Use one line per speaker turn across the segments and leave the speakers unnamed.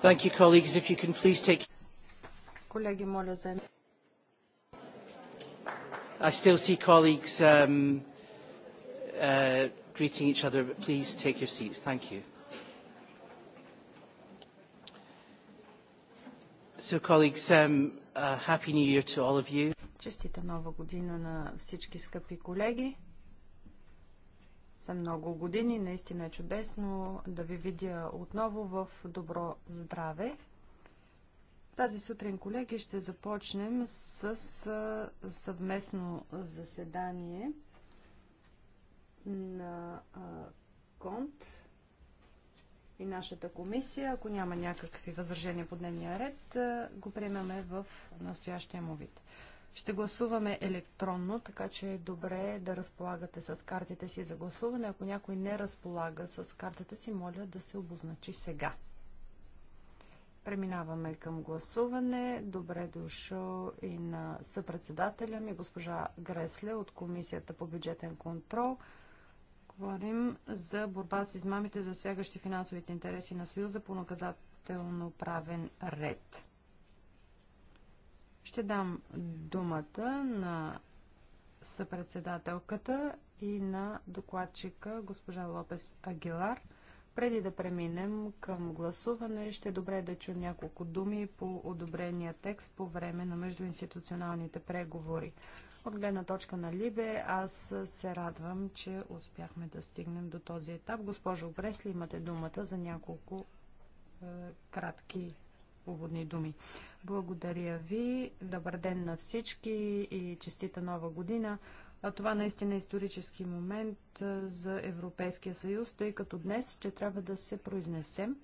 Thank you, colleagues. If you can please take...
Колеги, моля, заемете.
I still see colleagues um, uh, greeting each other, but please take your seats. Thank you. So, colleagues, um, uh, Happy New Year to all of you.
Честита нова година на всички скъпи колеги много години. Наистина е чудесно да ви видя отново в добро здраве. Тази сутрин, колеги, ще започнем с съвместно заседание на КОНТ и нашата комисия. Ако няма някакви възражения по дневния ред, го приемаме в настоящия му вид. Ще гласуваме електронно, така че е добре да разполагате с картите си за гласуване. Ако някой не разполага с картата си, моля да се обозначи сега. Преминаваме към гласуване. Добре дошъл и на съпредседателя ми, госпожа Гресле от Комисията по бюджетен контрол. Говорим за борба с измамите, засягащи финансовите интереси на Съюза по наказателно правен ред. Ще дам думата на съпредседателката и на докладчика госпожа Лопес Агилар. Преди да преминем към гласуване, ще е добре да чу няколко думи по одобрения текст по време на междуинституционалните преговори. От гледна точка на Либе, аз се радвам, че успяхме да стигнем до този етап. Госпожо Бресли, имате думата за няколко е, кратки уводни думи. Благодаря ви, добър ден на всички и честита нова година. А това наистина е исторически момент за Европейския съюз, тъй като днес ще трябва да се произнесем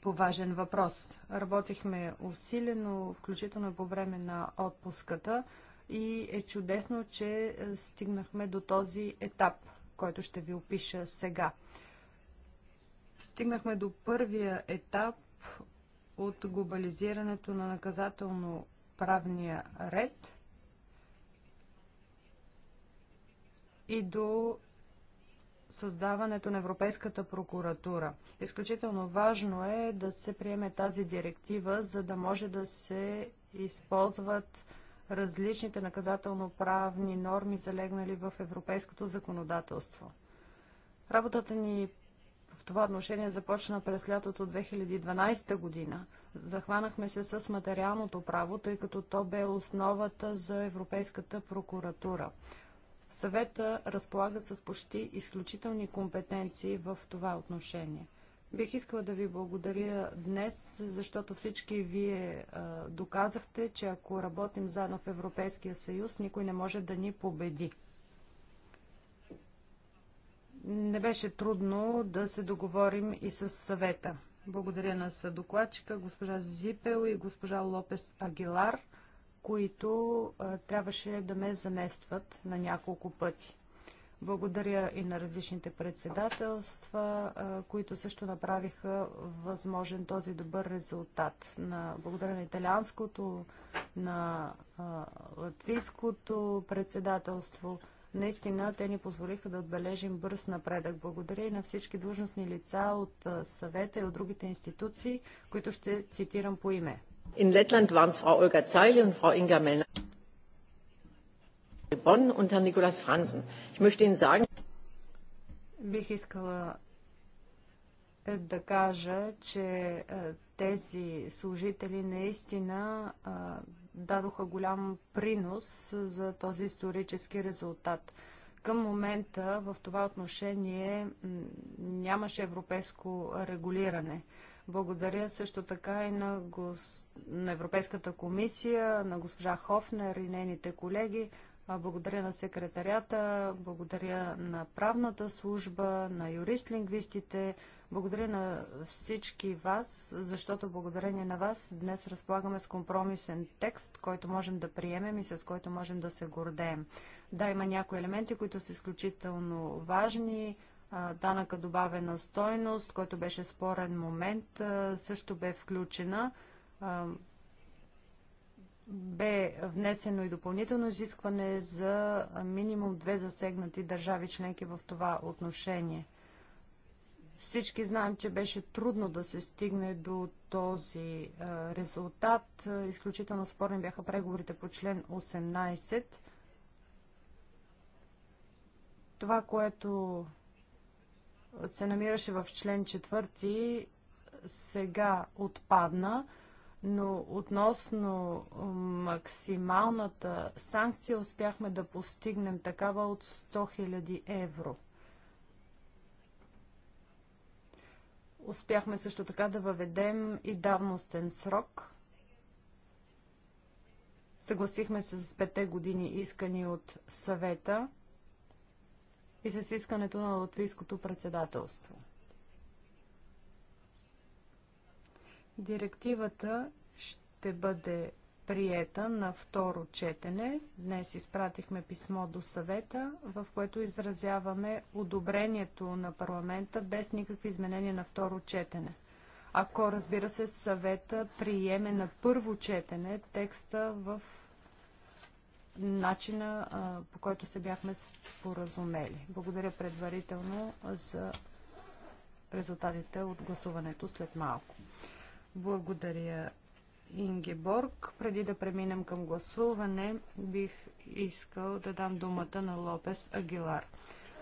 по важен въпрос. Работихме усилено, включително по време на отпуската и е чудесно, че стигнахме до този етап, който ще ви опиша сега. Стигнахме до първия етап от глобализирането на наказателно-правния ред и до създаването на Европейската прокуратура. Изключително важно е да се приеме тази директива, за да може да се използват различните наказателно-правни норми, залегнали в европейското законодателство. Работата ни в това отношение започна през лятото 2012 година. Захванахме се с материалното право, тъй като то бе основата за Европейската прокуратура. Съвета разполагат с почти изключителни компетенции в това отношение. Бих искала да ви благодаря днес, защото всички вие а, доказахте, че ако работим заедно в Европейския съюз, никой не може да ни победи не беше трудно да се договорим и с съвета. Благодаря на съдокладчика, госпожа Зипел и госпожа Лопес Агилар, които а, трябваше да ме заместват на няколко пъти. Благодаря и на различните председателства, а, които също направиха възможен този добър резултат. На, благодаря на италианското, на а, латвийското председателство – Наистина, те ни позволиха да отбележим бърз напредък. Благодаря и на всички длъжностни лица от съвета и от другите институции, които ще цитирам по име.
In Lettland waren Frau Olga Zeile und Frau Inga Bonn und Herr Nikolaus Franzen. Ich möchte Ihnen sagen...
Бих искала е, да кажа, че е, тези служители наистина дадоха голям принос за този исторически резултат. Към момента в това отношение нямаше европейско регулиране. Благодаря също така и на, гос... на Европейската комисия, на госпожа Хофнер и нейните колеги. Благодаря на секретарята, благодаря на правната служба, на юрист-лингвистите, благодаря на всички вас, защото благодарение на вас днес разполагаме с компромисен текст, който можем да приемем и с който можем да се гордеем. Да, има някои елементи, които са изключително важни. Данъка добавена стойност, който беше спорен момент, също бе включена бе внесено и допълнително изискване за минимум две засегнати държави членки в това отношение – всички знаем, че беше трудно да се стигне до този резултат. Изключително спорни бяха преговорите по член 18. Това, което се намираше в член 4, сега отпадна, но относно максималната санкция успяхме да постигнем такава от 100 000 евро. Успяхме също така да въведем и давностен срок. Съгласихме се с пете години искани от съвета и с искането на латвийското председателство. Директивата ще бъде приета на второ четене. Днес изпратихме писмо до съвета, в което изразяваме одобрението на парламента без никакви изменения на второ четене. Ако, разбира се, съвета приеме на първо четене текста в начина по който се бяхме споразумели. Благодаря предварително за резултатите от гласуването след малко. Благодаря Ингеборг. Преди да преминем към гласуване, бих искал да дам думата на Лопес Агилар.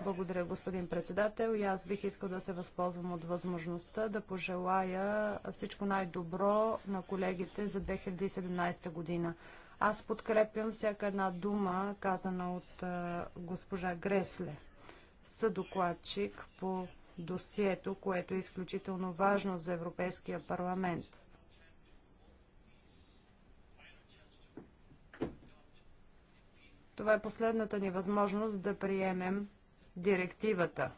Благодаря, господин председател. И аз бих искал да се възползвам от възможността да пожелая всичко най-добро на колегите за 2017 година. Аз подкрепям всяка една дума, казана от а, госпожа Гресле, съдокладчик по досието, което е изключително важно за Европейския парламент – Това е последната ни възможност да приемем директивата.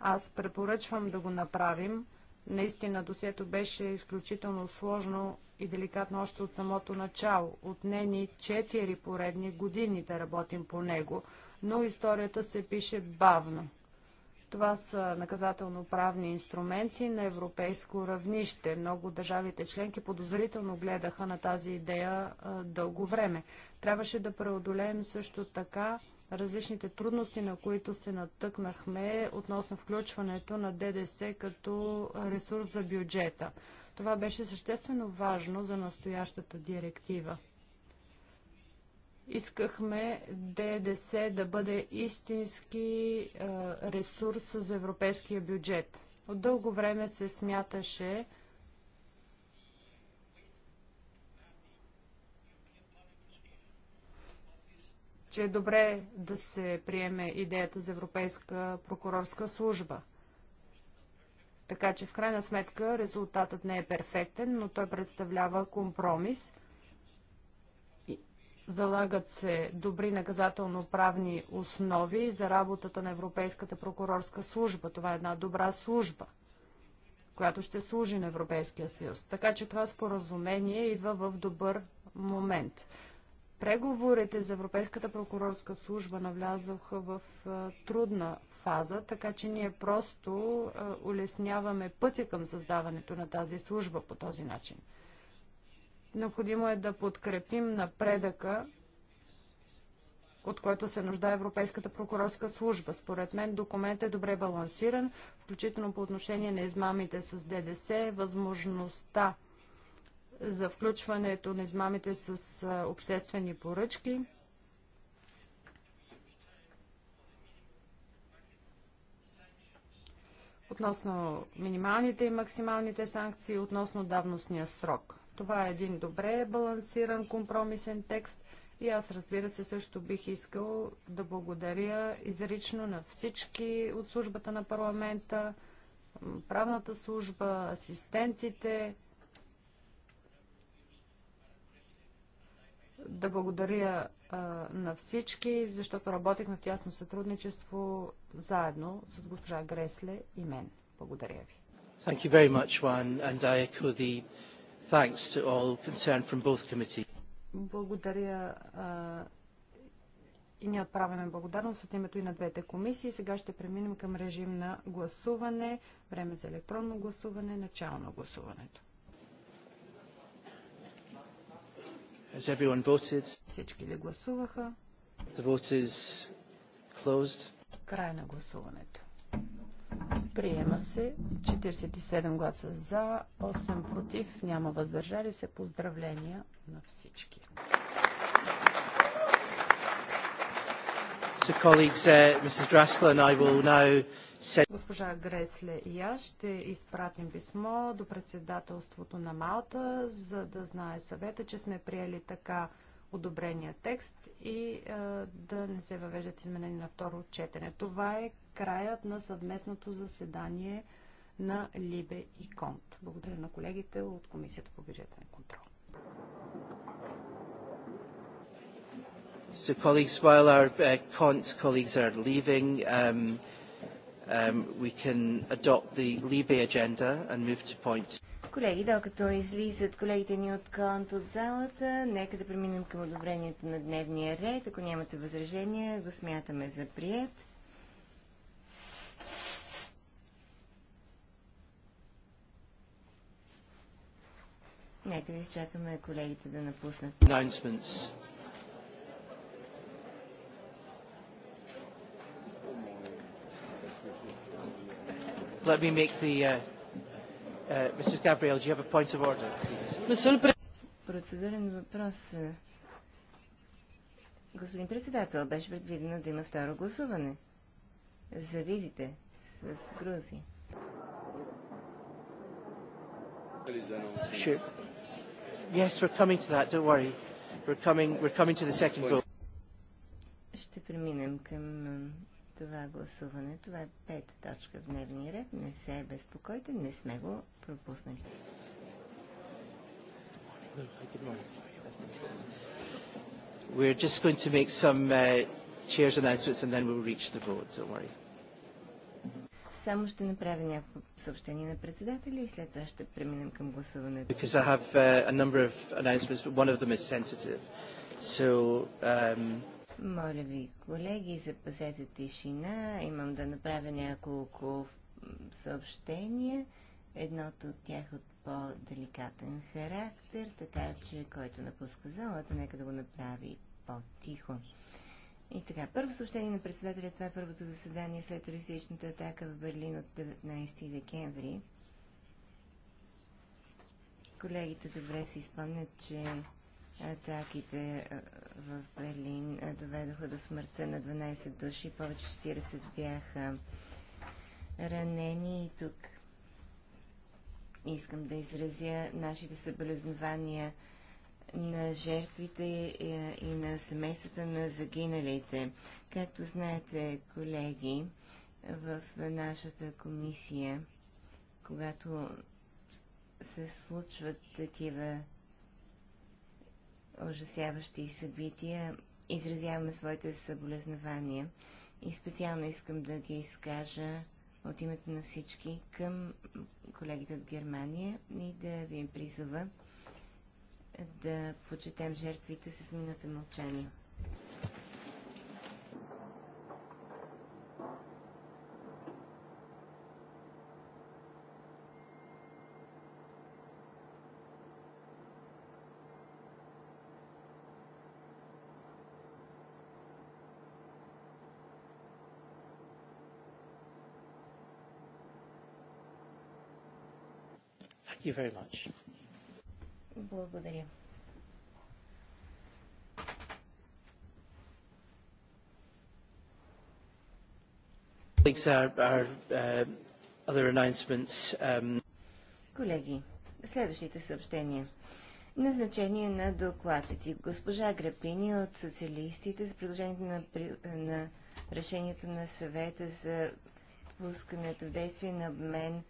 Аз препоръчвам да го направим. Наистина досието беше изключително сложно и деликатно още от самото начало. От нени четири поредни години да работим по него, но историята се пише бавно. Това са наказателно-правни инструменти на европейско равнище. Много държавите членки подозрително гледаха на тази идея дълго време. Трябваше да преодолеем също така различните трудности, на които се натъкнахме относно включването на ДДС като ресурс за бюджета. Това беше съществено важно за настоящата директива. Искахме ДДС да бъде истински ресурс за европейския бюджет. От дълго време се смяташе, че е добре да се приеме идеята за Европейска прокурорска служба. Така че в крайна сметка резултатът не е перфектен, но той представлява компромис Залагат се добри наказателно-правни основи за работата на Европейската прокурорска служба. Това е една добра служба, която ще служи на Европейския съюз. Така че това споразумение идва в добър момент. Преговорите за Европейската прокурорска служба навлязоха в трудна фаза, така че ние просто улесняваме пътя към създаването на тази служба по този начин. Необходимо е да подкрепим напредъка, от който се нуждае Европейската прокурорска служба. Според мен документ е добре балансиран, включително по отношение на измамите с ДДС, възможността за включването на измамите с обществени поръчки. Относно минималните и максималните санкции, относно давностния срок. Това е един добре балансиран компромисен текст и аз разбира се също бих искал да благодаря изрично на всички от службата на парламента, правната служба, асистентите, да благодаря а, на всички, защото работихме в тясно сътрудничество заедно с госпожа Гресле и мен. Благодаря ви.
Thank you very much, Juan, and I echo the Thanks to all concerned from both committees.
Благодаря и ние отправяме благодарност от името и на двете комисии. Сега ще преминем към режим на гласуване. Време за електронно гласуване, начало на гласуването.
Всички ли гласуваха? Край на гласуването.
Приема се 47 гласа за, 8 против, няма въздържали се. Поздравления на всички.
So, colleagues, uh, Mrs. Grassler and I will now
Госпожа Гресле и аз ще изпратим писмо до председателството на Малта, за да знае съвета, че сме приели така одобрения текст и е, да не се въвеждат изменения на второ четене. Това е краят на съвместното заседание на Либе и Конт. Благодаря на колегите от Комисията по бюджетен
контрол.
So colleagues, while our uh, Kant colleagues are leaving, um, um, we can adopt the Libe agenda and move to points.
Колеги, докато излизат колегите ни от Конт от залата, нека да преминем към одобрението на дневния ред. Ако нямате възражения, го смятаме за прият. Нека да изчакаме колегите да напуснат.
Announcements. Let me make the... Uh, uh, Mrs. Gabriel, do you have a point of order,
please? Процедурен въпрос. Е. Господин председател, беше предвидено да има второ гласуване. За визите с Грузия. Sure.
Yes, we're coming to that, don't worry. We're coming, we're coming to the second vote.
Ще преминем към това гласуване. Това е пета точка в дневния ред. Не се безпокойте, не сме го пропуснали.
We're just going to make some uh, chair's announcements and then we'll reach the vote, don't worry.
Само ще направя някакво съобщение на председателя и след това ще преминем към гласуването. Because
I have uh, a number of announcements, but one of them is sensitive. So, um...
Моля ви, колеги, запазете тишина. Имам да направя няколко съобщения. Едното от тях е от по-деликатен характер, така че който напуска залата, нека да го направи по-тихо. И така, първо съобщение на председателя, това е първото заседание след терористичната атака в Берлин от 19 декември. Колегите добре си спомнят, че атаките в Берлин доведоха до смъртта на 12 души, повече 40 бяха ранени и тук искам да изразя нашите съболезнования на жертвите е, и на семействата на загиналите. Както знаете, колеги, в нашата комисия, когато се случват такива ужасяващи събития, изразяваме своите съболезнования и специално искам да ги изкажа от името на всички към колегите от Германия и да ви призова да почетем жертвите с минута мълчание.
Thank you very much.
Благодаря.
Uh, um,
Колеги, следващите съобщения. Назначение на докладчици. Госпожа Грапини от социалистите за предложението на, на решението на съвета за пускането в действие на обмен,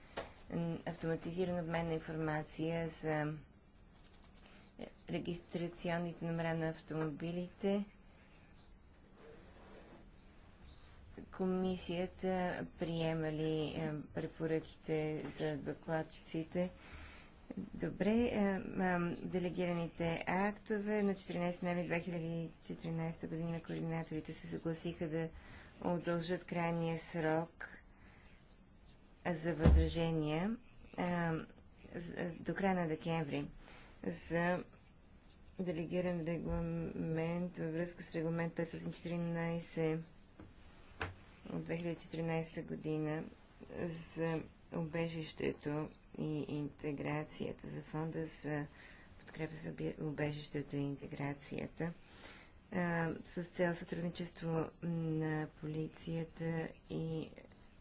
автоматизиран обмен на информация за регистрационните номера на автомобилите, комисията приема ли е, препоръките за докладчиците? Добре, е, е, делегираните актове на 14 ноември 2014 година координаторите се съгласиха да удължат крайния срок за възражения до края на декември за делегиран регламент във връзка с регламент 514 от 2014 година за обежището и интеграцията, за фонда за подкрепа за обежището и интеграцията с цел сътрудничество на полицията и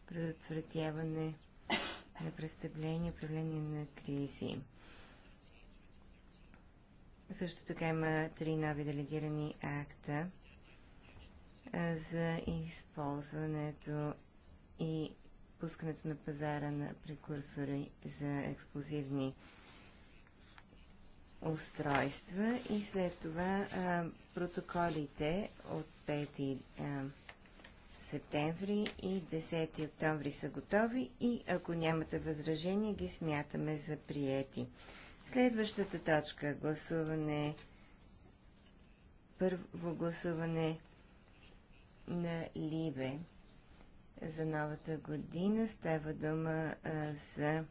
предотвратяване на престъпления, управление на кризи. Също така има три нови делегирани акта за използването и пускането на пазара на прекурсори за експлозивни устройства и след това а, протоколите от 5 а, септември и 10 октомври са готови и ако нямате възражение ги смятаме за приети. Следващата точка е гласуване първо гласуване на Либе за новата година. Става дума а, за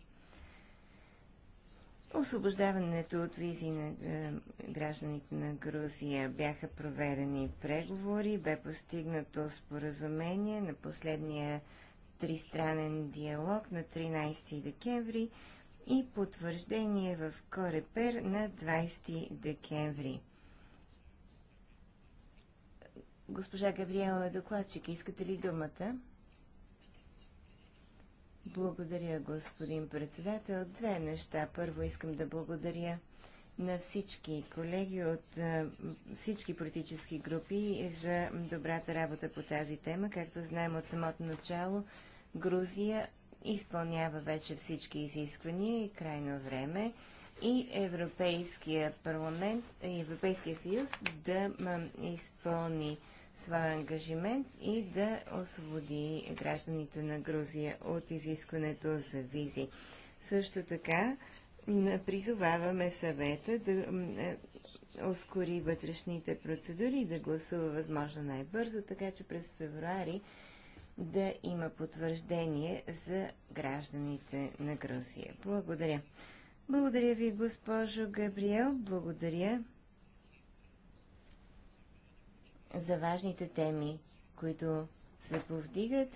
освобождаването от визи на а, гражданите на Грузия. Бяха проведени преговори, бе постигнато споразумение на последния тристранен диалог на 13 декември и потвърждение в Корепер на 20 декември. Госпожа Габриела Докладчик, искате ли думата? Благодаря, господин председател. Две неща. Първо искам да благодаря на всички колеги от всички политически групи за добрата работа по тази тема. Както знаем от самото начало, Грузия изпълнява вече всички изисквания и е крайно време и Европейския парламент, Европейския съюз да изпълни своя ангажимент и да освободи гражданите на Грузия от изискването за визи. Също така призоваваме съвета да е, ускори вътрешните процедури и да гласува възможно най-бързо, така че през февруари да има потвърждение за гражданите на Грузия. Благодаря. Благодаря ви, госпожо Габриел. Благодаря за важните теми, които се повдигат.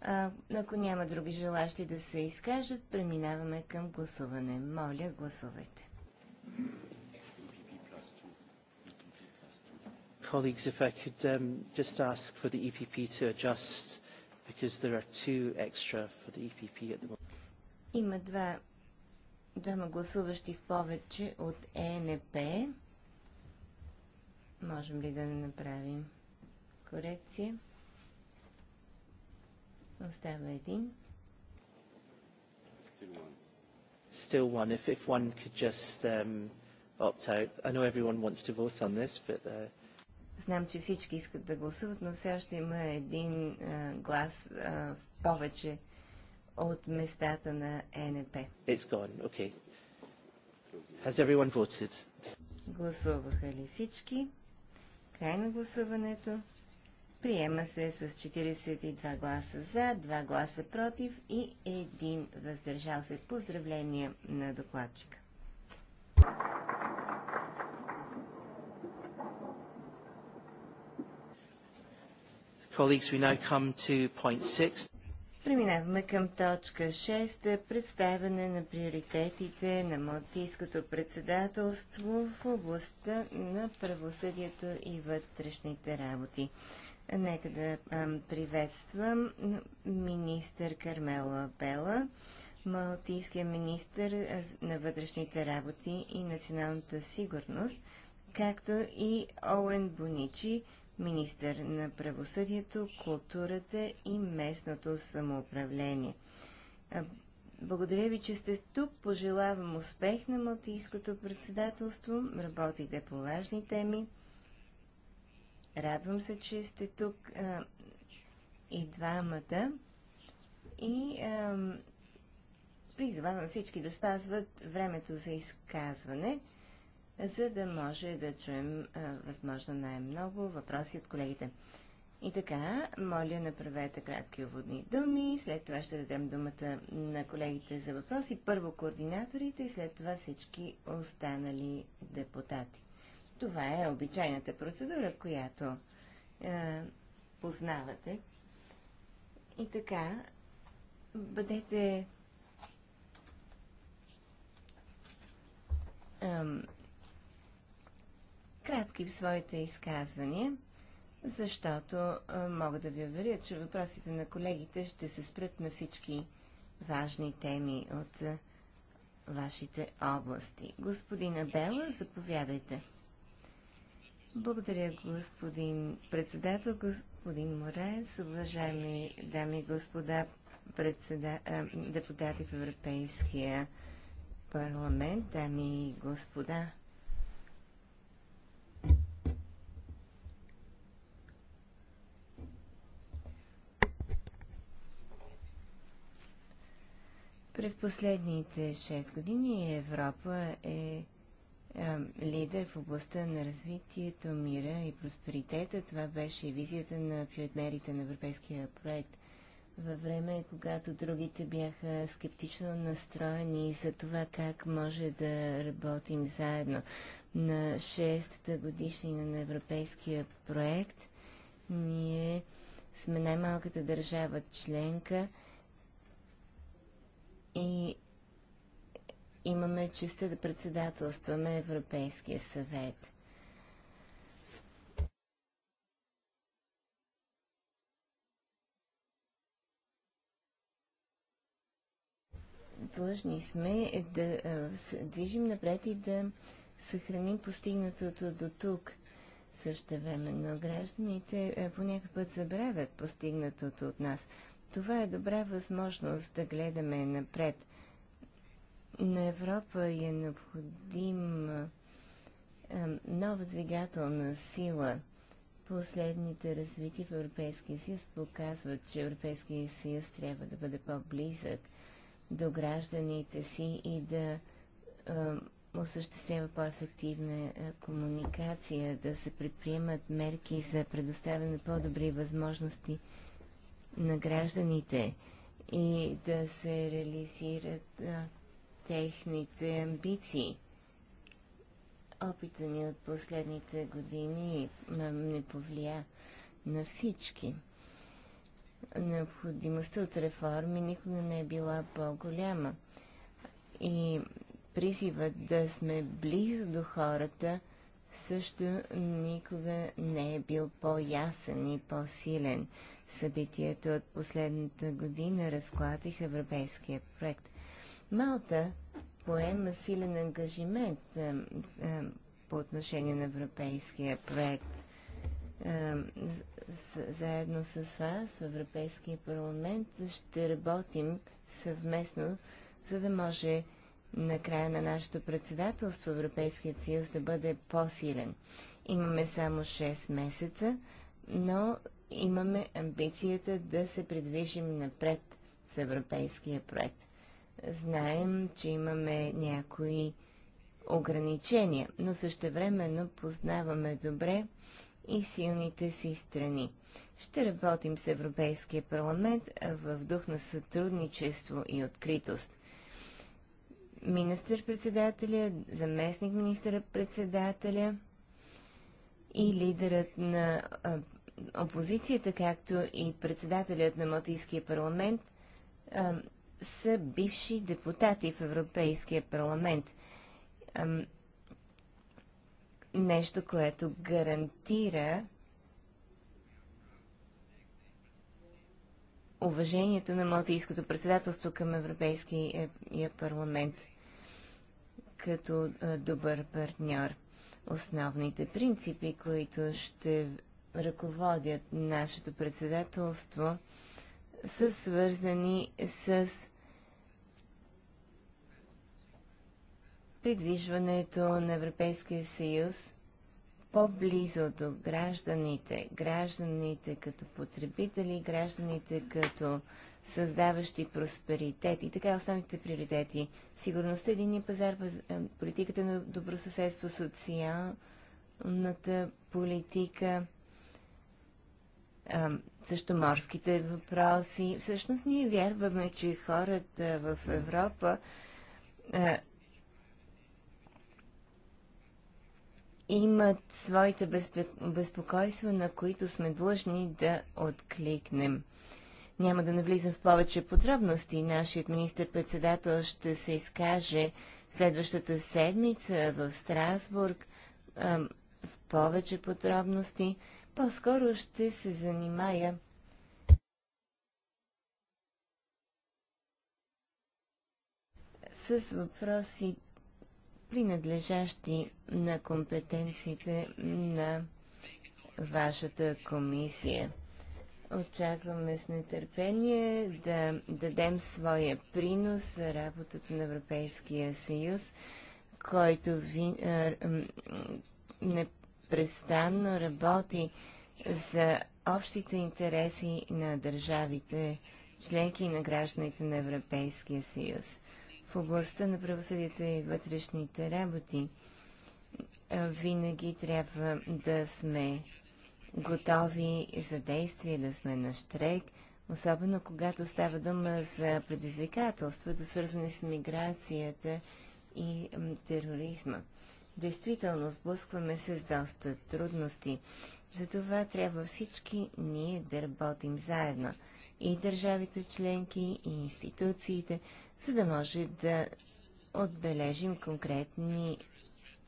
А, ако няма други желащи да се изкажат, преминаваме към гласуване. Моля, гласувайте.
Colleagues, if I could um, just ask for the EPP to adjust because there are two extra
for the EPP at the moment. Има два, двама гласуващи в повече от ЕНП. Можем ли да не направим корекция? Остава един.
Still one. If, if one could just um, opt out. I know everyone wants to vote on this, but uh,
Знам, че всички искат да гласуват, но все още има един а, глас а, в повече от местата на ЕНП.
Okay.
Гласуваха ли всички? Край на гласуването. Приема се с 42 гласа за, 2 гласа против и 1 въздържал се. Поздравления на докладчика.
Colleagues, we now come to point
Преминаваме към точка 6. Представяне на приоритетите на Малтийското председателство в областта на правосъдието и вътрешните работи. Нека да приветствам министър Кармела Бела, малтийския министър на вътрешните работи и националната сигурност, както и Оуен Боничи, министър на правосъдието, културата и местното самоуправление. Благодаря ви, че сте тук. Пожелавам успех на Малтийското председателство. Работите по важни теми. Радвам се, че сте тук а, и двамата. И а, призвавам всички да спазват времето за изказване за да може да чуем а, възможно най-много въпроси от колегите. И така, моля, направете кратки уводни думи, след това ще дадем думата на колегите за въпроси, първо координаторите и след това всички останали депутати. Това е обичайната процедура, която е, познавате. И така, бъдете е, кратки в своите изказвания, защото а, мога да ви уверя, че въпросите на колегите ще се спрат на всички важни теми от а, вашите области. Господина Бела, заповядайте. Благодаря, господин председател, господин Морес, уважаеми дами и господа председа... депутати в Европейския парламент, дами и господа последните 6 години Европа е, е лидер в областта на развитието, мира и просперитета. Това беше визията на пионерите на европейския проект във време, когато другите бяха скептично настроени за това как може да работим заедно. На 6-та годишнина на европейския проект ние сме най-малката държава членка – и имаме честа да председателстваме Европейския съвет. Длъжни сме да се движим напред и да съхраним постигнатото до тук. Също времено гражданите по някакъв път забравят постигнатото от нас – това е добра възможност да гледаме напред. На Европа е необходим нова двигателна сила. Последните развити в Европейския съюз показват, че Европейския съюз трябва да бъде по-близък до гражданите си и да е, осъществява по-ефективна комуникация, да се предприемат мерки за предоставяне по-добри възможности на гражданите и да се реализират а, техните амбиции. Опита ни от последните години не повлия на всички. Необходимостта от реформи никога не е била по-голяма. И призивът да сме близо до хората – също никога не е бил по-ясен и по-силен. Събитията от последната година разкладих европейския проект. Малта поема силен ангажимент а, а, по отношение на европейския проект. А, заедно с вас в Европейския парламент ще работим съвместно, за да може на края на нашето председателство Европейският съюз да бъде по-силен. Имаме само 6 месеца, но имаме амбицията да се придвижим напред с европейския проект. Знаем, че имаме някои ограничения, но същевременно познаваме добре и силните си страни. Ще работим с Европейския парламент в дух на сътрудничество и откритост министър-председателя, заместник министър-председателя и лидерът на а, опозицията, както и председателят на Малтийския парламент, а, са бивши депутати в Европейския парламент. А, нещо, което гарантира уважението на Малтийското председателство към Европейския е, парламент – като добър партньор. Основните принципи, които ще ръководят нашето председателство, са свързани с придвижването на Европейския съюз по-близо до гражданите, гражданите като потребители, гражданите като създаващи просперитет. И така основните приоритети. Сигурността, единния пазар, е, политиката на добросъседство, социалната политика, е, също морските въпроси. Всъщност ние вярваме, че хората в Европа е, имат своите безпокойства, на които сме длъжни да откликнем. Няма да навлизам в повече подробности. Нашият министр-председател ще се изкаже следващата седмица в Страсбург а, в повече подробности. По-скоро ще се занимая с въпроси, принадлежащи на компетенциите на вашата комисия. Очакваме с нетърпение да дадем своя принос за работата на Европейския съюз, който ви, а, непрестанно работи за общите интереси на държавите, членки и на гражданите на Европейския съюз. В областта на правосъдието и вътрешните работи винаги трябва да сме готови за действие, да сме на штрек, особено когато става дума за предизвикателствата, свързани с миграцията и тероризма. Действително, сблъскваме се с доста трудности. Затова трябва всички ние да работим заедно. И държавите членки, и институциите, за да може да отбележим конкретни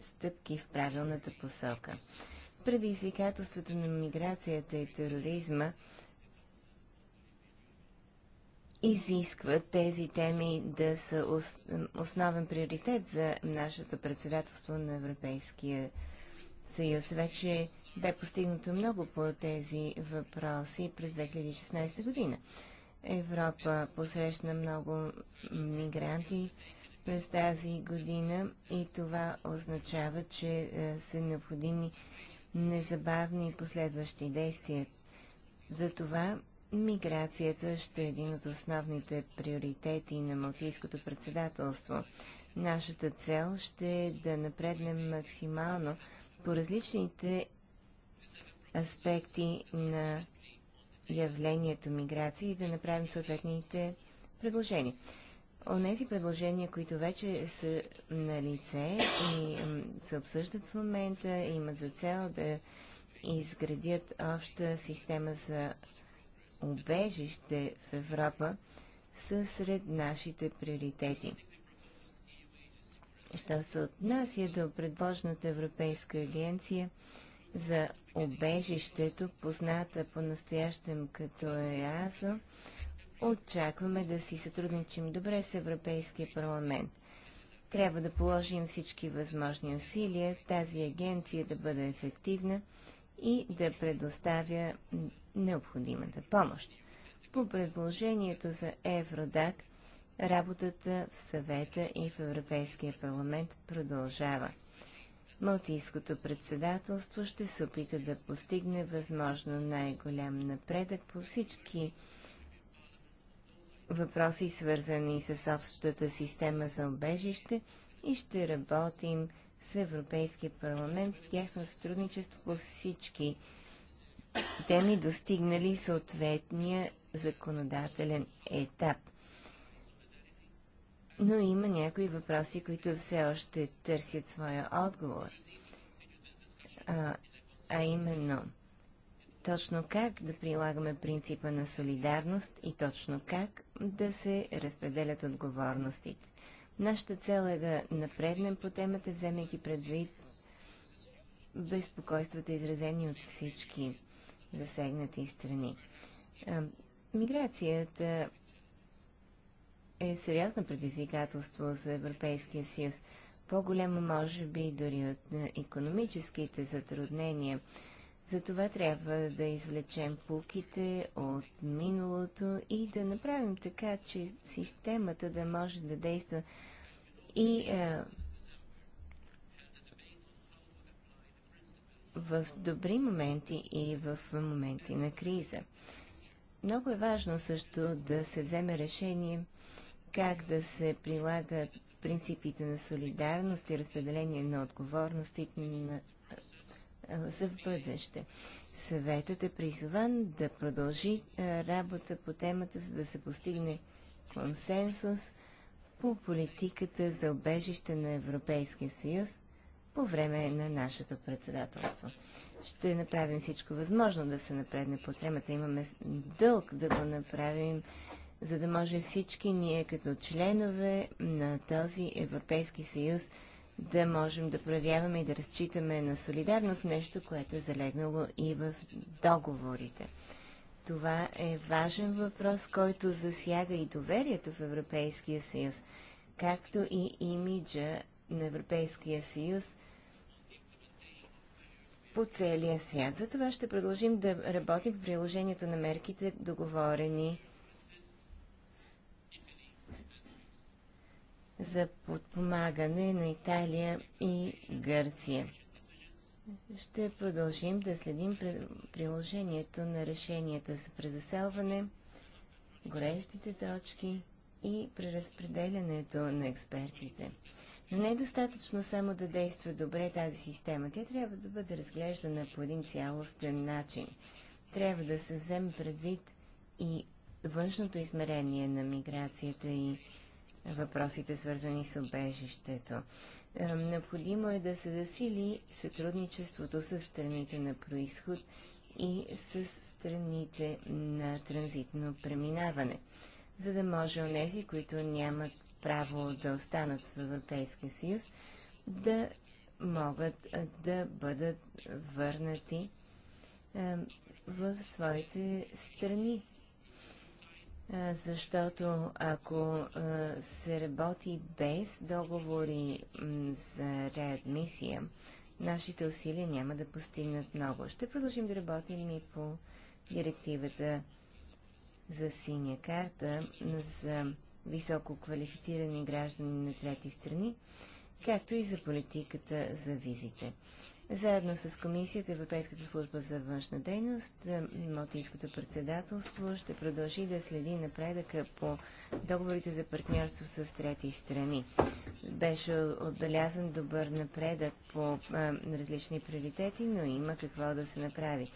стъпки в правилната посока предизвикателството на миграцията и тероризма изискват тези теми да са основен приоритет за нашето председателство на Европейския съюз. Вече бе постигнато много по тези въпроси през 2016 година. Европа посрещна много мигранти през тази година и това означава, че е, са необходими незабавни и последващи действия. Затова миграцията ще е един от основните приоритети на Малтийското председателство. Нашата цел ще е да напреднем максимално по различните аспекти на явлението миграция и да направим съответните предложения онези предложения, които вече са на лице и се обсъждат в момента, имат за цел да изградят обща система за обежище в Европа, са сред нашите приоритети. Що се отнася до предложената Европейска агенция за обежището, позната по-настоящем като ЕАЗО, очакваме да си сътрудничим добре с Европейския парламент. Трябва да положим всички възможни усилия тази агенция да бъде ефективна и да предоставя необходимата помощ. По предложението за Евродак, работата в съвета и в Европейския парламент продължава. Малтийското председателство ще се опита да постигне възможно най-голям напредък по всички въпроси, свързани с общата система за обежище и ще работим с Европейския парламент в тяхно сътрудничество по всички теми, достигнали съответния законодателен етап. Но има някои въпроси, които все още търсят своя отговор. А, а именно, точно как да прилагаме принципа на солидарност и точно как да се разпределят отговорностите. Нашата цел е да напреднем по темата, вземайки предвид безпокойствата, изразени от всички засегнати страни. Миграцията е сериозно предизвикателство за Европейския съюз. По-голямо може би дори от економическите затруднения – затова трябва да извлечем пуките от миналото и да направим така, че системата да може да действа и а, е, в добри моменти и в моменти на криза. Много е важно също да се вземе решение как да се прилагат принципите на солидарност и разпределение на отговорностите на за бъдеще. Съветът е призван да продължи работа по темата, за да се постигне консенсус по политиката за обежище на Европейския съюз по време на нашето председателство. Ще направим всичко възможно да се напредне по темата. Имаме дълг да го направим, за да може всички ние като членове на този Европейски съюз да можем да проявяваме и да разчитаме на солидарност, нещо, което е залегнало и в договорите. Това е важен въпрос, който засяга и доверието в Европейския съюз, както и имиджа на Европейския съюз по целия свят. За това ще продължим да работим по приложението на мерките, договорени за подпомагане на Италия и Гърция. Ще продължим да следим приложението на решенията за презаселване, горещите точки и преразпределянето на експертите. Но не е достатъчно само да действа добре тази система. Тя трябва да бъде разглеждана по един цялостен начин. Трябва да се вземе предвид и външното измерение на миграцията и въпросите, свързани с обежището. Необходимо е да се засили сътрудничеството с страните на происход и с страните на транзитно преминаване, за да може онези, които нямат право да останат в Европейския съюз, да могат да бъдат върнати в своите страни защото ако се работи без договори за реадмисия, нашите усилия няма да постигнат много. Ще продължим да работим и по директивата за синя карта за високо квалифицирани граждани на трети страни, както и за политиката за визите заедно с Комисията Европейската служба за външна дейност, Малтийското председателство ще продължи да следи напредъка по договорите за партньорство с трети страни. Беше отбелязан добър напредък по а, различни приоритети, но има какво да се направи.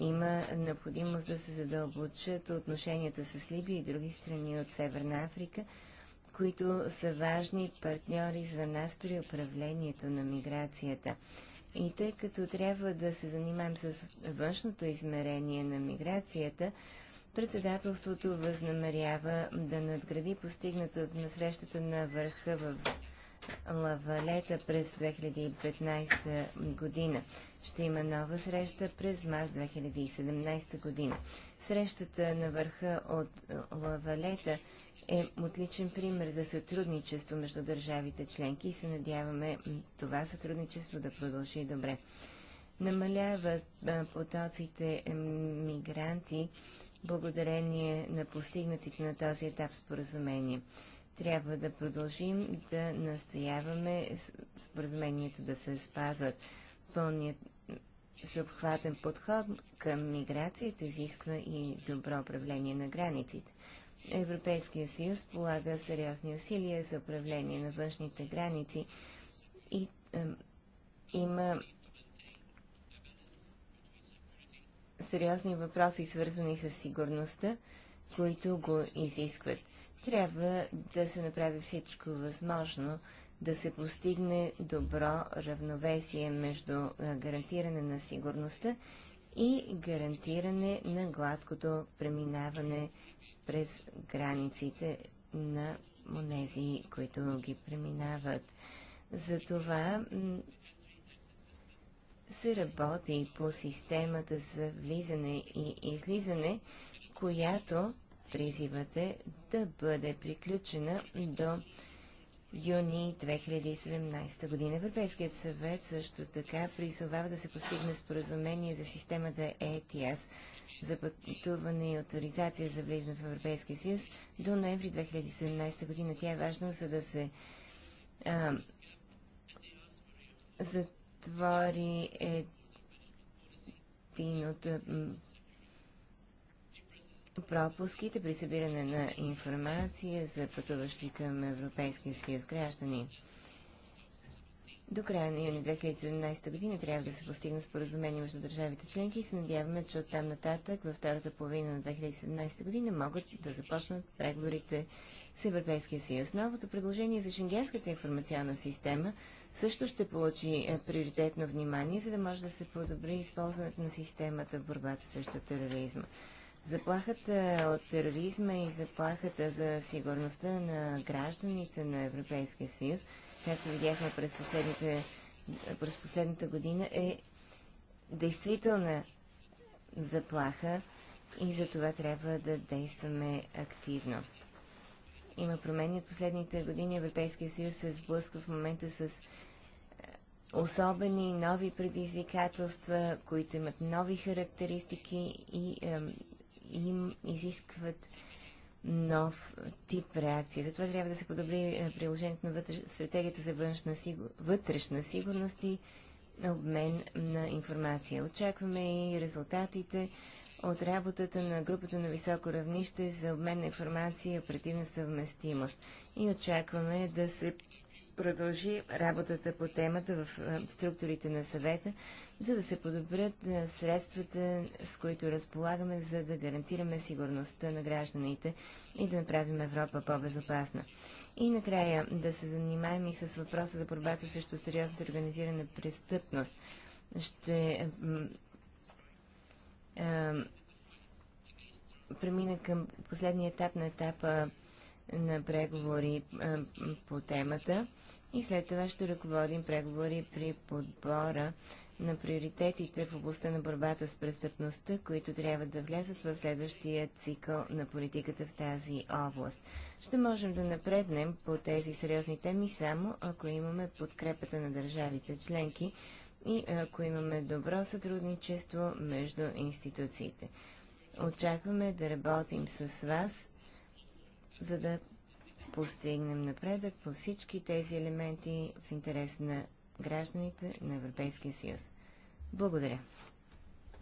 Има необходимост да се задълбочат отношенията с Либия и други страни от Северна Африка, които са важни партньори за нас при управлението на миграцията. И тъй като трябва да се занимаем с външното измерение на миграцията, председателството възнамерява да надгради постигнато на срещата на върха в Лавалета през 2015 година. Ще има нова среща през март 2017 година. Срещата на върха от Лавалета е отличен пример за сътрудничество между държавите членки и се надяваме това сътрудничество да продължи добре. Намаляват потоците мигранти благодарение на постигнатите на този етап споразумение. Трябва да продължим да настояваме споразуменията да се спазват. Пълният съобхватен подход към миграцията изисква и добро управление на границите. Европейския съюз полага сериозни усилия за управление на външните граници и е, има сериозни въпроси, свързани с сигурността, които го изискват. Трябва да се направи всичко възможно да се постигне добро равновесие между е, гарантиране на сигурността и гарантиране на гладкото преминаване през границите на онези, които ги преминават. Затова се работи по системата за влизане и излизане, която призивате да бъде приключена до юни 2017 година. Европейският съвет също така призовава да се постигне споразумение за системата ETS е за пътуване и авторизация за влизане в Европейския съюз до ноември 2017 година. Тя е важна, за да се а, затвори един от пропуските при събиране на информация за пътуващи към Европейския съюз граждани. До края на юни 2017 година трябва да се постигне споразумение между държавите членки и се надяваме, че оттам нататък във втората половина на 2017 година могат да започнат преговорите с Европейския съюз. Новото предложение за Шенгенската информационна система също ще получи е, приоритетно внимание, за да може да се подобри използването на системата в борбата срещу тероризма. Заплахата е, от тероризма и заплахата за сигурността на гражданите на Европейския съюз – Както видяхме през, последните, през последната година, е действителна заплаха и за това трябва да действаме активно. Има промени от последните години. Европейския съюз се сблъсква в момента с е, особени нови предизвикателства, които имат нови характеристики и им изискват нов тип реакции. Затова трябва да се подобри е, приложението на вътреш... стратегията за външна сигу вътрешна сигурност и обмен на информация. Очакваме и резултатите от работата на групата на високо равнище за обмен на информация и оперативна съвместимост. И очакваме да се продължи работата по темата в структурите на съвета, за да се подобрят средствата, с които разполагаме, за да гарантираме сигурността на гражданите и да направим Европа по-безопасна. И накрая да се занимаем и с въпроса за борбата срещу сериозната организирана престъпност. Ще премина към последния етап на етапа на преговори по темата и след това ще ръководим преговори при подбора на приоритетите в областта на борбата с престъпността, които трябва да влязат в следващия цикъл на политиката в тази област. Ще можем да напреднем по тези сериозни теми само ако имаме подкрепата на държавите членки и ако имаме добро сътрудничество между институциите. Очакваме да работим с вас за да постигнем напредък по всички тези елементи в интерес на гражданите на Европейския съюз. Благодаря.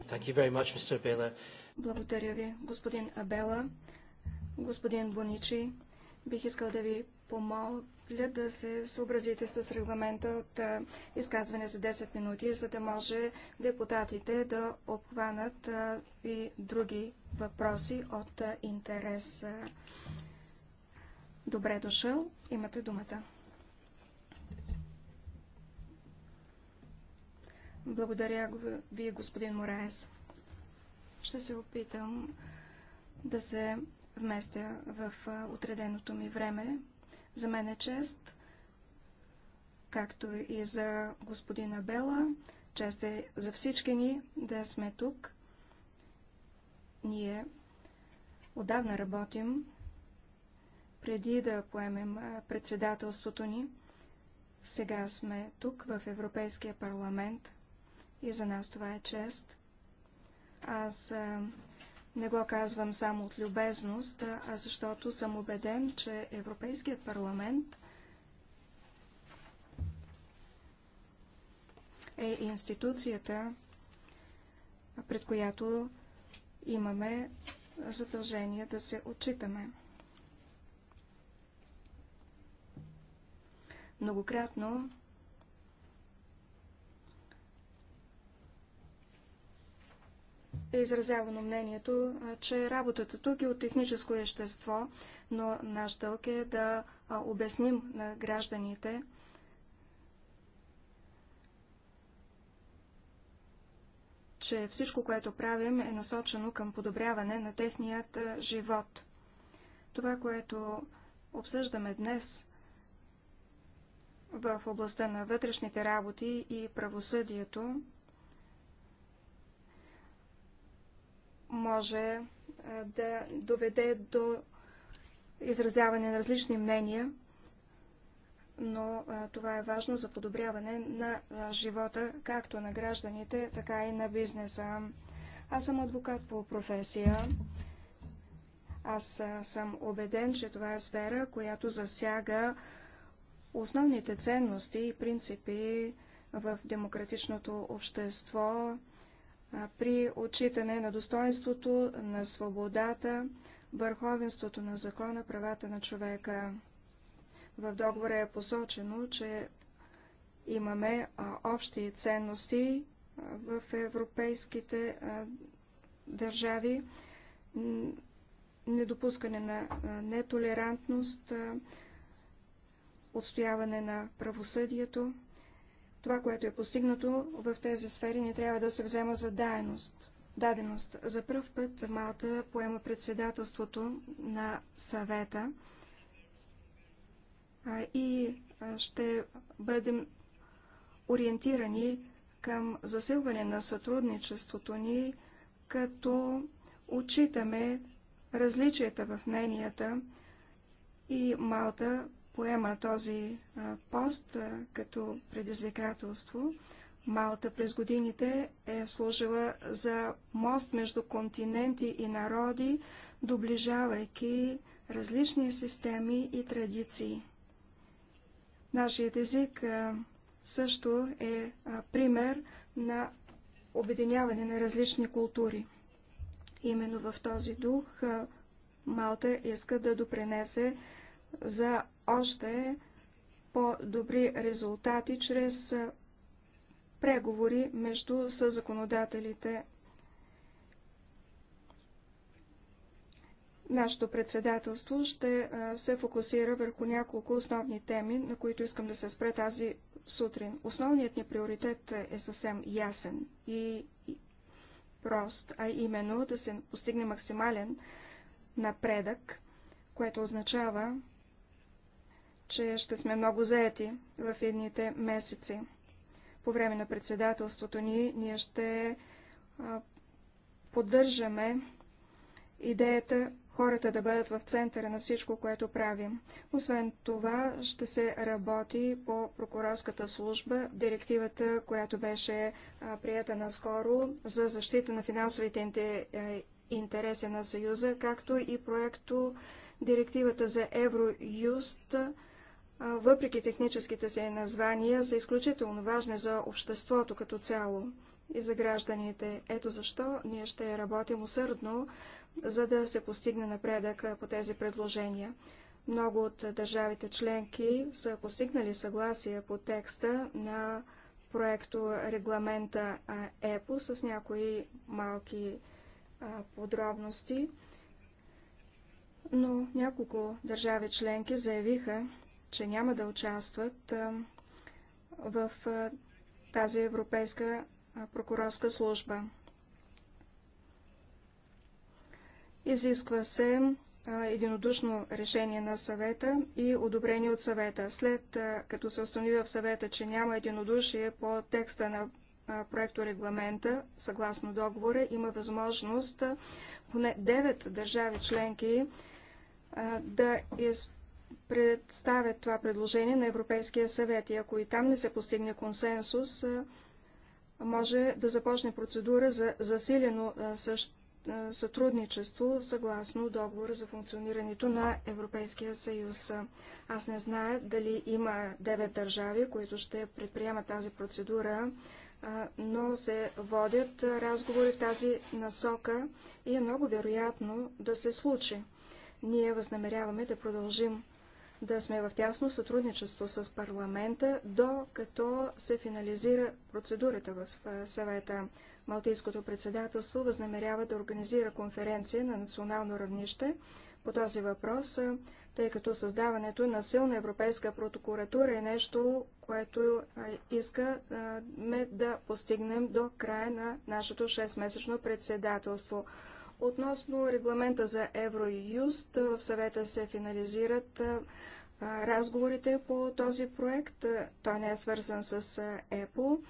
Much,
Благодаря ви, господин Абела. Господин Боничи, бих искал да ви помоля да се съобразите с регламента от изказване за 10 минути, за да може депутатите да обхванат и други въпроси от интерес Добре дошъл. Имате думата. Благодаря ви, господин Мораес. Ще се опитам да се вместя в отреденото ми време. За мен е чест, както и за господина Бела, чест е за всички ни да сме тук. Ние отдавна работим преди да поемем председателството ни. Сега сме тук в Европейския парламент и за нас това е чест. Аз не го казвам само от любезност, а защото съм убеден, че Европейският парламент е институцията, пред която имаме задължение да се отчитаме. многократно е изразявано мнението, че работата тук е от техническо ещество, но наш дълг е да обясним на гражданите, че всичко, което правим, е насочено към подобряване на техният живот. Това, което обсъждаме днес, в областта на вътрешните работи и правосъдието може е, да доведе до изразяване на различни мнения, но е, това е важно за подобряване на е, живота както на гражданите, така и на бизнеса. Аз съм адвокат по професия. Аз съм убеден, че това е сфера, която засяга Основните ценности и принципи в демократичното общество при отчитане на достоинството, на свободата, върховенството на закона, правата на човека. В договора е посочено, че имаме общи ценности в европейските държави, недопускане на нетолерантност, отстояване на правосъдието. Това, което е постигнато в тези сфери, не трябва да се взема за даеност. даденост. За първ път Малта поема председателството на съвета и ще бъдем ориентирани към засилване на сътрудничеството ни, като отчитаме различията в мненията и Малта поема този пост като предизвикателство. Малта през годините е служила за мост между континенти и народи, доближавайки различни системи и традиции. Нашият език също е пример на обединяване на различни култури. Именно в този дух Малта иска да допренесе за още по-добри резултати чрез преговори между съзаконодателите. Нашето председателство ще се фокусира върху няколко основни теми, на които искам да се спре тази сутрин. Основният ни приоритет е съвсем ясен и прост, а именно да се постигне максимален напредък, което означава че ще сме много заети в едните месеци. По време на председателството ни, ние ще поддържаме идеята хората да бъдат в центъра на всичко, което правим. Освен това, ще се работи по прокурорската служба, директивата, която беше приета наскоро за защита на финансовите интереси на Съюза, както и проекто директивата за Евроюст, въпреки техническите си названия, са изключително важни за обществото като цяло и за гражданите. Ето защо ние ще работим усърдно, за да се постигне напредък по тези предложения. Много от държавите членки са постигнали съгласие по текста на проекто регламента ЕПО с някои малки подробности, но няколко държави членки заявиха, че няма да участват в тази Европейска прокурорска служба. Изисква се единодушно решение на съвета и одобрение от съвета. След като се установи в съвета, че няма единодушие по текста на проекто регламента, съгласно договора, има възможност поне 9 държави членки да изпълнят представят това предложение на Европейския съвет и ако и там не се постигне консенсус, може да започне процедура за засилено сътрудничество съгласно договора за функционирането на Европейския съюз. Аз не зная дали има девет държави, които ще предприемат тази процедура, но се водят разговори в тази насока и е много вероятно да се случи. Ние възнамеряваме да продължим да сме в тясно сътрудничество с парламента, докато се финализира процедурата в съвета. Малтийското председателство възнамерява да организира конференция на национално равнище по този въпрос, тъй като създаването на силна европейска прокуратура е нещо, което искаме да постигнем до края на нашето 6-месечно председателство. Относно регламента за Евроюст, в съвета се финализират разговорите по този проект. Той не е свързан с Apple.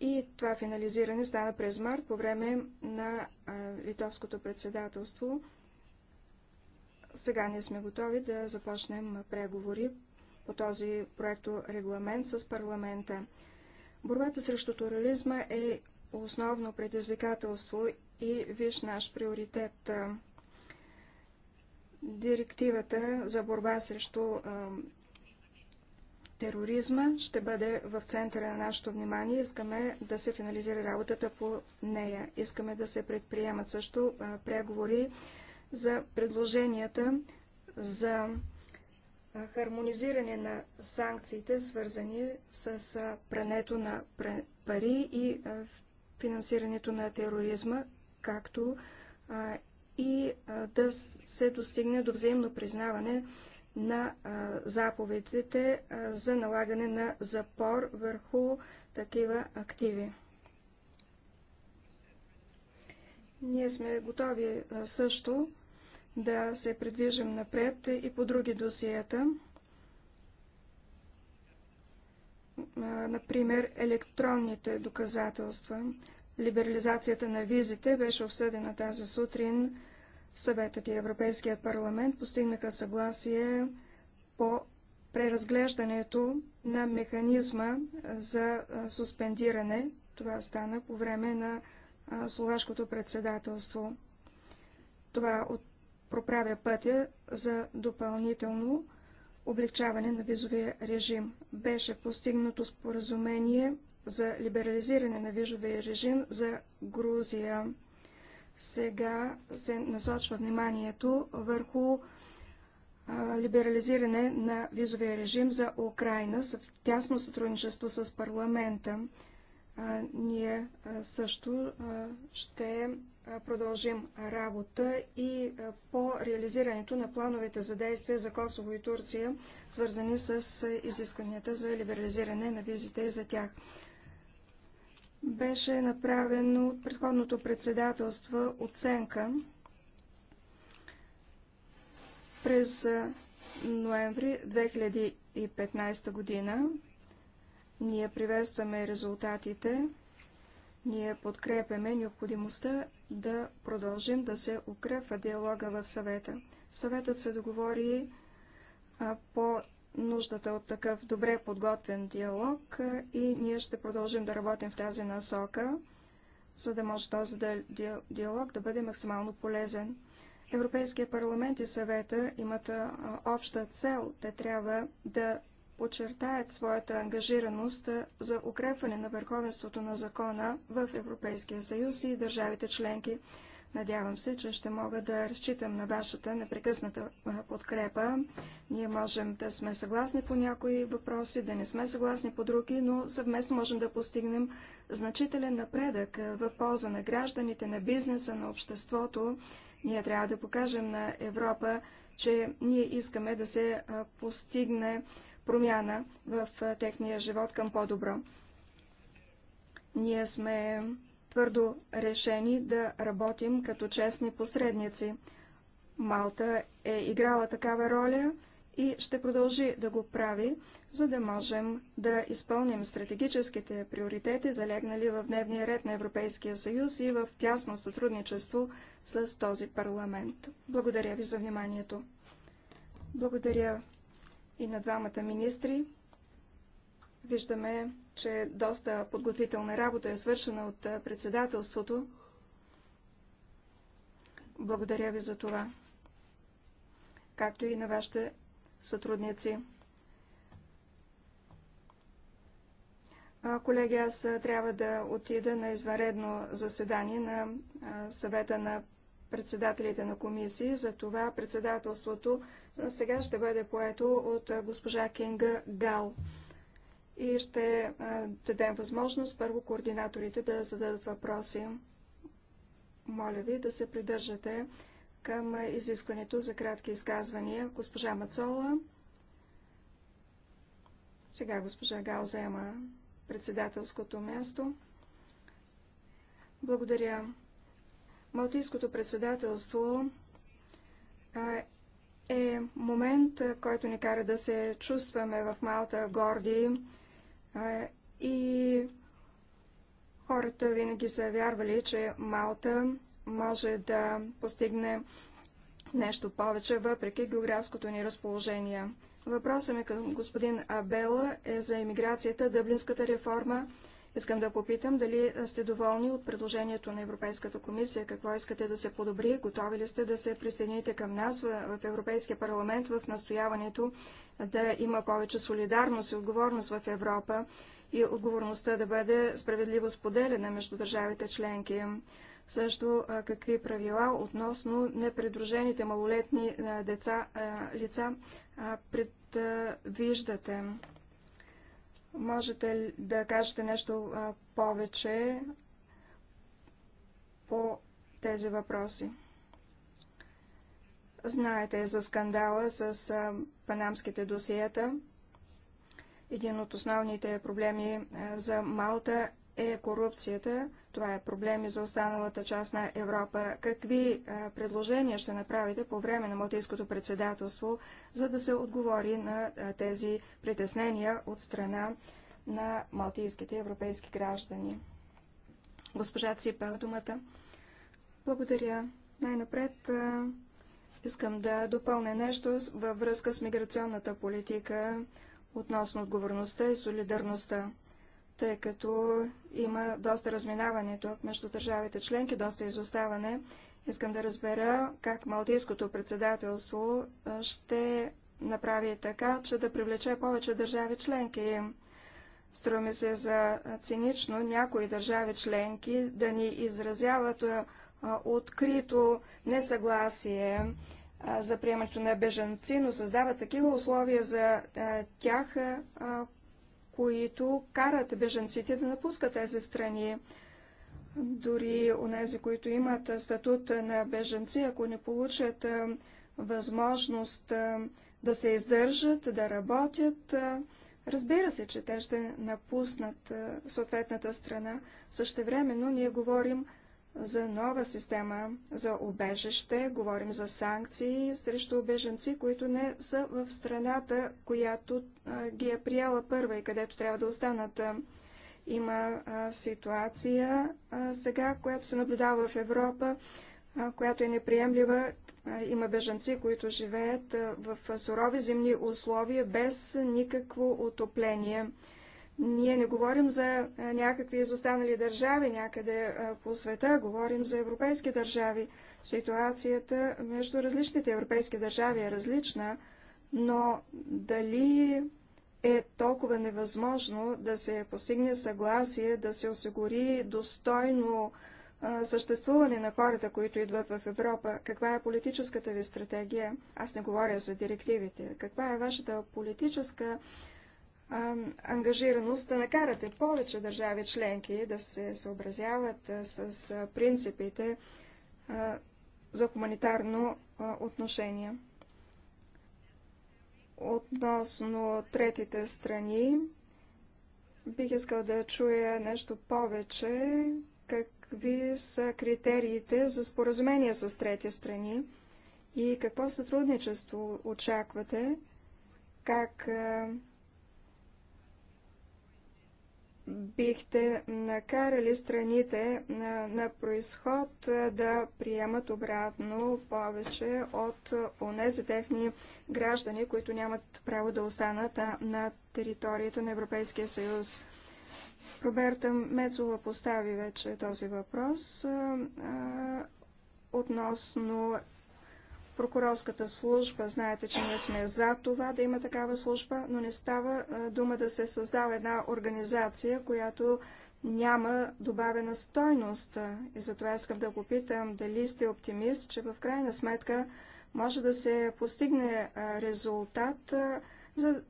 И това финализиране стана през март по време на литовското председателство. Сега ние сме готови да започнем преговори по този проекто регламент с парламента. Борбата срещу тероризма е основно предизвикателство и виж наш приоритет. Директивата за борба срещу тероризма ще бъде в центъра на нашето внимание. Искаме да се финализира работата по нея. Искаме да се предприемат също преговори за предложенията за хармонизиране на санкциите, свързани с прането на пари и финансирането на тероризма, както а, и а, да се достигне до взаимно признаване на а, заповедите а, за налагане на запор върху такива активи. Ние сме готови а, също да се придвижим напред и по други досиета. Например, електронните доказателства. Либерализацията на визите беше обсъдена тази сутрин. Съветът и Европейският парламент постигнаха съгласие по преразглеждането на механизма за суспендиране. Това стана по време на словашкото председателство. Това проправя пътя за допълнително облегчаване на визовия режим. Беше постигнато споразумение за либерализиране на визовия режим за Грузия. Сега се насочва вниманието върху либерализиране на визовия режим за Украина в тясно сътрудничество с парламента. ние също ще продължим работа и по реализирането на плановете за действие за Косово и Турция, свързани с изискванията за либерализиране на визите за тях беше направено от предходното председателство оценка през ноември 2015 година. Ние приветстваме резултатите. Ние подкрепяме необходимостта да продължим да се укрепва диалога в съвета. Съветът се договори по нуждата от такъв добре подготвен диалог и ние ще продължим да работим в тази насока, за да може този диалог да бъде максимално полезен. Европейския парламент и съвета имат обща цел. Те трябва да очертаят своята ангажираност за укрепване на върховенството на закона в Европейския съюз и държавите членки. Надявам се, че ще мога да разчитам на вашата непрекъсната подкрепа. Ние можем да сме съгласни по някои въпроси, да не сме съгласни по други, но съвместно можем да постигнем значителен напредък в полза на гражданите, на бизнеса, на обществото. Ние трябва да покажем на Европа, че ние искаме да се постигне промяна в техния живот към по-добро. Ние сме твърдо решени да работим като честни посредници. Малта е играла такава роля и ще продължи да го прави, за да можем да изпълним стратегическите приоритети, залегнали в дневния ред на Европейския съюз и в тясно сътрудничество с този парламент. Благодаря ви за вниманието. Благодаря и на двамата министри. Виждаме че доста подготвителна работа е свършена от председателството. Благодаря ви за това, както и на вашите сътрудници. Колеги, аз трябва да отида на изваредно заседание на съвета на председателите на комисии. За това председателството сега ще бъде поето от госпожа Кинга Гал и ще дадем възможност първо координаторите да зададат въпроси. Моля ви да се придържате към изискването за кратки изказвания. Госпожа Мацола. Сега госпожа Гал заема председателското място. Благодаря. Малтийското председателство е момент, който ни кара да се чувстваме в Малта горди и хората винаги са вярвали, че Малта може да постигне нещо повече, въпреки географското ни разположение. Въпросът ми към господин Абела е за иммиграцията, дъблинската реформа. Искам да попитам дали сте доволни от предложението на Европейската комисия, какво искате да се подобри, готови ли сте да се присъедините към нас в Европейския парламент в настояването да има повече солидарност и отговорност в Европа и отговорността да бъде справедливо споделена между държавите членки. Също какви правила относно непредружените малолетни деца, лица предвиждате? Можете да кажете нещо повече по тези въпроси? Знаете за скандала с панамските досиета. Един от основните проблеми за Малта е корупцията. Това е проблем и за останалата част на Европа. Какви предложения ще направите по време на Малтийското председателство, за да се отговори на тези притеснения от страна на малтийските европейски граждани? Госпожа Ципа, думата. Благодаря. Най-напред Искам да допълня нещо във връзка с миграционната политика относно отговорността и солидарността, тъй като има доста разминаване тук между държавите членки, доста изоставане. Искам да разбера как Малтийското председателство ще направи така, че да привлече повече държави членки. Струми се за цинично някои държави членки да ни изразяват открито несъгласие за приемането на бежанци, но създава такива условия за тях, които карат бежанците да напускат тези страни. Дори нези, които имат статут на бежанци, ако не получат възможност да се издържат, да работят, Разбира се, че те ще напуснат съответната страна. Същевременно ние говорим за нова система за обежище, говорим за санкции срещу беженци, които не са в страната, която ги е приела първа и където трябва да останат. Има ситуация сега, която се наблюдава в Европа, която е неприемлива. Има беженци, които живеят в сурови земни условия без никакво отопление. Ние не говорим за някакви изостанали държави някъде по света, говорим за европейски държави. Ситуацията между различните европейски държави е различна, но дали е толкова невъзможно да се постигне съгласие, да се осигури достойно съществуване на хората, които идват в Европа. Каква е политическата ви стратегия? Аз не говоря за директивите. Каква е вашата политическа ангажираност да накарате повече държави членки да се съобразяват с принципите за хуманитарно отношение. Относно третите страни, бих искал да чуя нещо повече. Какви са критериите за споразумение с трети страни и какво сътрудничество очаквате? Как бихте накарали страните на, происход да приемат обратно повече от онези техни граждани, които нямат право да останат на, територията на Европейския съюз. Роберта Мецова постави вече този въпрос относно прокурорската служба. Знаете, че ние сме за това да има такава служба, но не става дума да се създава една организация, която няма добавена стойност. И затова искам да попитам дали сте оптимист, че в крайна сметка може да се постигне резултат, за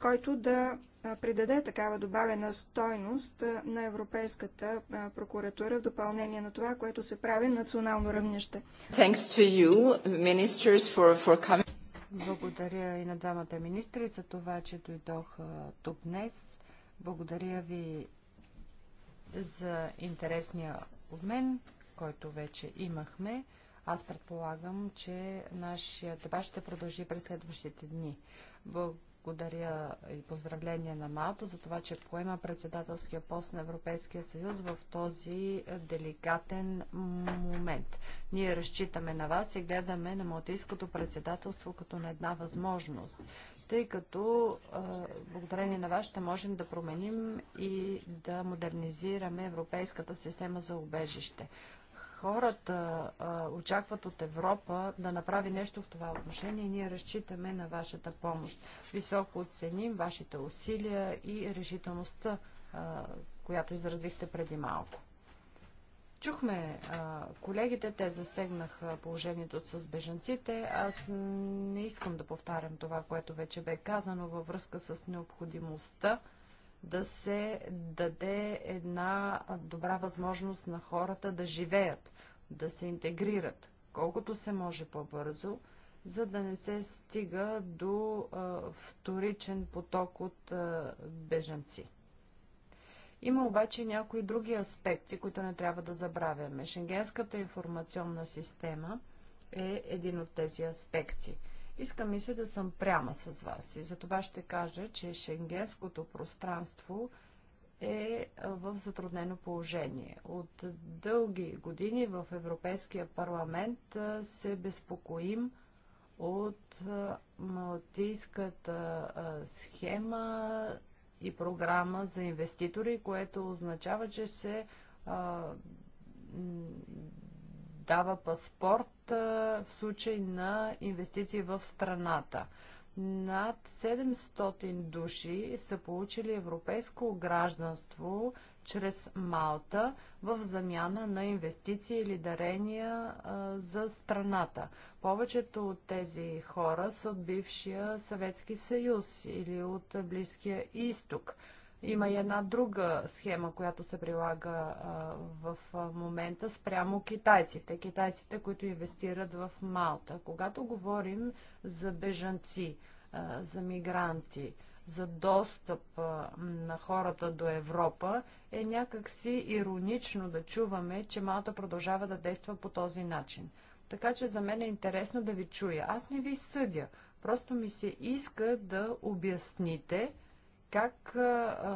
който да придаде такава добавена стойност на Европейската прокуратура в допълнение на това, което се прави на национално равнище.
Благодаря и на двамата министри за това, че дойдох тук днес. Благодаря ви за интересния обмен, който вече имахме. Аз предполагам, че нашия дебат ще продължи през следващите дни. Благодаря благодаря и поздравление на Малта за това, че поема председателския пост на Европейския съюз в този деликатен момент. Ние разчитаме на вас и гледаме на Малтийското председателство като на една възможност, тъй като благодарение на вас ще можем да променим и да модернизираме Европейската система за убежище хората а, очакват от Европа да направи нещо в това отношение и ние разчитаме на вашата помощ. Високо оценим вашите усилия и решителността, а, която изразихте преди малко. Чухме а, колегите, те засегнаха положението с беженците. Аз не искам да повтарям това, което вече бе казано във връзка с необходимостта да се даде една добра възможност на хората да живеят, да се интегрират, колкото се може по-бързо, за да не се стига до а, вторичен поток от а, бежанци. Има обаче някои други аспекти, които не трябва да забравяме. Шенгенската информационна система е един от тези аспекти – иска ми се да съм пряма с вас и за това ще кажа, че шенгенското пространство е, е в затруднено положение. От дълги години в Европейския парламент е, се безпокоим от е, малтийската схема и програма за инвеститори, което означава, че се дава паспорт в случай на инвестиции в страната. Над 700 души са получили европейско гражданство чрез Малта в замяна на инвестиции или дарения а, за страната. Повечето от тези хора са от бившия Съветски съюз или от Близкия изток. Има и една друга схема, която се прилага а, в момента спрямо китайците. Китайците, които инвестират в Малта. Когато говорим за бежанци, а, за мигранти, за достъп а, на хората до Европа, е някакси иронично да чуваме, че Малта продължава да действа по този начин. Така че за мен е интересно да ви чуя. Аз не ви съдя. Просто ми се иска да обясните, как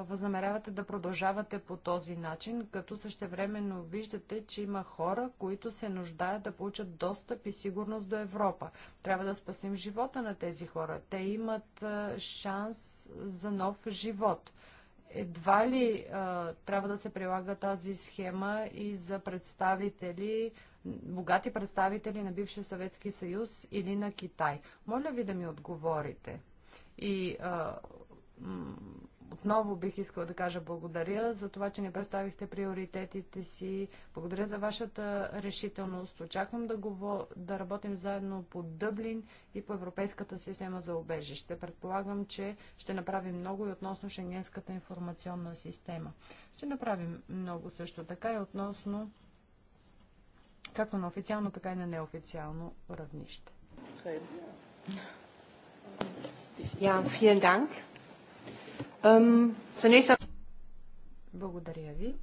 възнамерявате да продължавате по този начин, като същевременно виждате, че има хора, които се нуждаят да получат достъп и сигурност до Европа? Трябва да спасим живота на тези хора. Те имат шанс за нов живот едва ли а, трябва да се прилага тази схема и за представители, богати представители на бившия Съветски съюз или на Китай? Моля ви да ми отговорите. И а, отново бих искала да кажа благодаря за това, че ни представихте приоритетите си. Благодаря за вашата решителност. Очаквам да, го, да работим заедно по Дъблин и по Европейската система за обежище. Предполагам, че ще направим много и относно Шенгенската информационна система. Ще направим много също така и относно както на официално, така и на неофициално равнище.
Ja, vielen
Dank.
Благодаря ви.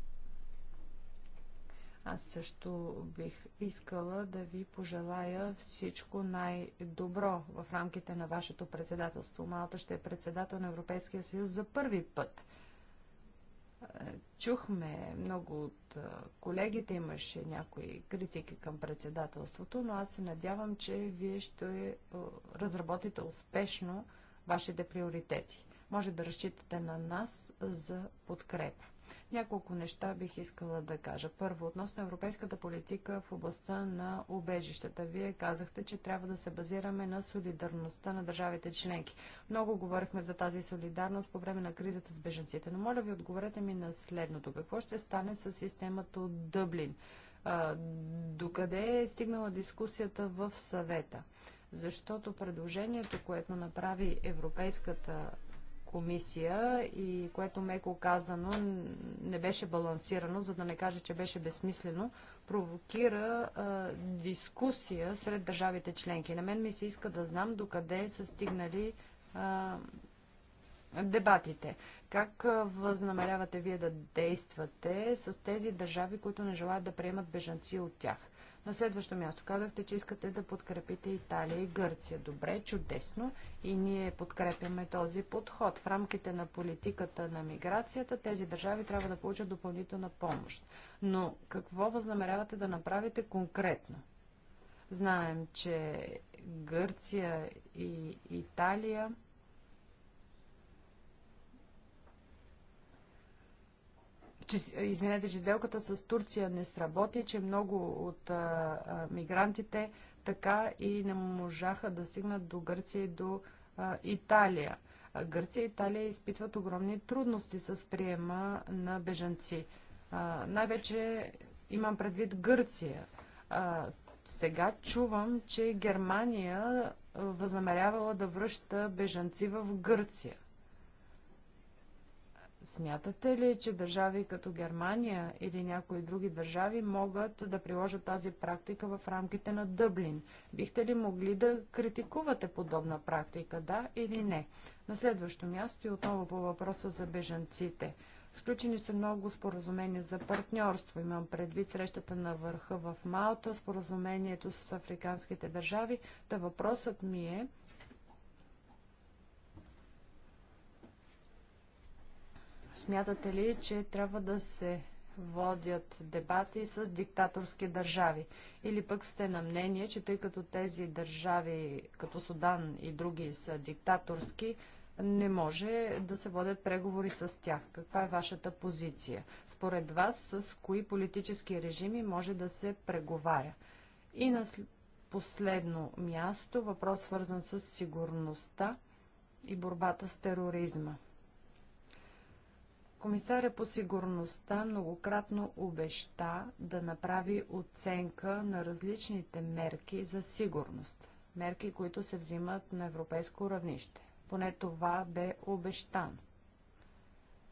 Аз също бих искала да ви пожелая всичко най-добро в рамките на вашето председателство. Малта ще е председател на Европейския съюз за първи път. Е, чухме много от е, колегите, имаше някои критики към председателството, но аз се надявам, че вие ще е, разработите успешно вашите приоритети. Може да разчитате на нас за подкрепа. Няколко неща бих искала да кажа. Първо, относно европейската политика в областта на убежищата. Вие казахте, че трябва да се базираме на солидарността на държавите членки. Много говорихме за тази солидарност по време на кризата с беженците, но моля ви отговорете ми на следното. Какво ще стане с системата от Дъблин? докъде е стигнала дискусията в съвета? Защото предложението, което направи Европейската комисия и което меко казано не беше балансирано, за да не кажа, че беше безсмислено, провокира а, дискусия сред държавите членки. На мен ми се иска да знам докъде са стигнали а, дебатите. Как възнамерявате вие да действате с тези държави, които не желаят да приемат бежанци от тях? На следващо място казахте, че искате да подкрепите Италия и Гърция. Добре, чудесно. И ние подкрепяме този подход. В рамките на политиката на миграцията тези държави трябва да получат допълнителна помощ. Но какво възнамерявате да направите конкретно? Знаем, че Гърция и Италия че, извинете, че сделката с Турция не сработи, че много от а, а, мигрантите така и не можаха да стигнат до Гърция и до а, Италия. А Гърция и Италия изпитват огромни трудности с приема на бежанци. най-вече имам предвид Гърция. А, сега чувам, че Германия възнамерявала да връща бежанци в Гърция. Смятате ли, че държави като Германия или някои други държави могат да приложат тази практика в рамките на Дъблин? Бихте ли могли да критикувате подобна практика, да или не? На следващо място и отново по въпроса за бежанците. Сключени са много споразумения за партньорство. Имам предвид срещата на върха в Малта, споразумението с африканските държави. Та въпросът ми е Смятате ли, че трябва да се водят дебати с диктаторски държави? Или пък сте на мнение, че тъй като тези държави, като Судан и други са диктаторски, не може да се водят преговори с тях. Каква е вашата позиция? Според вас, с кои политически режими може да се преговаря? И на последно място, въпрос свързан с сигурността и борбата с тероризма. Комисаря по сигурността многократно обеща да направи оценка на различните мерки за сигурност. Мерки, които се взимат на европейско равнище. Поне това бе обещано.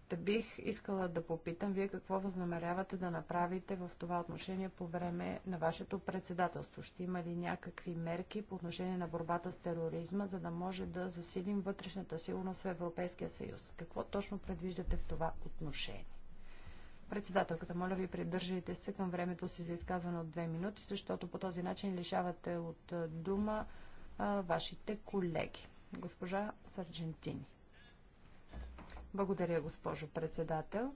Та бих искала да попитам вие какво възнамерявате да направите в това отношение по време на вашето председателство. Ще има ли някакви мерки по отношение на борбата с тероризма, за да може да засилим вътрешната сигурност в Европейския съюз? Какво точно предвиждате в това отношение? Председателката, моля ви, придържайте се към времето си за изказване от две минути, защото по този начин лишавате от дума а, вашите колеги. Госпожа Сарджентини. Благодаря, госпожо председател.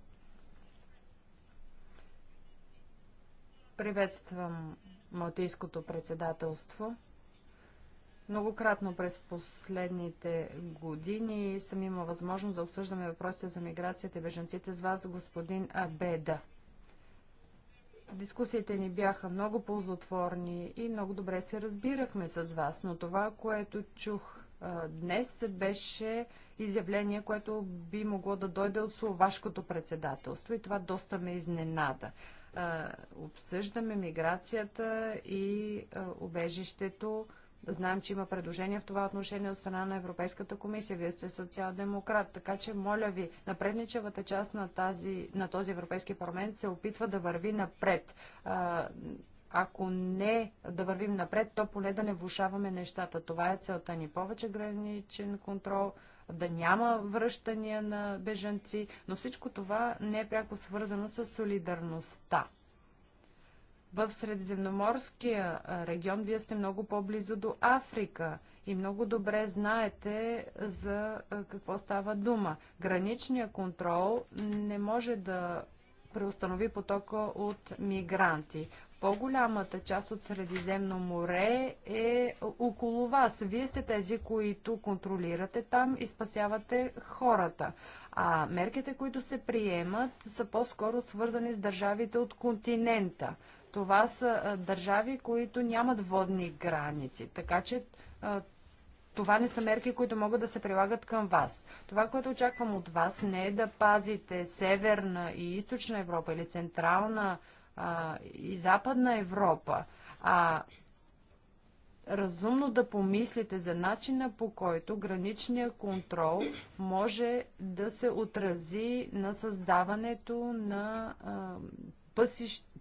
Приветствам Малтийското председателство. Многократно през последните години съм имала възможност да обсъждаме въпросите за миграцията и беженците с вас, господин Абеда. Дискусиите ни бяха много ползотворни и много добре се разбирахме с вас, но това, което чух днес беше изявление, което би могло да дойде от словашкото председателство и това доста ме изненада. Обсъждаме миграцията и убежището. Знаем, че има предложения в това отношение от страна на Европейската комисия. Вие сте социал-демократ, така че моля ви, напредничавата част на, тази, на този Европейски парламент се опитва да върви напред. А, ако не да вървим напред, то поне да не влушаваме нещата. Това е целта ни. Повече граничен контрол, да няма връщания на бежанци, но всичко това не е пряко свързано с солидарността. В Средиземноморския регион вие сте много по-близо до Африка и много добре знаете за какво става дума. Граничният контрол не може да преустанови потока от мигранти. По-голямата част от Средиземно море е около вас. Вие сте тези, които контролирате там и спасявате хората. А мерките, които се приемат, са по-скоро свързани с държавите от континента. Това са държави, които нямат водни граници. Така че това не са мерки, които могат да се прилагат към вас. Това, което очаквам от вас, не е да пазите Северна и Източна Европа или Централна а, и Западна Европа. А разумно да помислите за начина по който граничния контрол може да се отрази на създаването на а,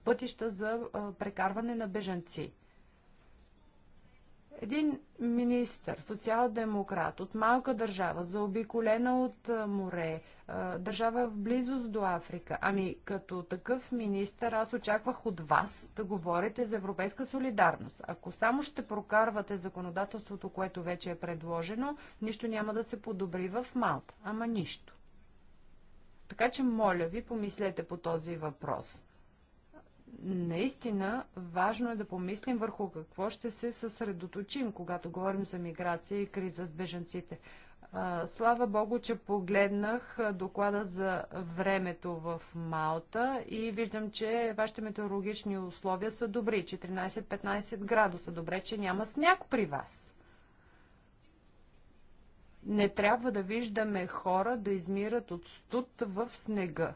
пътища за а, прекарване на бежанци. Един министър, социал-демократ от малка държава, заобиколена от море, държава в близост до Африка. Ами като такъв министър аз очаквах от вас да говорите за европейска солидарност. Ако само ще прокарвате законодателството, което вече е предложено, нищо няма да се подобри в Малта. Ама нищо. Така че, моля ви, помислете по този въпрос наистина важно е да помислим върху какво ще се съсредоточим, когато говорим за миграция и криза с беженците. Слава Богу, че погледнах доклада за времето в Малта и виждам, че вашите метеорологични условия са добри. 14-15 градуса. Добре, че няма сняг при вас. Не трябва да виждаме хора да измират от студ в снега.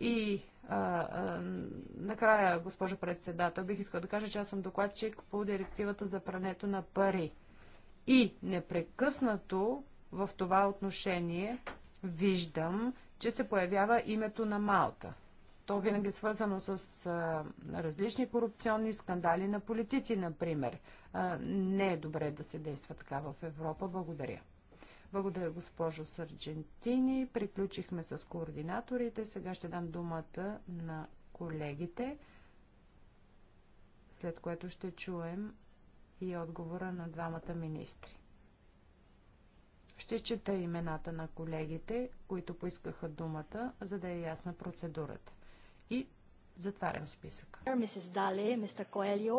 И накрая, госпожо председател, бих искал да кажа, че аз съм докладчик по директивата за прането на пари. И непрекъснато в това отношение виждам, че се появява името на Малта. То винаги е свързано с а, различни корупционни скандали на политици, например. А, не е добре да се действа така в Европа. Благодаря. Благодаря, госпожо Сърджентини. Приключихме с координаторите. Сега ще дам думата на колегите, след което ще чуем и отговора на двамата министри. Ще чета имената на колегите, които поискаха думата, за да е ясна процедурата. И затварям списъка.
Мисис Дали, мистер Коелио,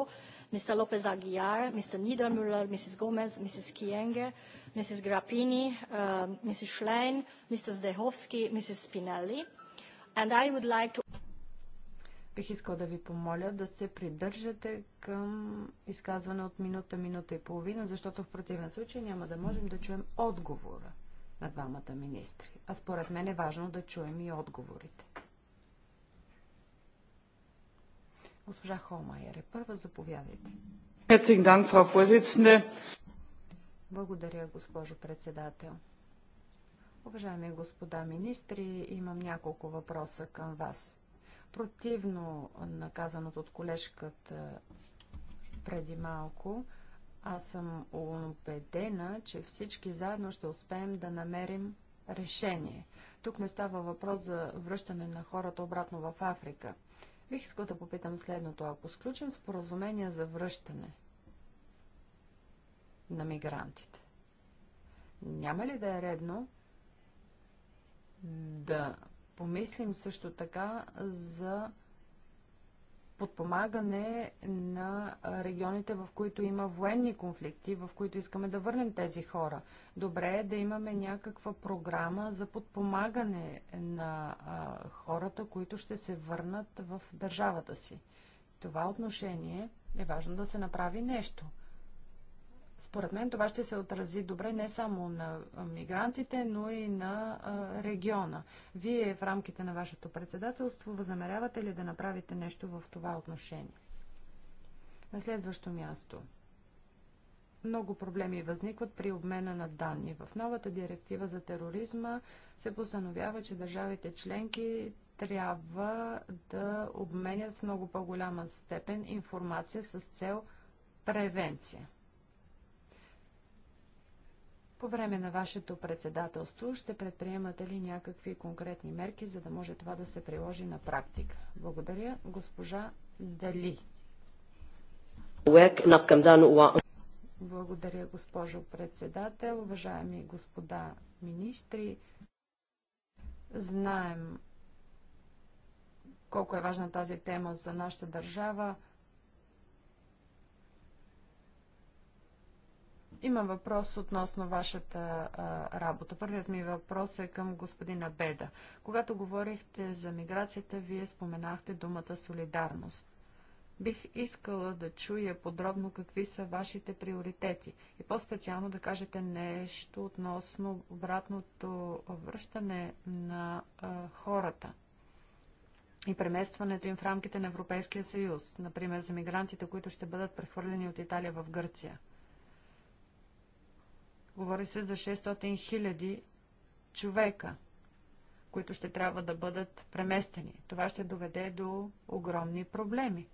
Mr. Lopez Aguiar, Mr. Niedermüller, Mrs. Gomez, Mrs. Kienge, Mrs. Grappini, uh, um, Mrs. Schlein, Mr. Zdehovski, Mrs. Spinelli. And I would like to...
Бих искал да ви помоля да се придържате към изказване от минута, минута и половина, защото в противен случай няма да можем да чуем отговора на двамата министри. А според мен е важно да чуем и отговорите. Госпожа Холмайер е първа, заповядайте. Благодаря, госпожо председател. Уважаеми господа министри, имам няколко въпроса към вас. Противно наказаното от колежката преди малко, аз съм убедена, че всички заедно ще успеем да намерим решение. Тук не става въпрос за връщане на хората обратно в Африка – Бих искал да попитам следното. Ако сключим споразумения за връщане на мигрантите, няма ли да е редно да помислим също така за подпомагане на регионите, в които има военни конфликти, в които искаме да върнем тези хора. Добре е да имаме някаква програма за подпомагане на хората, които ще се върнат в държавата си. това отношение е важно да се направи нещо – според мен това ще се отрази добре не само на мигрантите, но и на региона. Вие в рамките на вашето председателство възнамерявате ли да направите нещо в това отношение? На следващо място. Много проблеми възникват при обмена на данни. В новата директива за тероризма се постановява, че държавите членки трябва да обменят в много по-голяма степен информация с цел превенция. По време на вашето председателство ще предприемате ли някакви конкретни мерки, за да може това да се приложи на практика? Благодаря, госпожа Дали. Благодаря, госпожо председател, уважаеми господа министри. Знаем колко е важна тази тема за нашата държава. Имам въпрос относно вашата а, работа. Първият ми въпрос е към господина Беда. Когато говорихте за миграцията, вие споменахте думата солидарност. Бих искала да чуя подробно какви са вашите приоритети и по-специално да кажете нещо относно обратното връщане на а, хората и преместването им в рамките на Европейския съюз, например за мигрантите, които ще бъдат прехвърлени от Италия в Гърция. Говори се за 600 хиляди човека, които ще трябва да бъдат преместени. Това ще доведе до огромни проблеми.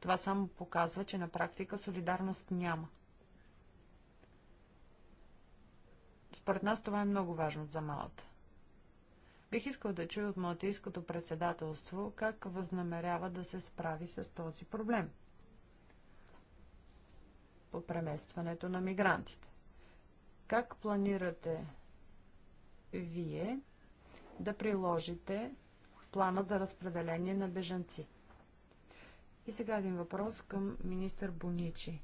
Това само показва, че на практика солидарност няма. Според нас това е много важно за малата. Бих искал да чуя от Малтийското председателство как възнамерява да се справи с този проблем по преместването на мигрантите. Как планирате вие да приложите плана за разпределение на бежанци? И сега един въпрос към министър Боничи.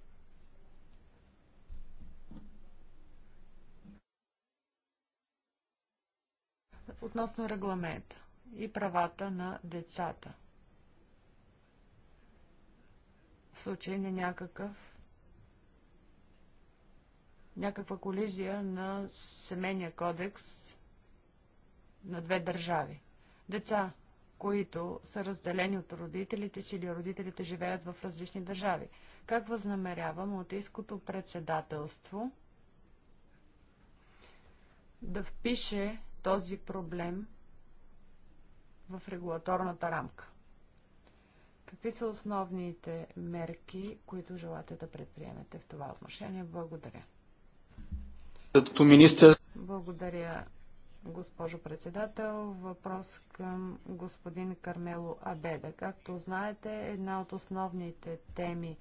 Относно регламента и правата на децата. В случай на някакъв някаква колизия на семейния кодекс на две държави. Деца, които са разделени от родителите си или родителите живеят в различни държави. Как възнамерява малтийското председателство да впише този проблем в регулаторната рамка? Какви са основните мерки, които желате да предприемете в това отношение? Благодаря. Благодаря, госпожо председател. Въпрос към господин Кармело Абеда. Както знаете, една от основните теми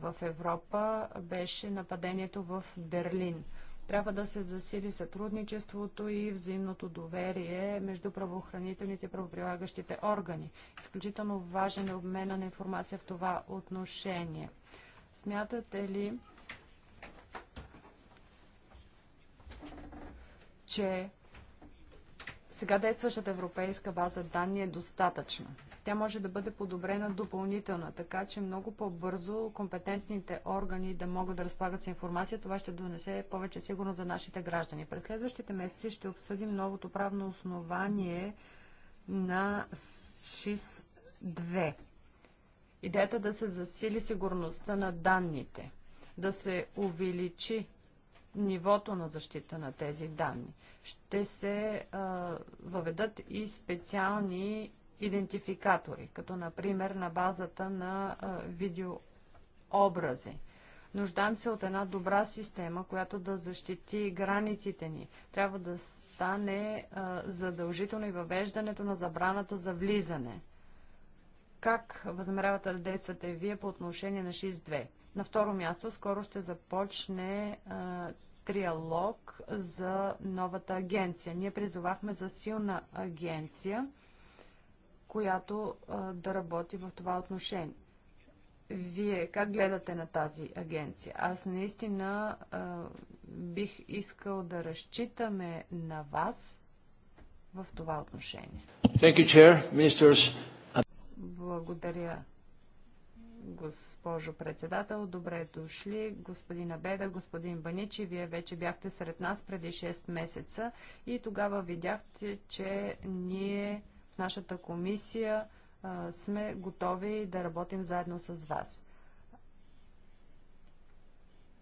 в Европа беше нападението в Берлин. Трябва да се засили сътрудничеството и взаимното доверие между правоохранителните и правоприлагащите органи. Изключително важен е обмена на информация в това отношение. Смятате ли, че сега действащата европейска база данни е достатъчна. Тя може да бъде подобрена допълнителна, така че много по-бързо компетентните органи да могат да разполагат с информация. Това ще донесе повече сигурност за нашите граждани. През следващите месеци ще обсъдим новото правно основание на ШИС-2. Идеята да се засили сигурността на данните, да се увеличи нивото на защита на тези данни. Ще се а, въведат и специални идентификатори, като например на базата на а, видеообрази. Нуждам се от една добра система, която да защити границите ни. Трябва да стане а, задължително и въвеждането на забраната за влизане. Как възмерявате да действате вие по отношение на 6.2? На второ място, скоро ще започне триалог за новата агенция. Ние призовахме за силна агенция, която да работи в това отношение. Вие как гледате на тази агенция? Аз наистина а, бих искал да разчитаме на вас в това отношение.
You,
Благодаря, госпожо председател. Добре дошли, господин Абеда, господин Баничи. Вие вече бяхте сред нас преди 6 месеца и тогава видяхте, че ние в нашата комисия а, сме готови да работим заедно с вас.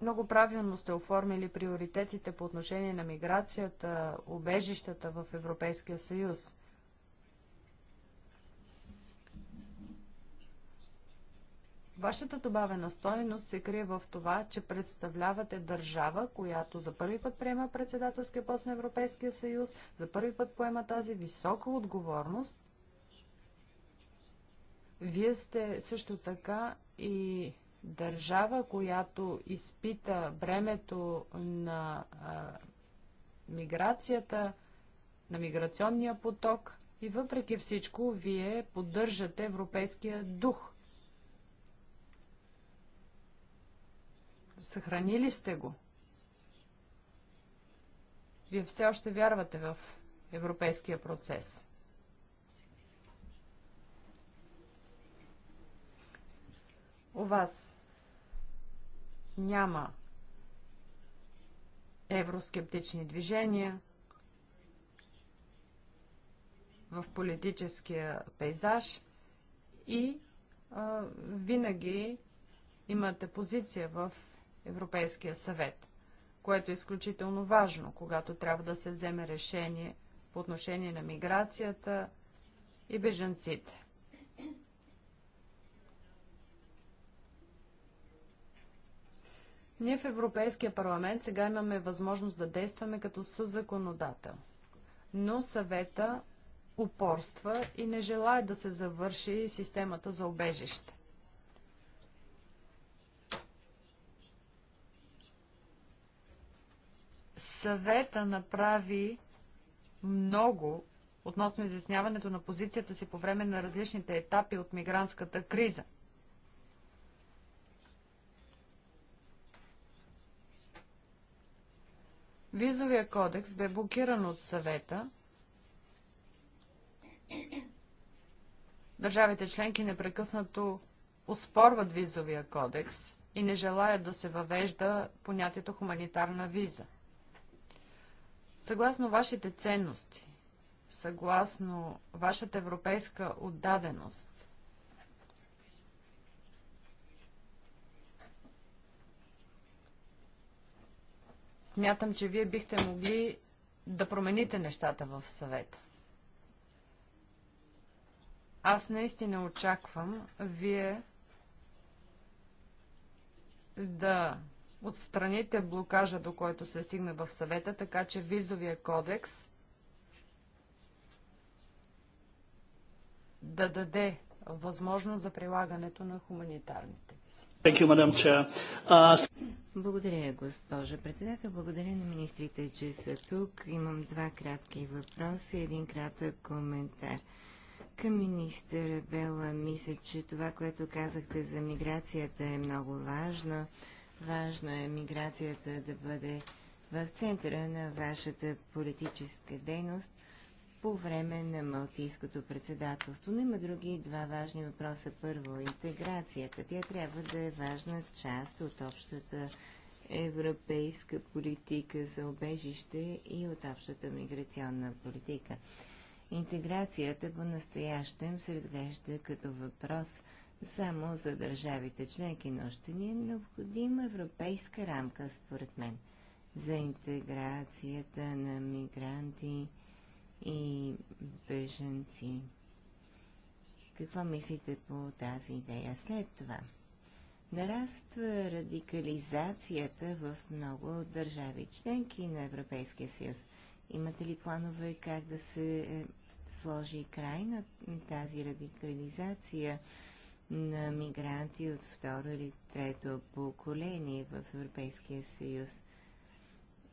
Много правилно сте оформили приоритетите по отношение на миграцията, убежищата в Европейския съюз – Вашата добавена стоеност се крие в това, че представлявате държава, която за първи път приема председателския пост на Европейския съюз, за първи път поема тази висока отговорност. Вие сте също така и държава, която изпита бремето на а, миграцията, на миграционния поток и въпреки всичко вие поддържате европейския дух – Съхранили сте го. Вие все още вярвате в европейския процес. У вас няма евроскептични движения в политическия пейзаж и а, винаги имате позиция в Европейския съвет, което е изключително важно, когато трябва да се вземе решение по отношение на миграцията и бежанците. Ние в Европейския парламент сега имаме възможност да действаме като съзаконодател. Но съвета упорства и не желая да се завърши системата за обежище. съвета направи много относно изясняването на позицията си по време на различните етапи от мигрантската криза. Визовия кодекс бе блокиран от съвета. Държавите членки непрекъснато оспорват визовия кодекс и не желаят да се въвежда понятието хуманитарна виза. Съгласно вашите ценности, съгласно вашата европейска отдаденост, смятам, че вие бихте могли да промените нещата в съвета. Аз наистина очаквам вие да отстраните блокажа, до който се стигна в съвета, така че визовия кодекс да даде възможност за прилагането на хуманитарните
визи. Uh, Благодаря, госпожа председател. Благодаря на министрите, че са тук. Имам два кратки въпроса и един кратък коментар. Към министъра Бела, мисля, че това, което казахте за миграцията е много важно. Важно е миграцията да бъде в центъра на вашата политическа дейност по време на Малтийското председателство. Но има други два важни въпроса. Първо, интеграцията. Тя трябва да е важна част от общата европейска политика за обежище и от общата миграционна политика. Интеграцията по-настоящем се разглежда като въпрос – само за държавите членки, но ще ни е необходима европейска рамка, според мен, за интеграцията на мигранти и беженци. Какво мислите по тази идея след това? Нараства радикализацията в много държави членки на Европейския съюз. Имате ли планове как да се е, сложи край на тази радикализация? на мигранти от второ или трето поколение в Европейския съюз.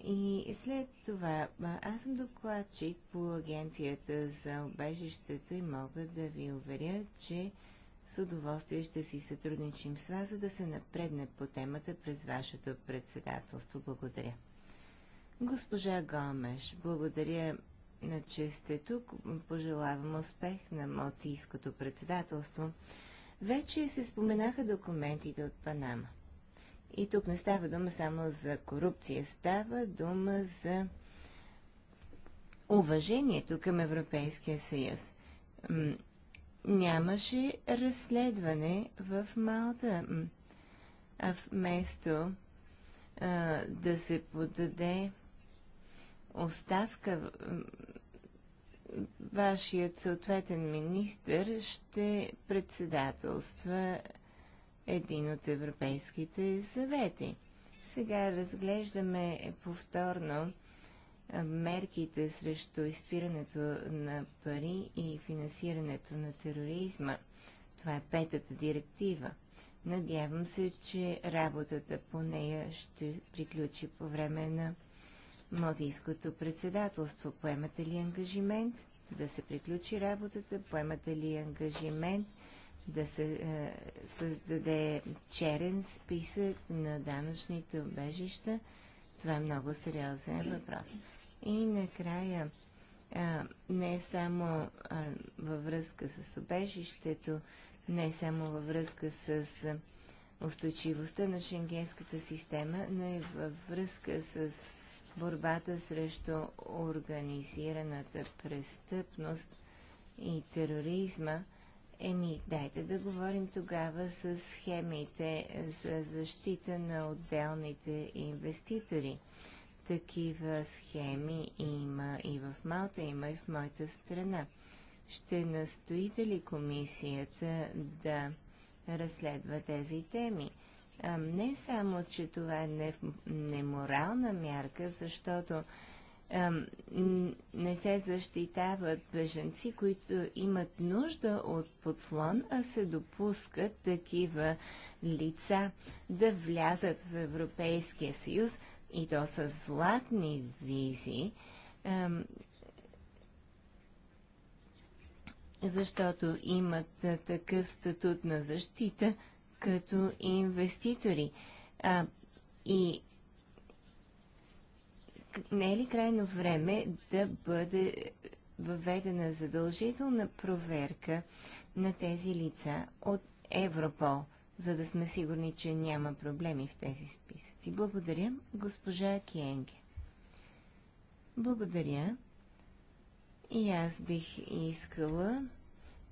И след това, аз съм докладчик по Агенцията за обежището и мога да ви уверя, че с удоволствие ще си сътрудничим с вас, за да се напредне по темата през вашето председателство. Благодаря. Госпожа Гомеш, благодаря, че сте тук. Пожелавам успех на Малтийското председателство. Вече се споменаха документите от Панама. И тук не става дума само за корупция, става дума за уважението към Европейския съюз. Нямаше разследване в Малта, а вместо а, да се подаде оставка вашият съответен министр ще председателства един от европейските съвети. Сега разглеждаме повторно мерките срещу изпирането на пари и финансирането на тероризма. Това е петата директива. Надявам се, че работата по нея ще приключи по време на Малтийското председателство. Поемате ли ангажимент да се приключи работата? Поемате ли ангажимент да се е, създаде черен списък на данъчните обежища? Това е много сериозен въпрос. И накрая, а, е, не само а, е, във връзка с обежището, не само във връзка с устойчивостта на шенгенската система, но и във връзка с борбата срещу организираната престъпност и тероризма, еми дайте да говорим тогава с схемите за защита на отделните инвеститори. Такива схеми има и в Малта, има и в моята страна. Ще настоите ли комисията да разследва тези теми? не само, че това е неморална мярка, защото не се защитават беженци, които имат нужда от подслон, а се допускат такива лица да влязат в Европейския съюз и то с златни визи, защото имат такъв статут на защита – като инвеститори. А, и не е ли крайно време да бъде въведена задължителна проверка на тези лица от Европол, за да сме сигурни, че няма проблеми в тези списъци? Благодаря, госпожа Киенге. Благодаря. И аз бих искала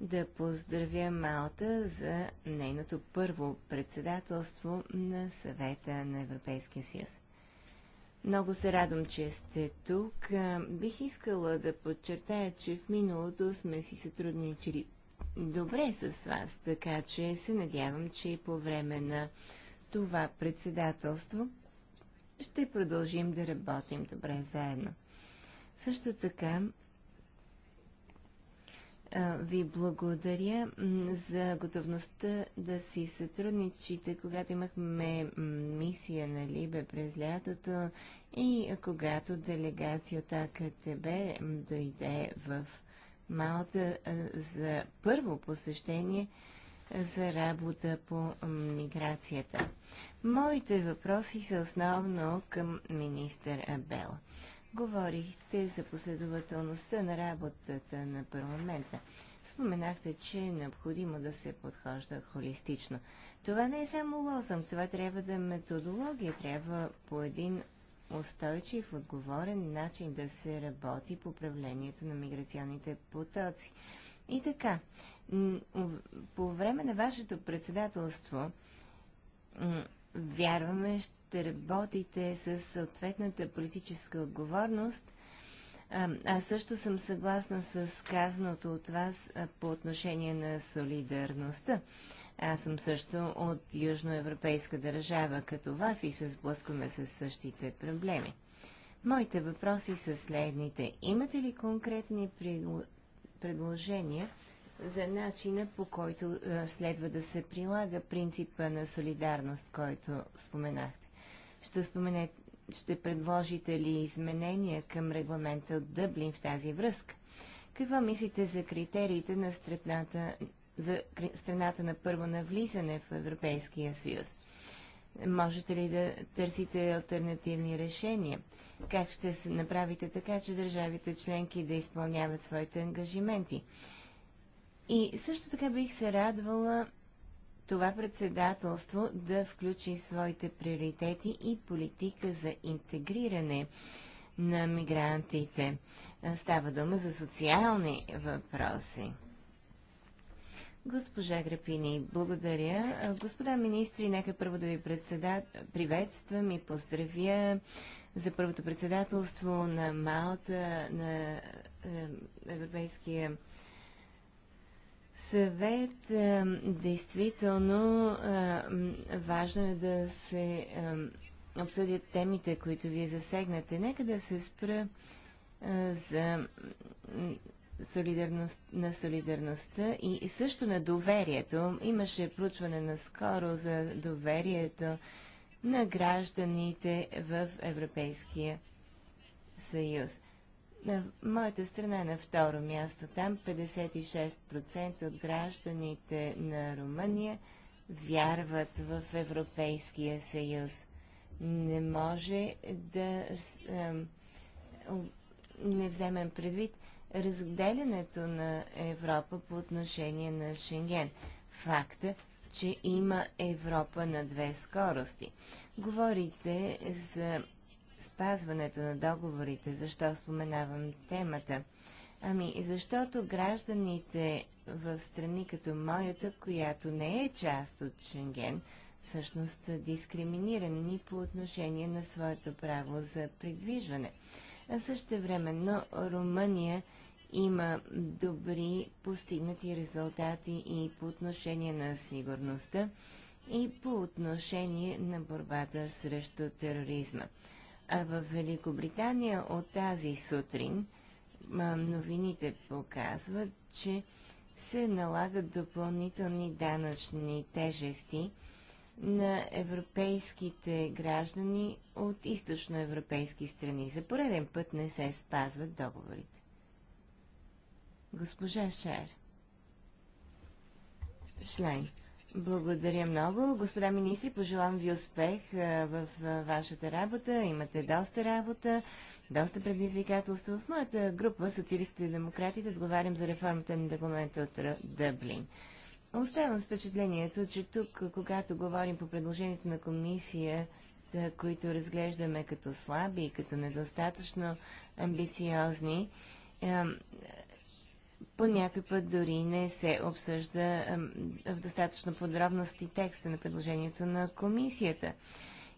да поздравя Малта за нейното първо председателство на съвета на Европейския съюз. Много се радвам, че сте тук. Бих искала да подчертая, че в миналото сме си сътрудничили добре с вас, така че се надявам, че и по време на това председателство ще продължим да работим добре заедно. Също така ви благодаря за готовността да си сътрудничите, когато имахме мисия на Либе през лятото и когато делегация от АКТБ дойде в Малта за първо посещение за работа по миграцията. Моите въпроси са основно към министър Абел. Говорихте за последователността на работата на парламента. Споменахте, че е необходимо да се подхожда холистично. Това не е само лозъм, това трябва да е методология, трябва по един устойчив, отговорен начин да се работи по управлението на миграционните потоци. И така, по време на вашето председателство вярваме, ще работите с съответната политическа отговорност. Аз също съм съгласна с казаното от вас по отношение на солидарността. Аз съм също от южноевропейска държава като вас и се сблъскваме с същите проблеми. Моите въпроси са следните. Имате ли конкретни предложения за начина по който е, следва да се прилага принципа на солидарност, който споменахте. Ще, споменете, ще предложите ли изменения към регламента от Дъблин в тази връзка? Какво мислите за критериите на страната, за страната на първо навлизане в Европейския съюз? Можете ли да търсите альтернативни решения? Как ще направите така, че държавите членки да изпълняват своите ангажименти? И също така бих се радвала това председателство да включи в своите приоритети и политика за интегриране на мигрантите. Става дума за социални въпроси. Госпожа Грапини, благодаря. Господа министри, нека първо да ви председат... приветствам и поздравя за първото председателство на Малта, на е, Европейския съвет. действително важно е да се обсъдят темите, които вие засегнате. Нека да се спра за солидарност, на солидарността и, и също на доверието. Имаше проучване наскоро за доверието на гражданите в Европейския съюз. На моята страна е на второ място. Там 56% от гражданите на Румъния вярват в Европейския съюз. Не може да не вземем предвид разделянето на Европа по отношение на Шенген. Факта, че има Европа на две скорости. Говорите за спазването на договорите. Защо споменавам темата? Ами, защото гражданите в страни като моята, която не е част от Шенген, всъщност са дискриминирани по отношение на своето право за придвижване. А също времено Румъния има добри постигнати резултати и по отношение на сигурността, и по отношение на борбата срещу тероризма. А в Великобритания от тази сутрин новините показват, че се налагат допълнителни данъчни тежести на европейските граждани от източноевропейски страни. За пореден път не се спазват договорите. Госпожа Шер. Шлайн. Благодаря много. Господа министри, пожелавам ви успех в вашата работа. Имате доста работа, доста предизвикателства. В моята група, социалистите и демократите, отговарям за реформата на документа от Дъблин. Оставам с впечатлението, че тук, когато говорим по предложението на комисията, които разглеждаме като слаби и като недостатъчно амбициозни, по някой път дори не се обсъжда в достатъчно подробности текста на предложението на комисията.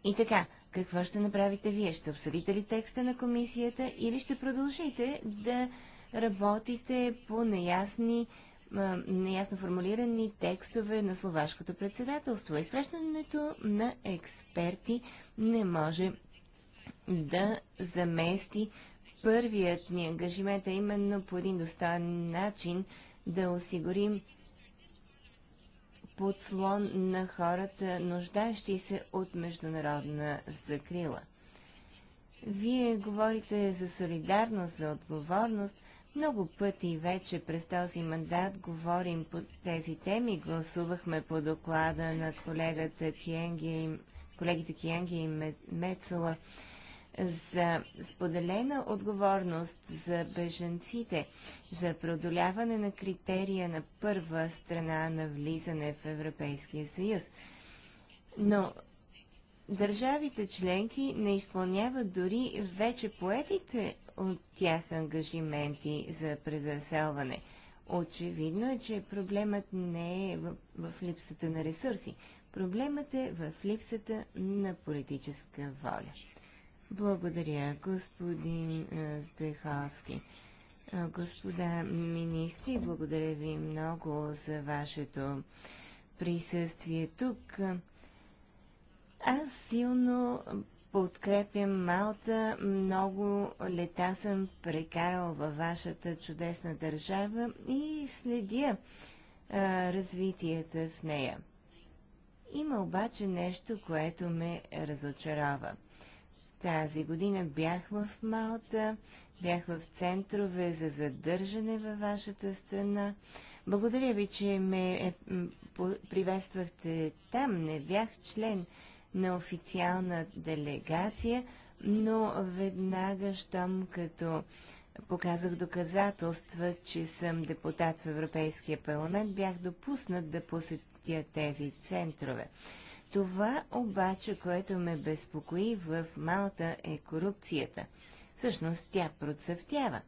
И така, какво ще направите вие? Ще обсъдите ли текста на комисията или ще продължите да работите по неясни, неясно формулирани текстове на словашкото председателство? Изпрещането на експерти не може да замести първият ни ангажимент е именно по един достоен начин да осигурим подслон на хората, нуждаещи се от международна закрила. Вие говорите за солидарност, за отговорност. Много пъти вече през този мандат говорим по тези теми. Гласувахме по доклада на колегата Киенги, колегите Киенги и Мецела за споделена отговорност за бежанците, за преодоляване на критерия на първа страна на влизане в Европейския съюз. Но държавите членки не изпълняват дори вече поетите от тях ангажименти за презаселване. Очевидно е, че проблемът не е в, в липсата на ресурси. Проблемът е в липсата на политическа воля. Благодаря, господин е, Стриховски. Е, господа министри, благодаря ви много за вашето присъствие тук. Аз силно подкрепям Малта. Много лета съм прекарал във вашата чудесна държава и следя а, е, развитията в нея. Има обаче нещо, което ме разочарова – тази година бях в Малта, бях в центрове за задържане във вашата страна. Благодаря ви, че ме е, приветствахте там. Не бях член на официална делегация, но веднага, щом като показах доказателства, че съм депутат в Европейския парламент, бях допуснат да посетя тези центрове. Това обаче, което ме безпокои в Малта е корупцията. Всъщност тя процъфтява.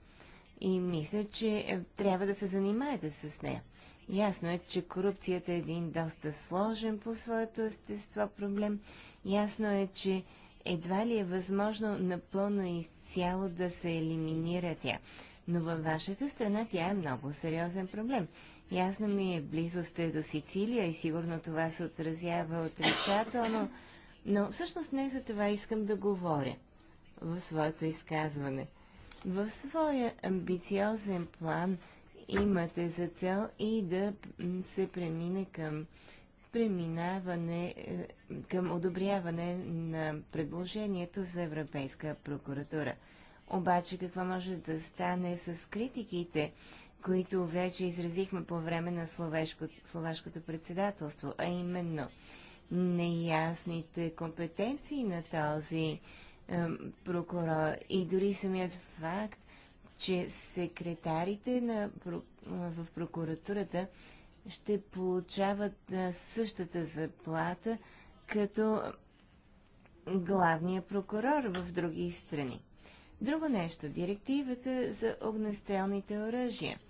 И мисля, че е, трябва да се занимаете с нея. Ясно е, че корупцията е един доста сложен по своето естество проблем. Ясно е, че едва ли е възможно напълно и изцяло да се елиминира тя. Но във вашата страна тя е много сериозен проблем. Ясно ми е, близо сте до Сицилия и сигурно това се отразява отрицателно, но всъщност не за това искам да говоря в своето изказване. В своя амбициозен план имате за цел и да се премине към преминаване е, към одобряване на предложението за Европейска прокуратура. Обаче какво може да стане с критиките които вече изразихме по време на словешко, словашкото председателство, а именно неясните компетенции на този е, прокурор и дори самият факт, че секретарите на, в прокуратурата ще получават е, същата заплата като главния прокурор в други страни. Друго нещо – директивата за огнестрелните оръжия –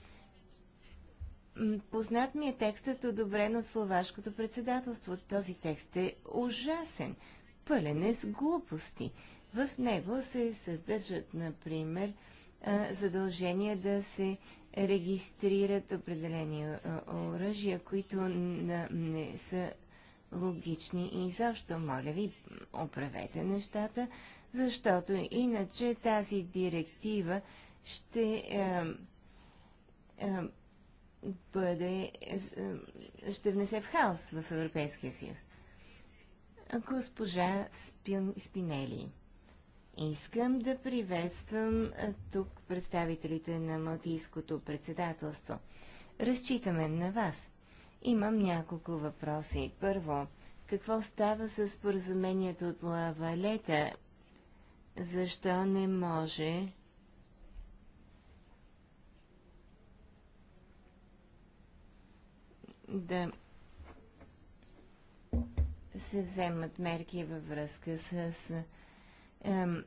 Познат ми е текстът, одобрен от словашкото председателство. Този текст е ужасен, пълен е с глупости. В него се съдържат, например, задължения да се регистрират определени оръжия, които не са логични и защо, моля ви, оправете нещата, защото иначе тази директива ще е, е, бъде, е, е, ще внесе в хаос в Европейския съюз. Госпожа Спин, Спинели, искам да приветствам е, тук представителите на Малтийското председателство. Разчитаме на вас. Имам няколко въпроси. Първо, какво става с споразумението от Лавалета? Защо не може да се вземат мерки във връзка с, ем,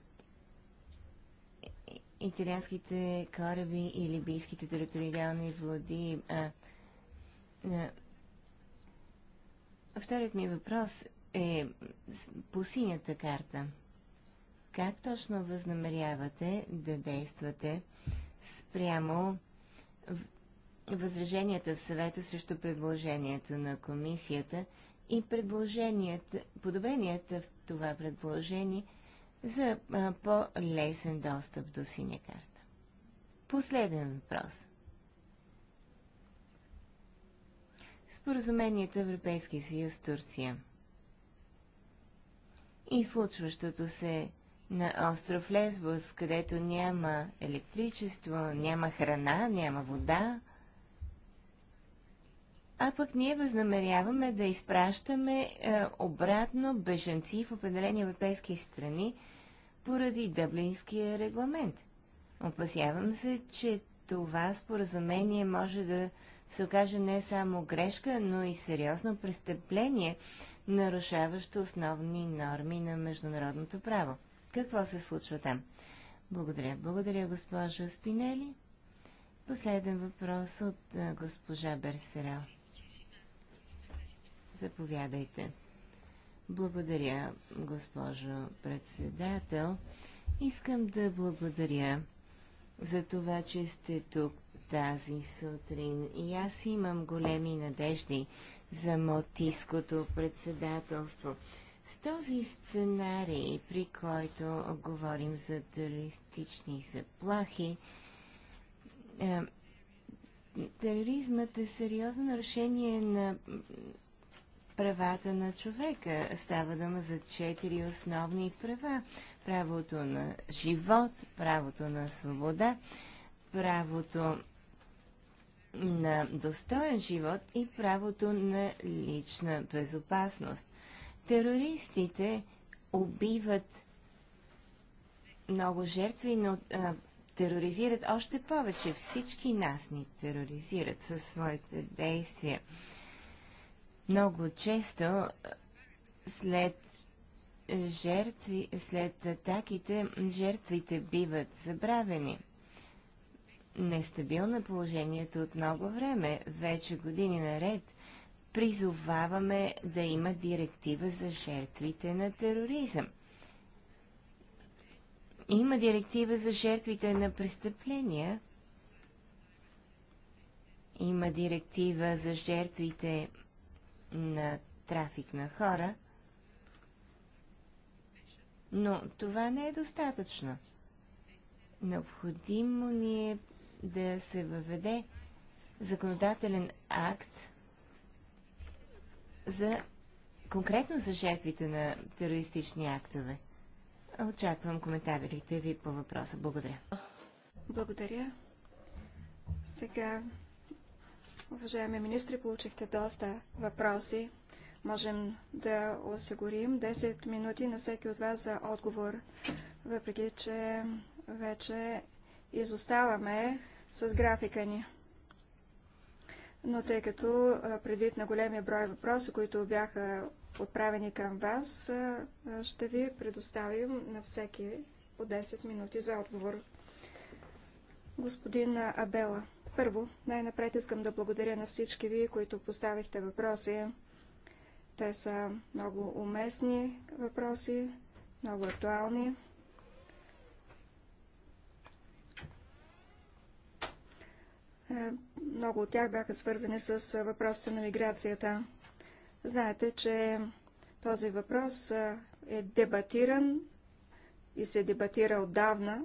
италианските кораби и либийските териториални води. А, а, вторият ми въпрос е по синята карта. Как точно възнамерявате да действате спрямо възраженията в съвета срещу предложението на комисията и подобренията в това предложение за по-лесен достъп до синя карта. Последен въпрос. Споразумението Европейския съюз Турция и случващото се на остров Лесбос, където няма електричество, няма храна, няма вода, а пък ние възнамеряваме да изпращаме е, обратно бежанци в определени европейски страни поради Дъблинския регламент. Опасявам се, че това споразумение може да се окаже не само грешка, но и сериозно престъпление, нарушаващо основни норми на международното право. Какво се случва там? Благодаря. Благодаря, госпожо Спинели. Последен въпрос от е, госпожа Берсерел. Заповядайте. Благодаря, госпожо председател. Искам да благодаря за това, че сте тук тази сутрин. И аз имам големи надежди за Малтийското председателство. С този сценарий, при който говорим за терористични заплахи, е, тероризмът е сериозно нарушение на правата на човека. Става дума за четири основни права. Правото на живот, правото на свобода, правото на достоен живот и правото на лична безопасност. Терористите убиват много жертви, но а, тероризират още повече. Всички нас ни тероризират със своите действия. Много често след жертви, след атаките, жертвите биват забравени. Нестабилно е положението от много време, вече години наред. Призоваваме да има директива за жертвите на тероризъм. Има директива за жертвите на престъпления. Има директива за жертвите на трафик на хора, но това не е достатъчно. Необходимо ни е да се въведе законодателен акт за конкретно за жертвите на терористични актове. Очаквам коментарите ви по въпроса. Благодаря.
Благодаря. Сега Уважаеми министри, получихте доста въпроси. Можем да осигурим 10 минути на всеки от вас за отговор, въпреки че вече изоставаме с графика ни. Но тъй като предвид на големия брой въпроси, които бяха отправени към вас, ще ви предоставим на всеки по 10 минути за отговор. Господин Абела. Първо, най-напред искам да благодаря на всички ви, които поставихте въпроси. Те са много уместни въпроси, много актуални. Е, много от тях бяха свързани с въпросите на миграцията. Знаете, че този въпрос е, е дебатиран и се дебатира отдавна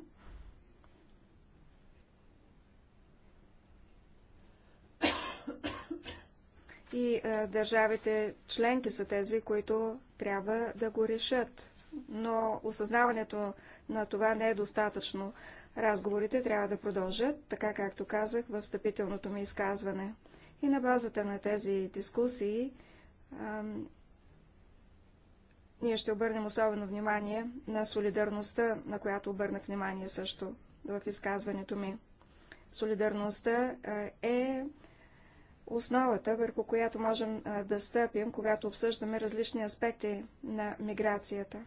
и държавите членки са тези, които трябва да го решат. Но осъзнаването на това не е достатъчно. Разговорите трябва да продължат, така както казах в встъпителното ми изказване. И на базата на тези дискусии а, ние ще обърнем особено внимание на солидарността, на която обърнах внимание също в изказването ми. Солидарността е основата, върху която можем да стъпим, когато обсъждаме различни аспекти на миграцията.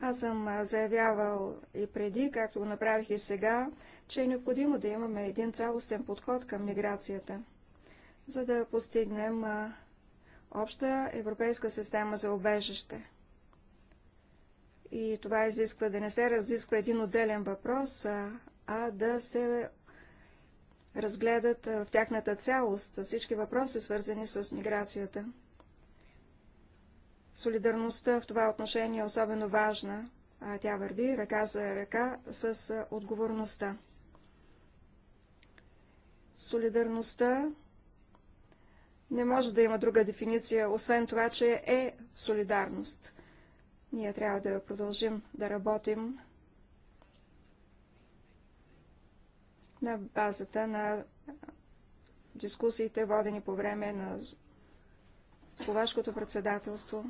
Аз съм заявявал и преди, както го направих и сега, че е необходимо да имаме един цялостен подход към миграцията, за да постигнем обща европейска система за обежище. И това изисква да не се разисква един отделен въпрос, а да се разгледат в тяхната цялост всички въпроси, свързани с миграцията. Солидарността в това отношение е особено важна, а тя върви ръка за ръка с отговорността. Солидарността не може да има друга дефиниция, освен това, че е солидарност. Ние трябва да продължим да работим на базата на дискусиите, водени по време на словашкото председателство.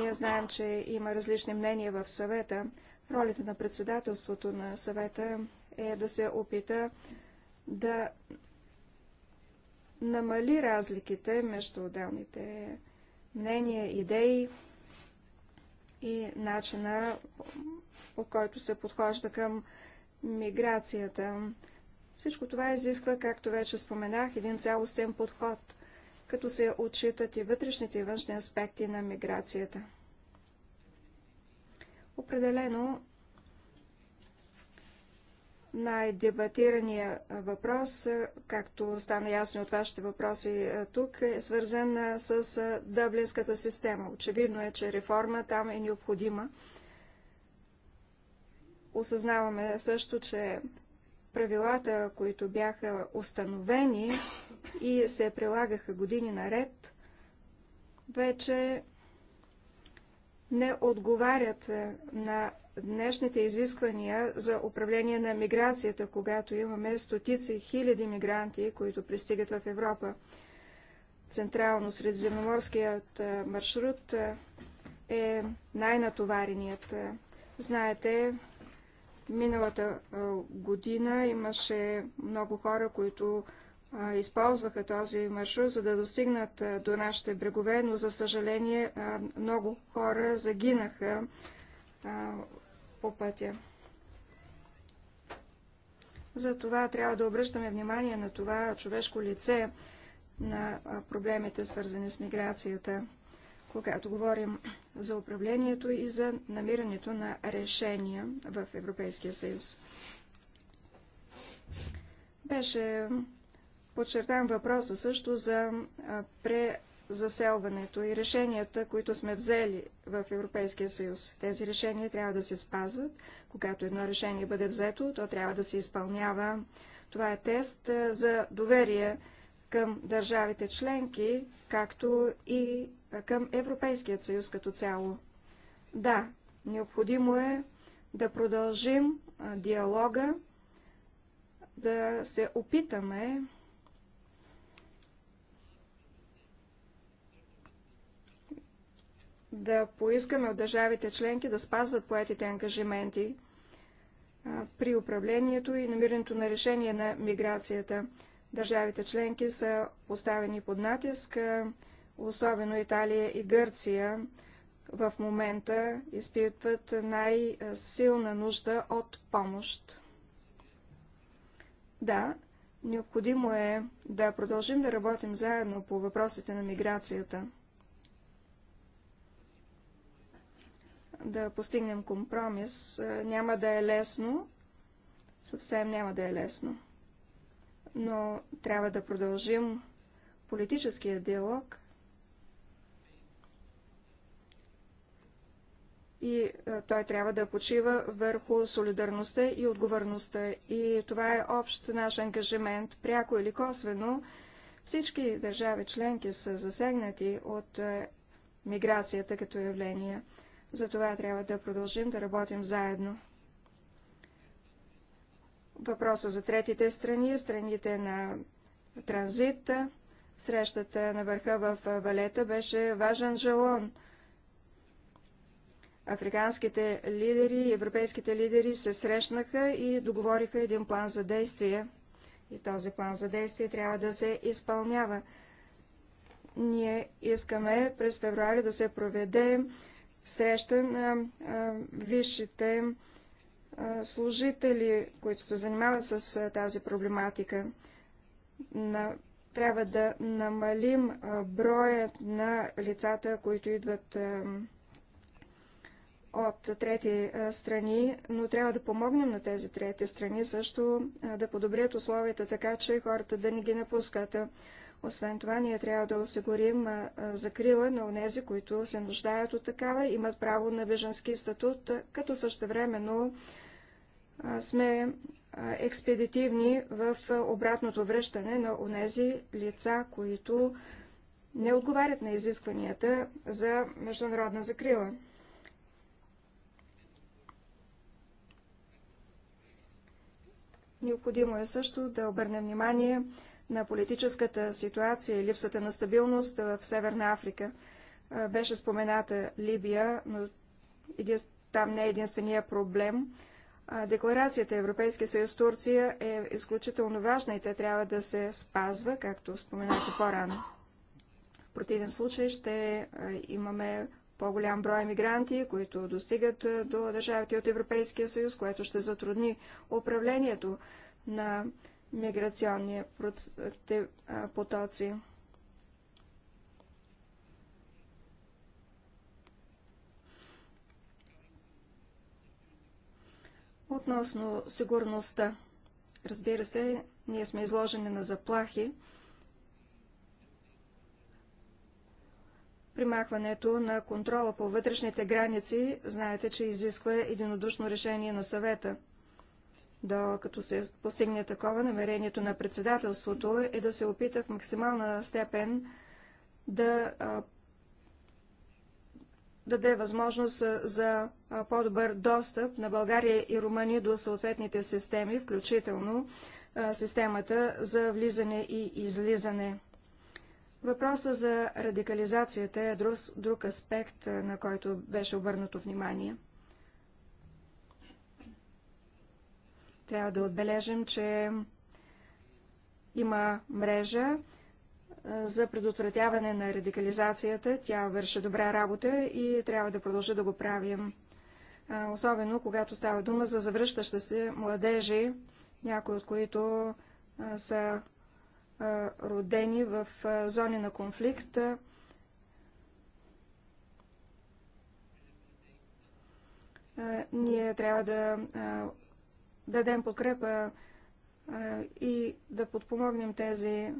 Ние знаем, че има различни мнения в съвета. Ролята на председателството на съвета е да се опита да намали разликите между отделните мнения, идеи и начина по който се подхожда към миграцията. Всичко това изисква, както вече споменах, един цялостен подход, като се отчитат и вътрешните и външни аспекти на миграцията. Определено най-дебатирания въпрос, както стана ясно от вашите въпроси е, тук, е свързан е, с е, дъблинската система. Очевидно е, че реформа там е необходима. Осъзнаваме също, че правилата, които бяха установени и се прилагаха години наред, вече не отговарят е, на днешните изисквания за управление на миграцията, когато имаме стотици хиляди мигранти, които пристигат в Европа. Централно-средиземноморският е, маршрут е, е най-натовареният. Знаете, Миналата година имаше много хора, които използваха този маршрут, за да достигнат до нашите брегове, но за съжаление много хора загинаха по пътя. Затова трябва да обръщаме внимание на това човешко лице на проблемите, свързани с миграцията когато говорим за управлението и за намирането на решения в Европейския съюз. Беше подчертан въпроса също за презаселването и решенията, които сме взели в Европейския съюз. Тези решения трябва да се спазват. Когато едно решение бъде взето, то трябва да се изпълнява. Това е тест за доверие към държавите членки, както и към Европейският съюз като цяло. Да, необходимо е да продължим диалога, да се опитаме да поискаме от държавите членки да спазват поетите ангажименти при управлението и намирането на решение на миграцията. Държавите членки са поставени под натиск особено Италия и Гърция, в момента изпитват най-силна нужда от помощ. Да, необходимо е да продължим да работим заедно по въпросите на миграцията, да постигнем компромис. Няма да е лесно, съвсем няма да е лесно, но трябва да продължим политическия диалог – и е, той трябва да почива върху солидарността и отговорността. И това е общ наш ангажимент, пряко или косвено. Всички държави членки са засегнати от е, миграцията като явление. Затова трябва да продължим да работим заедно. Въпроса за третите страни, страните на транзита, срещата на върха в е, Валета беше важен жалон – африканските лидери и европейските лидери се срещнаха и договориха един план за действие. И този план за действие трябва да се изпълнява. Ние искаме през февруари да се проведе среща на висшите служители, които се занимават с тази проблематика. трябва да намалим броят на лицата, които идват от трети страни, но трябва да помогнем на тези трети страни също да подобрят условията така, че хората да не ги напускат. Освен това, ние трябва да осигурим закрила на онези, които се нуждаят от такава, имат право на беженски статут, като същевременно сме експедитивни в обратното връщане на онези лица, които не отговарят на изискванията за международна закрила. Необходимо е също да обърнем внимание на политическата ситуация и липсата на стабилност в Северна Африка. Беше спомената Либия, но там не е единствения проблем. Декларацията Европейския съюз Турция е изключително важна и те трябва да се спазва, както споменах по-рано. В противен случай ще имаме по-голям брой мигранти, които достигат е, до държавите от Европейския съюз, което ще затрудни управлението на миграционни потоци. Относно сигурността. Разбира се, ние сме изложени на заплахи, Примахването на контрола по вътрешните граници, знаете, че изисква единодушно решение на съвета. Докато се постигне такова, намерението на председателството е да се опита в максимална степен да даде възможност за по-добър достъп на България и Румъния до съответните системи, включително системата за влизане и излизане. Въпросът за радикализацията е друг, друг аспект, на който беше обърнато внимание. Трябва да отбележим, че има мрежа за предотвратяване на радикализацията. Тя върши добра работа и трябва да продължи да го правим. Особено когато става дума за завръщаща се младежи, някои от които са родени в зони на конфликт. Ние трябва да дадем подкрепа и да подпомогнем тези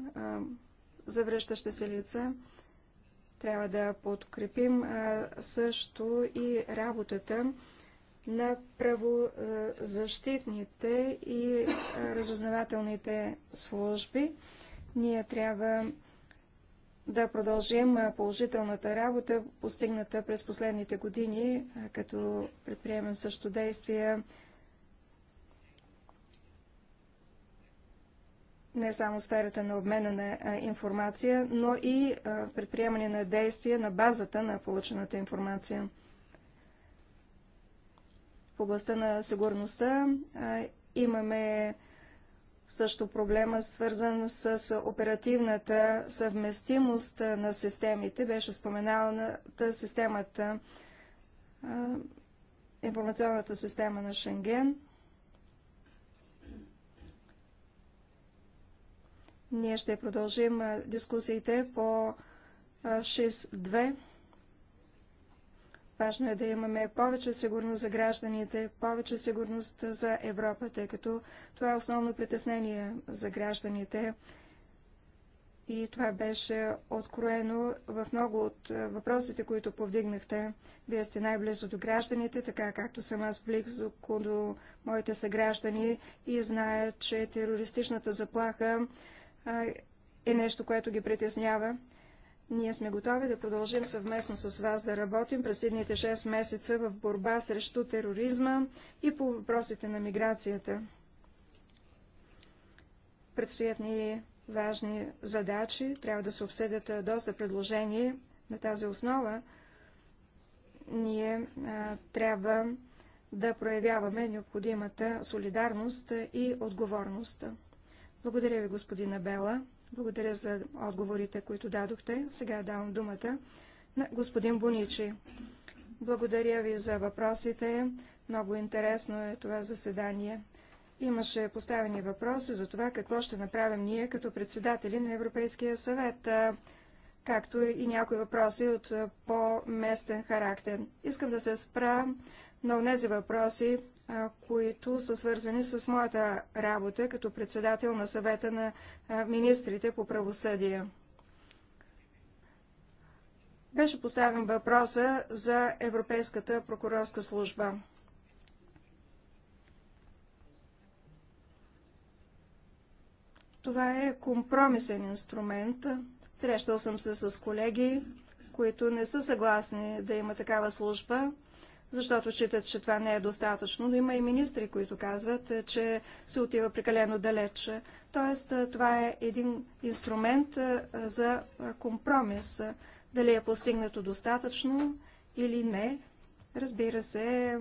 завръщащи се лица. Трябва да подкрепим също и работата на правозащитните и разузнавателните служби. Ние трябва да продължим положителната работа, постигната през последните години, като предприемем също действия не само сферата на обмена на информация, но и предприемане на действия на базата на получената информация. В областта на сигурността имаме също проблема, свързан с оперативната съвместимост на системите, беше споменалната системата, информационната система на Шенген. Ние ще продължим дискусиите по 6.2. Важно е да имаме повече сигурност за гражданите, повече сигурност за Европа, тъй като това е основно притеснение за гражданите. И това беше откроено в много от въпросите, които повдигнахте. Вие сте най-близо до гражданите, така както съм аз близо до моите съграждани и зная, че терористичната заплаха е нещо, което ги притеснява. Ние сме готови да продължим съвместно с вас да работим през едните 6 месеца в борба срещу тероризма и по въпросите на миграцията. Предстоят ни важни задачи, трябва да се обсъдят доста предложения на тази основа. Ние а, трябва да проявяваме необходимата солидарност и отговорност. Благодаря ви, господина Бела. Благодаря за отговорите, които дадохте. Сега давам думата на господин Боничи. Благодаря ви за въпросите. Много интересно е това заседание. Имаше поставени въпроси за това какво ще направим ние като председатели на Европейския съвет, както и някои въпроси от по-местен характер. Искам да се спра на тези въпроси, които са свързани с моята работа като председател на съвета на министрите по правосъдие. Беше поставен въпроса за Европейската прокурорска служба. Това е компромисен инструмент. Срещал съм се с колеги, които не са съгласни да има такава служба защото считат, че това не е достатъчно, но има и министри, които казват, е, че се отива прекалено далеч. Тоест, е, това е един инструмент е, за компромис. Дали е постигнато достатъчно или не, разбира се,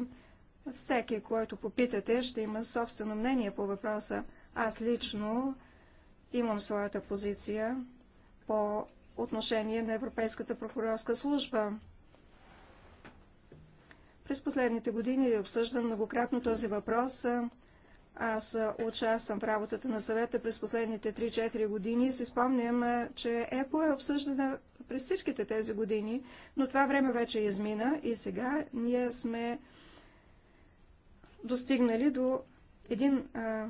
всеки, който попитате, ще има собствено мнение по въпроса. Аз лично имам своята позиция по отношение на Европейската прокурорска служба. През последните години е обсъждам многократно този въпрос. Аз участвам в работата на съвета през последните 3-4 години и си спомням, че ЕПО е обсъждана през всичките тези години, но това време вече измина и сега ние сме достигнали до един а,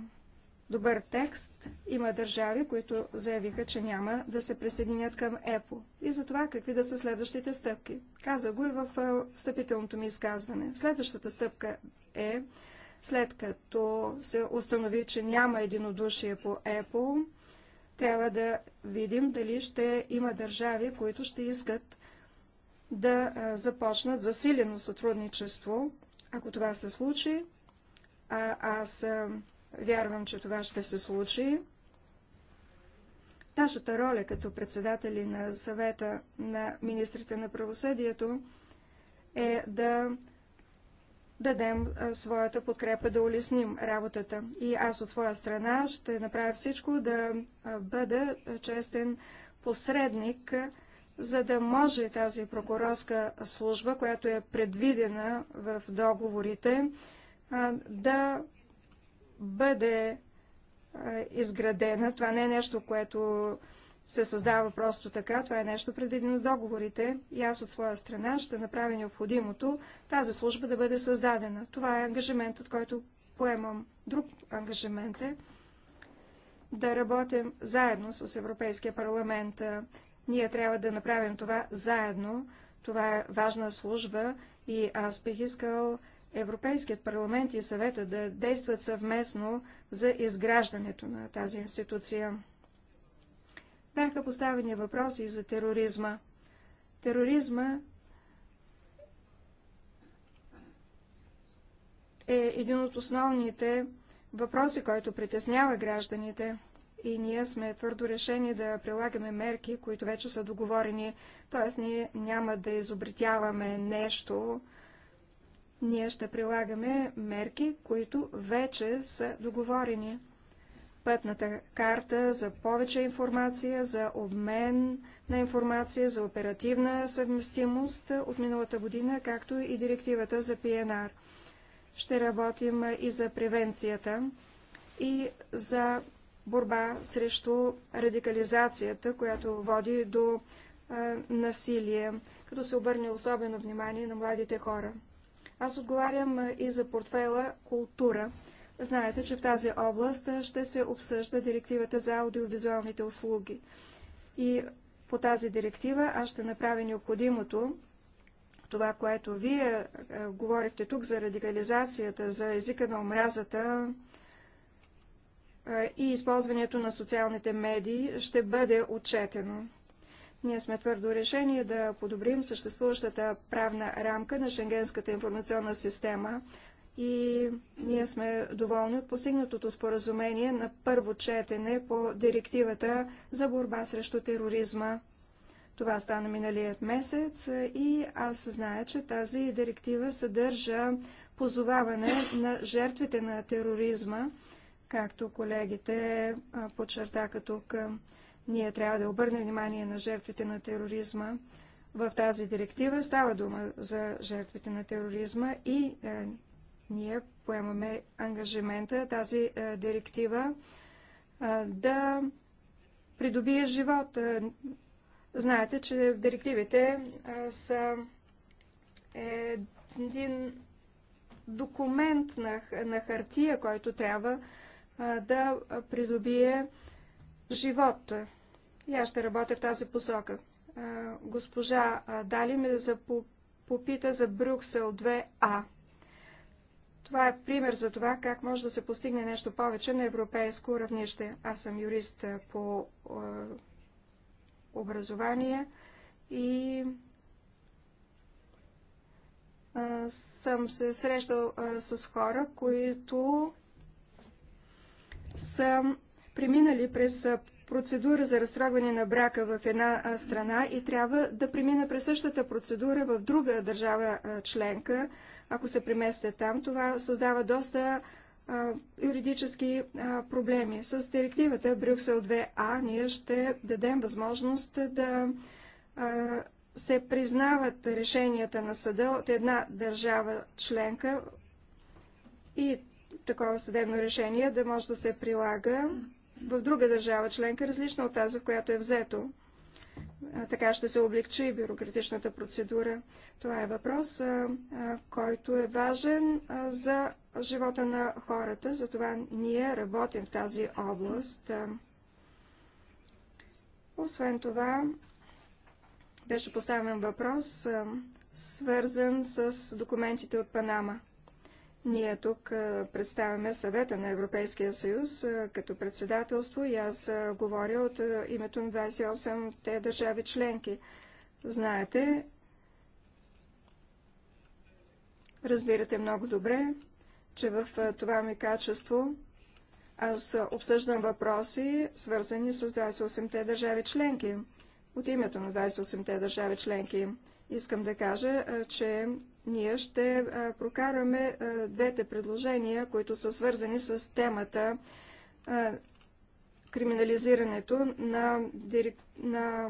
добър текст. Има държави, които заявиха, че няма да се присъединят към ЕПО. И за това какви да са следващите стъпки. Каза го и в встъпителното ми изказване. Следващата стъпка е, след като се установи, че няма единодушие по ЕПО, трябва да видим дали ще има държави, които ще искат да започнат засилено сътрудничество. Ако това се случи, а аз Вярвам, че това ще се случи. Нашата роля като председатели на съвета на министрите на правосъдието е да дадем своята подкрепа, да улесним работата. И аз от своя страна ще направя всичко да бъда честен посредник, за да може тази прокурорска служба, която е предвидена в договорите, да бъде е, изградена. Това не е нещо, което се създава просто така, това е нещо предвидено в договорите и аз от своя страна ще направя необходимото тази служба да бъде създадена. Това е ангажиментът, който поемам. Друг ангажимент е да работим заедно с Европейския парламент. Ние трябва да направим това заедно. Това е важна служба и аз бих искал Европейският парламент и съвета да действат съвместно за изграждането на тази институция. Бяха поставени въпроси за тероризма. Тероризма е един от основните въпроси, който притеснява гражданите. И ние сме твърдо решени да прилагаме мерки, които вече са договорени. Т.е. ние няма да изобретяваме нещо, ние ще прилагаме мерки, които вече са договорени. Пътната карта за повече информация, за обмен на информация, за оперативна съвместимост от миналата година, както и директивата за ПНР. Ще работим и за превенцията и за борба срещу радикализацията, която води до насилие, като се обърне особено внимание на младите хора. Аз отговарям и за портфела култура. Знаете, че в тази област ще се обсъжда директивата за аудиовизуалните услуги. И по тази директива аз ще направя необходимото, това, което вие говорихте тук за радикализацията, за езика на омразата и използването на социалните медии, ще бъде отчетено. Ние сме твърдо решени да подобрим съществуващата правна рамка на Шенгенската информационна система и ние сме доволни от постигнатото споразумение на първо четене по директивата за борба срещу тероризма. Това стана миналият месец и аз зная, че тази директива съдържа позоваване на жертвите на тероризма, както колегите подчертаха тук. Към ние трябва да обърнем внимание на жертвите на тероризма. В тази директива става дума за жертвите на тероризма и е, ние поемаме ангажимента тази е, директива е, да придобие живот. Е, знаете, че директивите е, са един документ на, на хартия, който трябва е, да придобие живот. И аз ще работя в тази посока. Госпожа Дали ме попита за Брюксел 2А. Това е пример за това, как може да се постигне нещо повече на европейско равнище. Аз съм юрист по образование и съм се срещал с хора, които са преминали през процедура за разтрогване на брака в една страна и трябва да премина през същата процедура в друга държава членка, ако се преместят там, това създава доста юридически проблеми. С директивата Брюксел 2А ние ще дадем възможност да се признават решенията на съда от една държава членка и такова съдебно решение да може да се прилага в друга държава членка, различна от тази, в която е взето. Така ще се облегчи и бюрократичната процедура. Това е въпрос, който е важен за живота на хората. Затова ние работим в тази област. Освен това, беше поставен въпрос, свързан с документите от Панама. Ние тук представяме съвета на Европейския съюз като председателство и аз говоря от името на 28-те държави членки. Знаете, разбирате много добре, че в това ми качество аз обсъждам въпроси, свързани с 28-те държави членки. От името на 28-те държави членки искам да кажа, че ние ще прокараме двете предложения, които са свързани с темата криминализирането на, на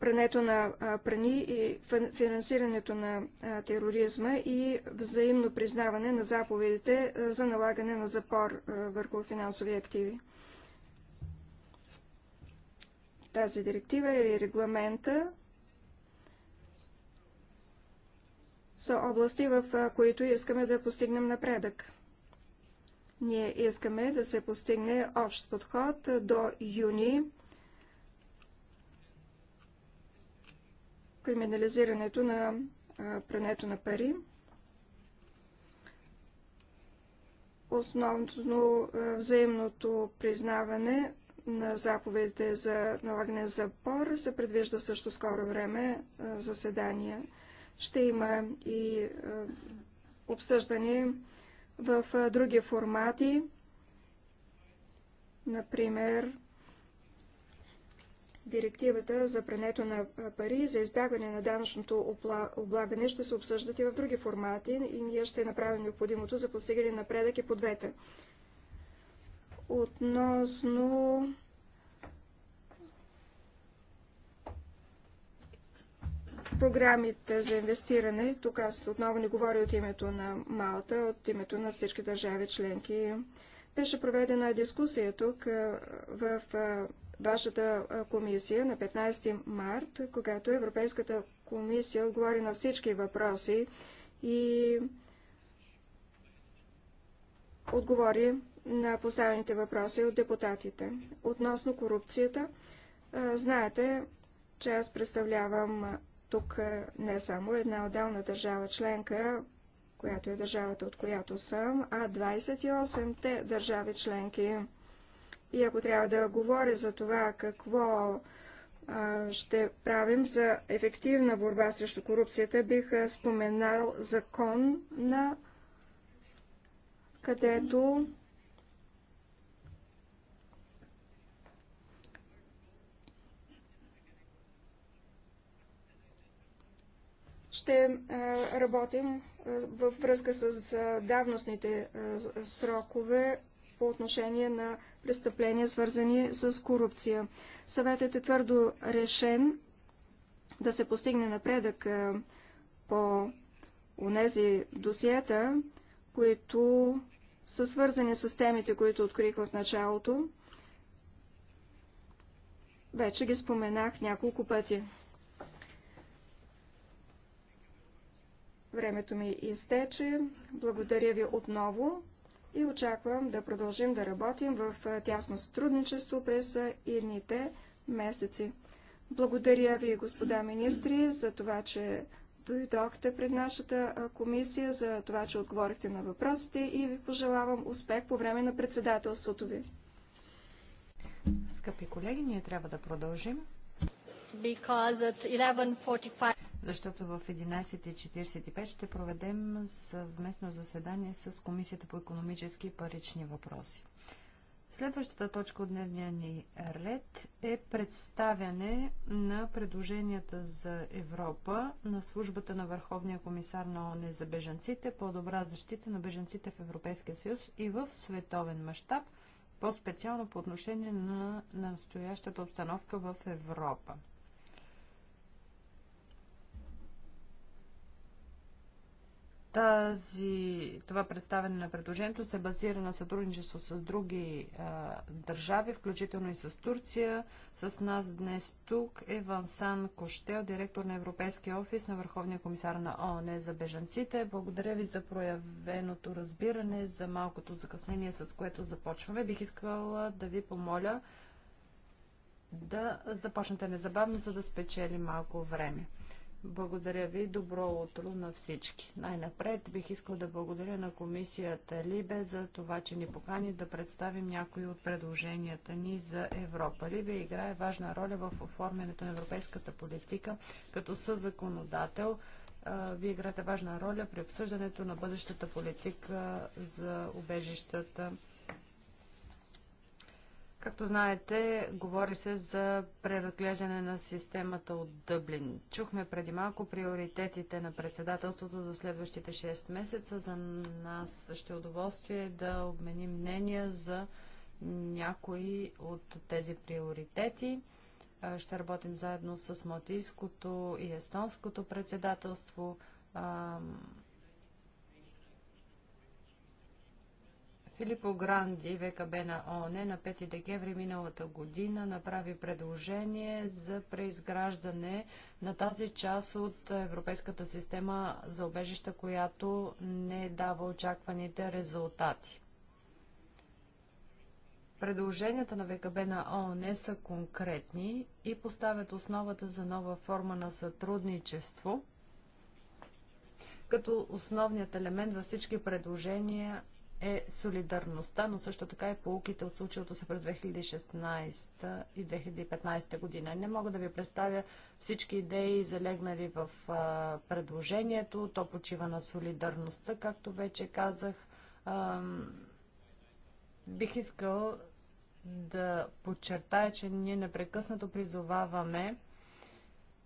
прането на прани и финансирането на тероризма и взаимно признаване на заповедите за налагане на запор върху финансови активи. Тази директива е регламента са области, в които искаме да постигнем напредък. Ние искаме да се постигне общ подход до юни криминализирането на прането на пари. Основно взаимното признаване на заповедите за налагане запор се предвижда също скоро време заседания. Ще има и обсъждане в други формати, например директивата за прането на пари, за избягване на данъчното облагане ще се обсъждат и в други формати и ние ще направим необходимото за постигане напредък и по двете. Относно програмите за инвестиране, тук аз отново не говоря от името на Малта, от името на всички държави членки, беше проведена дискусия тук в вашата комисия на 15 март, когато Европейската комисия отговори на всички въпроси и отговори на поставените въпроси от депутатите. Относно корупцията, знаете, че аз представлявам тук е, не само една отделна държава членка, която е държавата, от която съм, а 28-те държави членки. И ако трябва да говоря за това какво а, ще правим за ефективна борба срещу корупцията, бих споменал закон на където ще е, работим е, във връзка с давностните е, срокове по отношение на престъпления, свързани с корупция. Съветът е твърдо решен да се постигне напредък по унези досиета, които са свързани с темите, които открих в началото. Вече ги споменах няколко пъти. Времето ми изтече. Благодаря ви отново и очаквам да продължим да работим в тясно сътрудничество през идните месеци. Благодаря ви, господа министри, за това, че дойдохте пред нашата комисия, за това, че отговорихте на въпросите и ви пожелавам успех по време на председателството ви.
Скъпи колеги, ние трябва да продължим. Защото в 11.45 ще проведем съвместно заседание с Комисията по економически и парични въпроси. Следващата точка от дневния ни ред е представяне на предложенията за Европа на службата на Върховния комисар на ОНЕ за бежанците, по-добра защита на бежанците в Европейския съюз и в световен мащаб, по-специално по отношение на настоящата обстановка в Европа. Тази, това представяне на предложението се базира на сътрудничество с други а, държави, включително и с Турция. С нас днес тук е Вансан Коштел, директор на Европейския офис на Върховния комисар на ООН за бежанците. Благодаря ви за проявеното разбиране, за малкото закъснение, с което започваме. Бих искала да ви помоля да започнете незабавно, за да спечели малко време. Благодаря ви. Добро утро на всички. Най-напред бих искал да благодаря на комисията Либе за това, че ни покани да представим някои от предложенията ни за Европа. Либе играе важна роля в оформянето на европейската политика като съзаконодател. Вие играте важна роля при обсъждането на бъдещата политика за убежищата Както знаете, говори се за преразглеждане на системата от Дъблин. Чухме преди малко приоритетите на председателството за следващите 6 месеца. За нас ще е удоволствие да обменим мнения за някои от тези приоритети. Ще работим заедно с Малтийското и Естонското председателство Филипо Гранди, ВКБ на ООН, на 5 декември миналата година направи предложение за преизграждане на тази част от европейската система за обежища, която не дава очакваните резултати. Предложенията на ВКБ на ООН са конкретни и поставят основата за нова форма на сътрудничество, като основният елемент във всички предложения е солидарността, но също така и полуките от случилото се през 2016 и 2015 година. Не мога да ви представя всички идеи, залегнали в предложението. То почива на солидарността, както вече казах. бих искал да подчертая, че ние непрекъснато призоваваме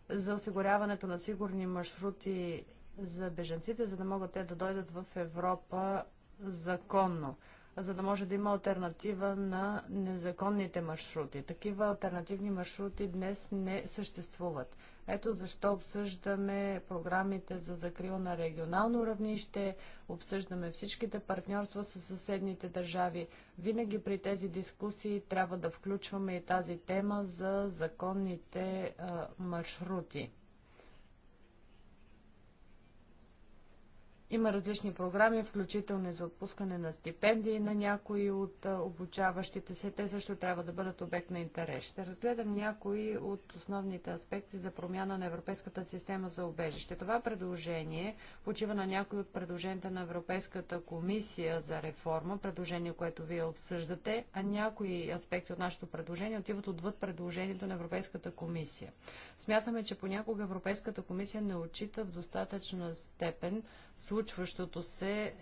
за осигуряването на сигурни маршрути за беженците, за да могат те да дойдат в Европа законно, за да може да има альтернатива на незаконните маршрути. Такива альтернативни маршрути днес не съществуват. Ето защо обсъждаме програмите за закрила на регионално равнище, обсъждаме всичките партньорства с съседните държави. Винаги при тези дискусии трябва да включваме и тази тема за законните маршрути. Има различни програми, включително и за отпускане на стипендии на някои от обучаващите се. Те също трябва да бъдат обект на интерес. Ще разгледам някои от основните аспекти за промяна на Европейската система за обежище. Това предложение почива на някои от предложенията на Европейската комисия за реформа, предложение, което вие обсъждате, а някои аспекти от нашето предложение отиват отвъд предложението на Европейската комисия. Смятаме, че понякога Европейската комисия не отчита в достатъчна степен случващото се е,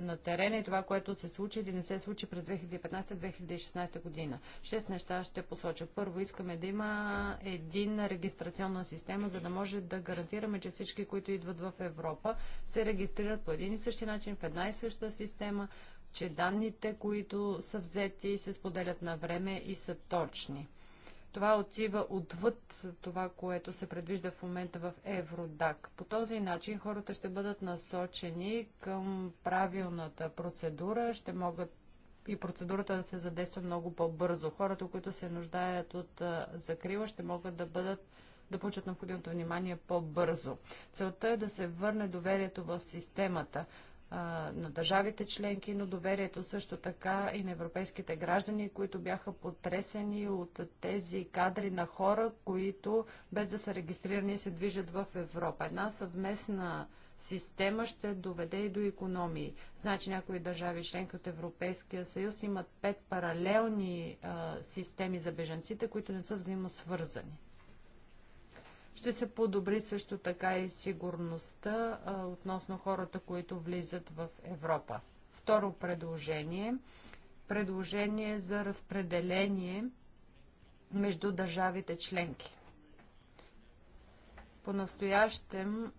на терена и това, което се случи или не се случи през 2015-2016 година. Шест неща ще посоча. Първо, искаме да има един регистрационна система, за да може да гарантираме, че всички, които идват в Европа, се регистрират по един и същи начин, в една и съща система, че данните, които са взети, се споделят на време и са точни. Това отива отвъд това, което се предвижда в момента в Евродак. По този начин хората ще бъдат насочени към правилната процедура, ще могат и процедурата да се задейства много по-бързо. Хората, които се нуждаят от закрила, ще могат да бъдат да получат необходимото внимание по-бързо. Целта е да се върне доверието в системата на държавите членки, но доверието също така и на европейските граждани, които бяха потресени от тези кадри на хора, които без да са регистрирани се движат в Европа. Една съвместна система ще доведе и до економии. Значи някои държави, членки от Европейския съюз, имат пет паралелни а, системи за бежанците, които не са взаимосвързани. Ще се подобри също така и сигурността а, относно хората, които влизат в Европа. Второ предложение. Предложение за разпределение между държавите членки. По-настоящем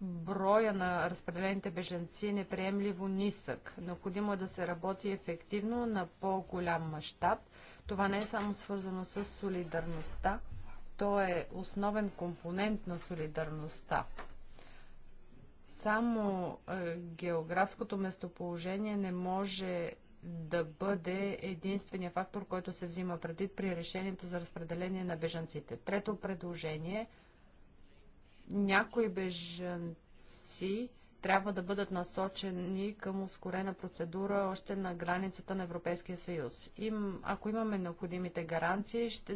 броя на разпределените беженци е неприемливо нисък. Необходимо е да се работи ефективно на по-голям мащаб. Това не е само свързано с солидарността, той е основен компонент на солидарността. Само е, географското местоположение не може да бъде единствения фактор, който се взима предвид при решението за разпределение на бежанците. Трето предложение някои бежанци трябва да бъдат насочени към ускорена процедура още на границата на Европейския съюз. Им, ако имаме необходимите гаранции, ще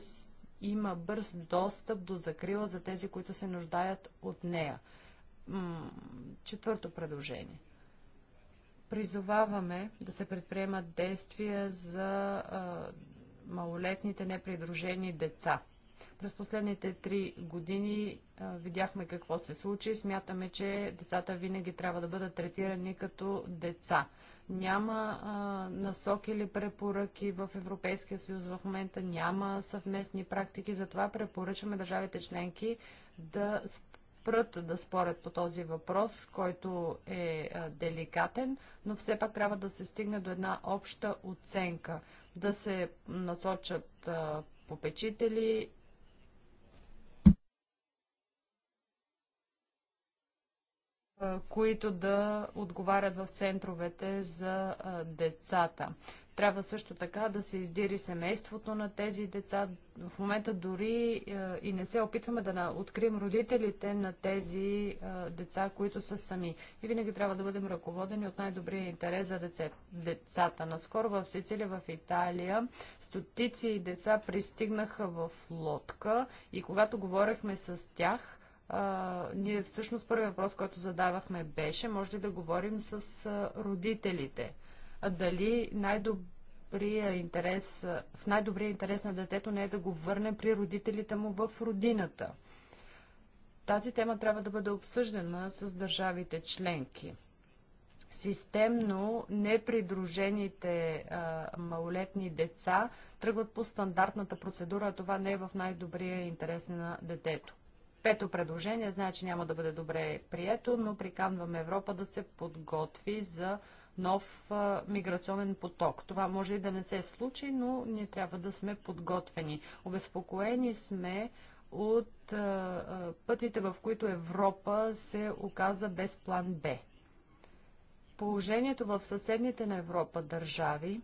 има бърз достъп до закрила за тези, които се нуждаят от нея. Четвърто предложение. Призоваваме да се предприемат действия за а, малолетните непридружени деца. През последните три години а, видяхме какво се случи. Смятаме, че децата винаги трябва да бъдат третирани като деца няма а, насоки или препоръки в Европейския съюз в момента, няма съвместни практики, затова препоръчваме държавите членки да спрат да спорят по този въпрос, който е а, деликатен, но все пак трябва да се стигне до една обща оценка, да се насочат а, попечители които да отговарят в центровете за децата. Трябва също така да се издири семейството на тези деца. В момента дори и не се опитваме да открием родителите на тези деца, които са сами. И винаги трябва да бъдем ръководени от най-добрия интерес за децата. Наскоро в Сицилия, в Италия, стотици деца пристигнаха в лодка и когато говорихме с тях, ние всъщност първият въпрос, който задавахме беше, може ли да говорим с а, родителите? А дали най-добрия интерес, а, в най-добрия интерес на детето не е да го върне при родителите му в родината? Тази тема трябва да бъде обсъждана с държавите членки. Системно непридружените а, малолетни деца тръгват по стандартната процедура, а това не е в най-добрия интерес на детето. Пето предложение, знае, че няма да бъде добре прието, но приканваме Европа да се подготви за нов а, миграционен поток. Това може и да не се случи, но ние трябва да сме подготвени. Обезпокоени сме от а, а, пътите, в които Европа се оказа без план Б. Положението в съседните на Европа държави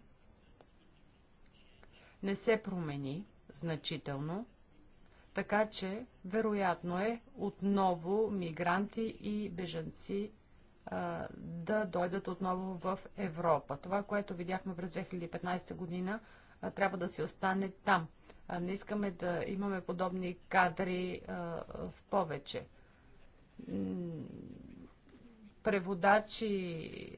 не се промени значително. Така че, вероятно е отново мигранти и бежанци а, да дойдат отново в Европа. Това, което видяхме през 2015 година, а, трябва да си остане там. А, не искаме да имаме подобни кадри в повече. Преводачи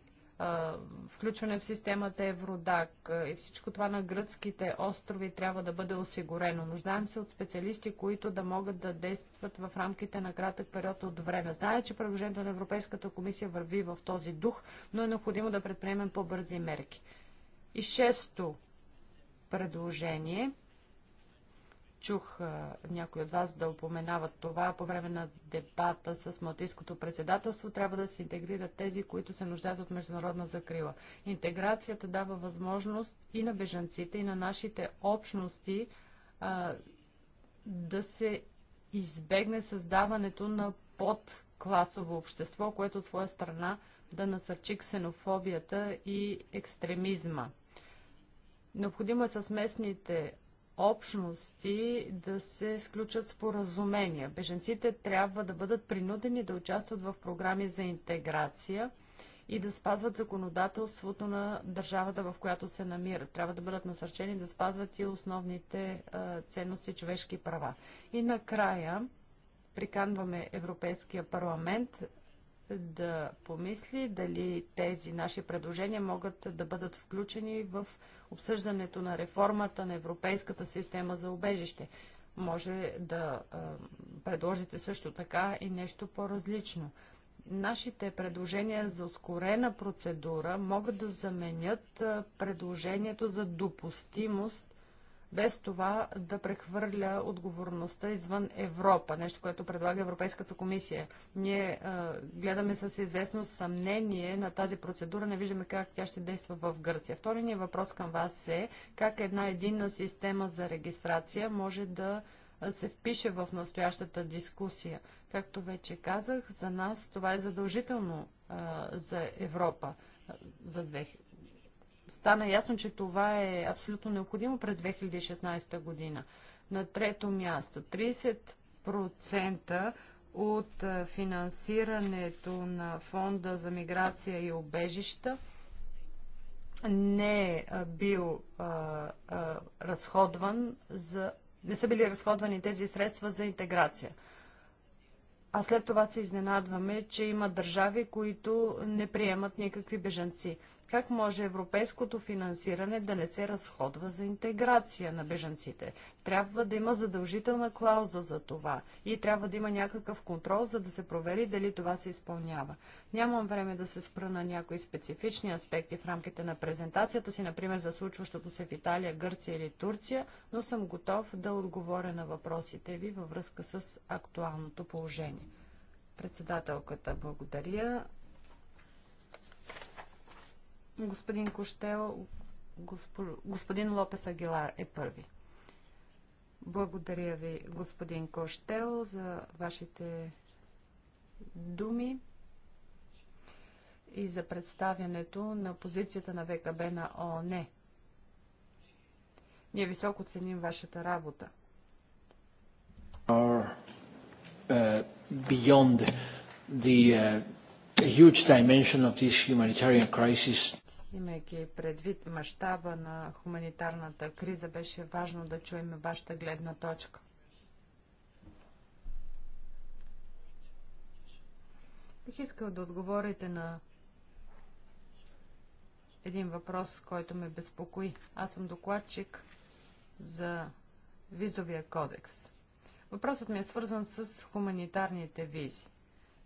включване в системата Евродак и всичко това на гръцките острови трябва да бъде осигурено. Нуждаем се от специалисти, които да могат да действат в рамките на кратък период от време. Зная, че предложението на Европейската комисия върви в този дух, но е необходимо да предприемем по-бързи мерки. И шесто предложение – чух някой от вас да упоменават това по време на дебата с Малтийското председателство, трябва да се интегрират тези, които се нуждаят от международна закрила. Интеграцията дава възможност и на бежанците, и на нашите общности а, да се избегне създаването на подкласово общество, което от своя страна да насърчи ксенофобията и екстремизма. Необходимо е с местните общности да се сключат споразумения. Беженците трябва да бъдат принудени да участват в програми за интеграция и да спазват законодателството на държавата, в която се намират. Трябва да бъдат насърчени да спазват и основните ценности човешки права. И накрая приканваме Европейския парламент да помисли дали тези наши предложения могат да бъдат включени в обсъждането на реформата на Европейската система за убежище. Може да а, предложите също така и нещо по-различно. Нашите предложения за ускорена процедура могат да заменят предложението за допустимост без това да прехвърля отговорността извън Европа, нещо, което предлага Европейската комисия. Ние а, е, гледаме с известно съмнение на тази процедура, не виждаме как тя ще действа в Гърция. Втори ни въпрос към вас е как една единна система за регистрация може да е, се впише в настоящата дискусия. Както вече казах, за нас това е задължително а, е, за Европа за 2000 стана ясно, че това е абсолютно необходимо през 2016 година. На трето място, 30% от финансирането на фонда за миграция и обежища не е бил а, а, разходван за. Не са били разходвани тези средства за интеграция. А след това се изненадваме, че има държави, които не приемат никакви бежанци. Как може европейското финансиране да не се разходва за интеграция на бежанците? Трябва да има задължителна клауза за това и трябва да има някакъв контрол, за да се провери дали това се изпълнява. Нямам време да се спра на някои специфични аспекти в рамките на презентацията си, например за случващото се в Италия, Гърция или Турция, но съм готов да отговоря на въпросите ви във връзка с актуалното положение. Председателката, благодаря господин Коштел, господин Лопес Агилар е първи. Благодаря ви, господин Коштел, за вашите думи и за представянето на позицията на ВКБ на ООН. Ние високо ценим вашата работа.
Are, uh, beyond the uh, huge dimension of this humanitarian crisis
Имайки предвид мащаба на хуманитарната криза, беше важно да чуем вашата гледна точка. Бих искал да отговорите на един въпрос, който ме безпокои. Аз съм докладчик за визовия кодекс. Въпросът ми е свързан с хуманитарните визи.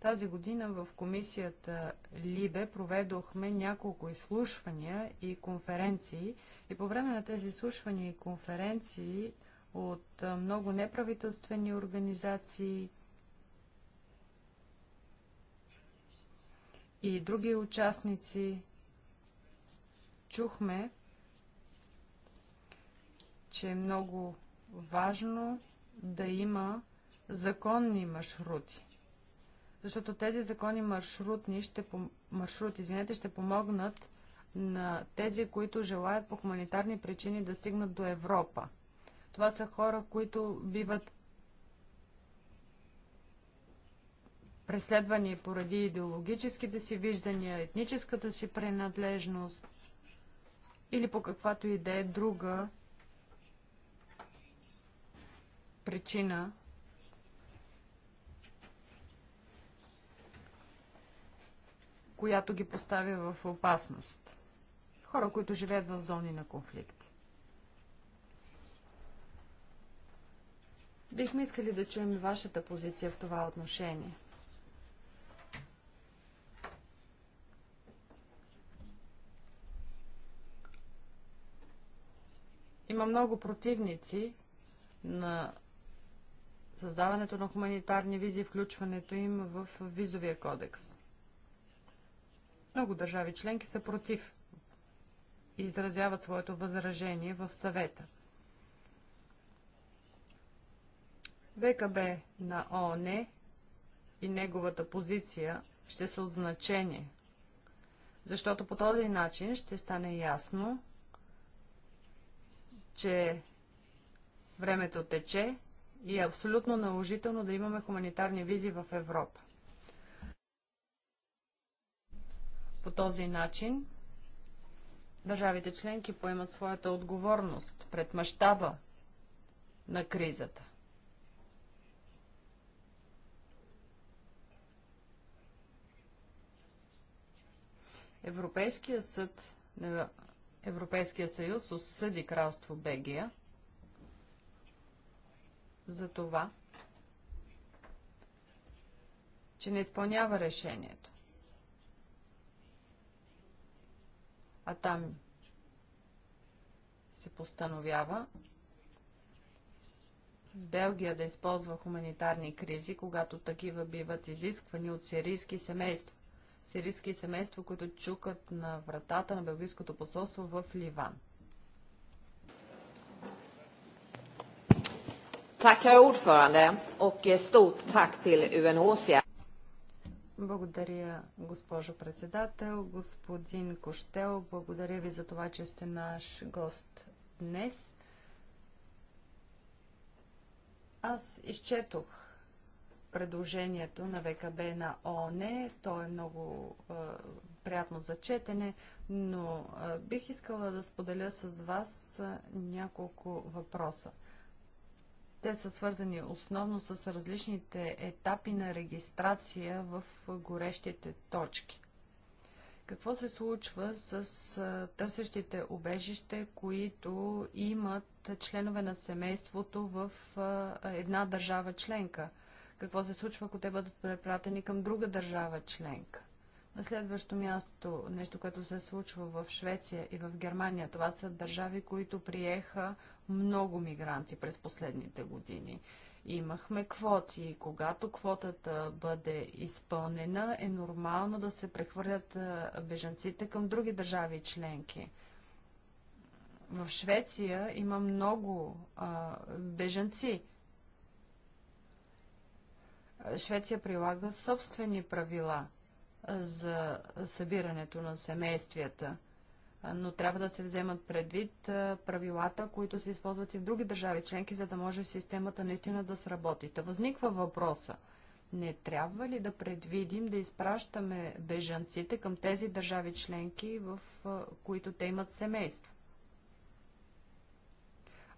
Тази година в комисията Либе проведохме няколко изслушвания и конференции и по време на тези изслушвания и конференции от много неправителствени организации и други участници чухме, че е много важно да има законни маршрути защото тези закони маршрутни ще, маршрут, извинете, ще помогнат на тези, които желаят по хуманитарни причини да стигнат до Европа. Това са хора, които биват преследвани поради идеологическите си виждания, етническата си принадлежност или по каквато и да е друга причина, която ги поставя в опасност. Хора, които живеят в зони на конфликти. Бихме искали да чуем вашата позиция в това отношение. Има много противници на създаването на хуманитарни визи, включването им в визовия кодекс. Много държави членки са против и изразяват своето възражение в съвета. ВКБ на ООН и неговата позиция ще са от значение, защото по този начин ще стане ясно, че времето тече и е абсолютно наложително да имаме хуманитарни визи в Европа. По този начин държавите членки поемат своята отговорност пред мащаба на кризата. Европейския съд, Европейския съюз осъди кралство Бегия за това, че не изпълнява решението. а там се постановява Белгия да използва хуманитарни кризи, когато такива биват изисквани от сирийски семейства. Сирийски семейства, които чукат на вратата на Белгийското посолство в Ливан.
Tackar ordförande och stort tack till UNHCR.
Благодаря, госпожо председател. Господин Коштел, благодаря ви за това, че сте наш гост днес. Аз изчетох предложението на ВКБ на ООН. То е много е, приятно за четене, но е, бих искала да споделя с вас е, няколко въпроса. Те са свързани основно с различните етапи на регистрация в горещите точки. Какво се случва с търсещите обежище, които имат членове на семейството в една държава членка? Какво се случва, ако те бъдат препратени към друга държава членка? На следващо място, нещо, което се случва в Швеция и в Германия, това са държави, които приеха много мигранти през последните години. Имахме квоти и когато квотата бъде изпълнена, е нормално да се прехвърлят бежанците към други държави членки. В Швеция има много а, бежанци. Швеция прилага собствени правила – за събирането на семействията. Но трябва да се вземат предвид правилата, които се използват и в други държави членки, за да може системата наистина да сработи. Та възниква въпроса. Не трябва ли да предвидим да изпращаме бежанците към тези държави членки, в които те имат семейство?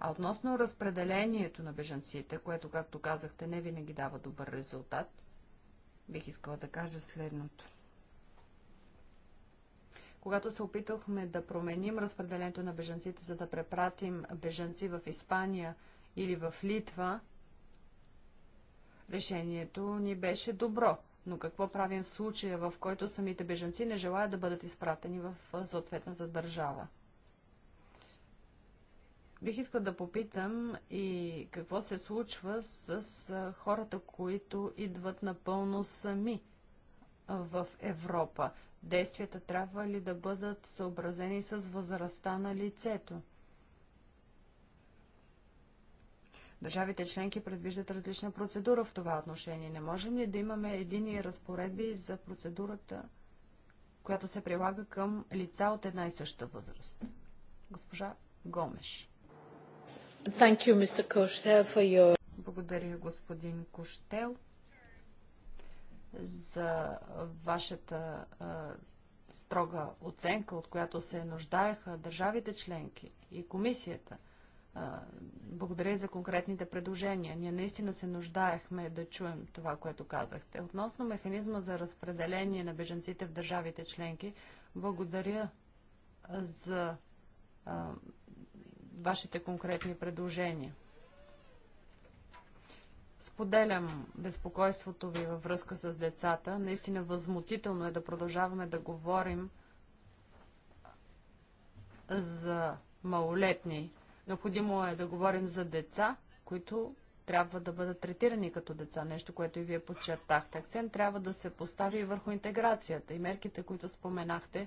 А относно разпределението на бежанците, което, както казахте, не винаги дава добър резултат – бих искала да кажа следното. Когато се опитахме да променим разпределението на бежанците, за да препратим бежанци в Испания или в Литва, решението ни беше добро. Но какво правим в случая, в който самите бежанци не желаят да бъдат изпратени в съответната държава? Бих искал да попитам и какво се случва с хората, които идват напълно сами в Европа. Действията трябва ли да бъдат съобразени с възрастта на лицето? Държавите членки предвиждат различна процедура в това отношение. Не можем ли да имаме едини разпоредби за процедурата, която се прилага към лица от една и съща възраст? Госпожа Гомеш. Thank you, Mr. Koshtel, for your... Благодаря, господин Коштел, за вашата а, строга оценка, от която се нуждаеха държавите членки и комисията. А, благодаря и за конкретните предложения. Ние наистина се нуждаехме да чуем това, което казахте. Относно механизма за разпределение на беженците в държавите членки, благодаря за а, вашите конкретни предложения. Споделям безпокойството ви във връзка с децата. Наистина възмутително е да продължаваме да говорим за малолетни. Необходимо е да говорим за деца, които трябва да бъдат третирани като деца, нещо, което и вие подчертахте. Акцент трябва да се постави и върху интеграцията и мерките, които споменахте,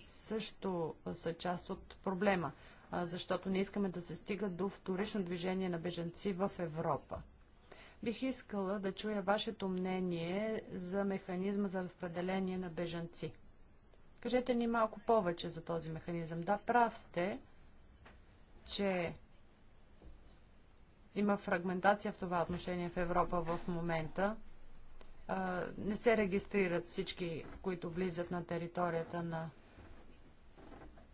също са част от проблема защото не искаме да се стига до вторично движение на беженци в Европа. Бих искала да чуя вашето мнение за механизма за разпределение на бежанци. Кажете ни малко повече за този механизъм. Да, прав сте, че има фрагментация в това отношение в Европа в момента. Не се регистрират всички, които влизат на територията на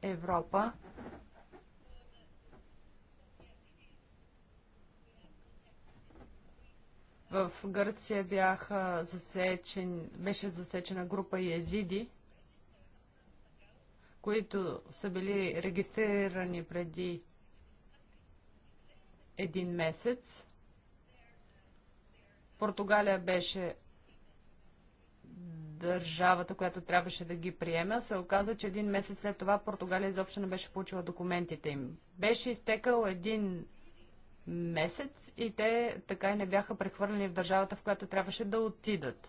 Европа. В Гърция бяха засечен, беше засечена група езиди, които са били регистрирани преди един месец. Португалия беше държавата, която трябваше да ги приеме, се оказа, че един месец след това Португалия изобщо не беше получила документите им. Беше изтекал един месец и те така и не бяха прехвърлени в държавата, в която трябваше да отидат.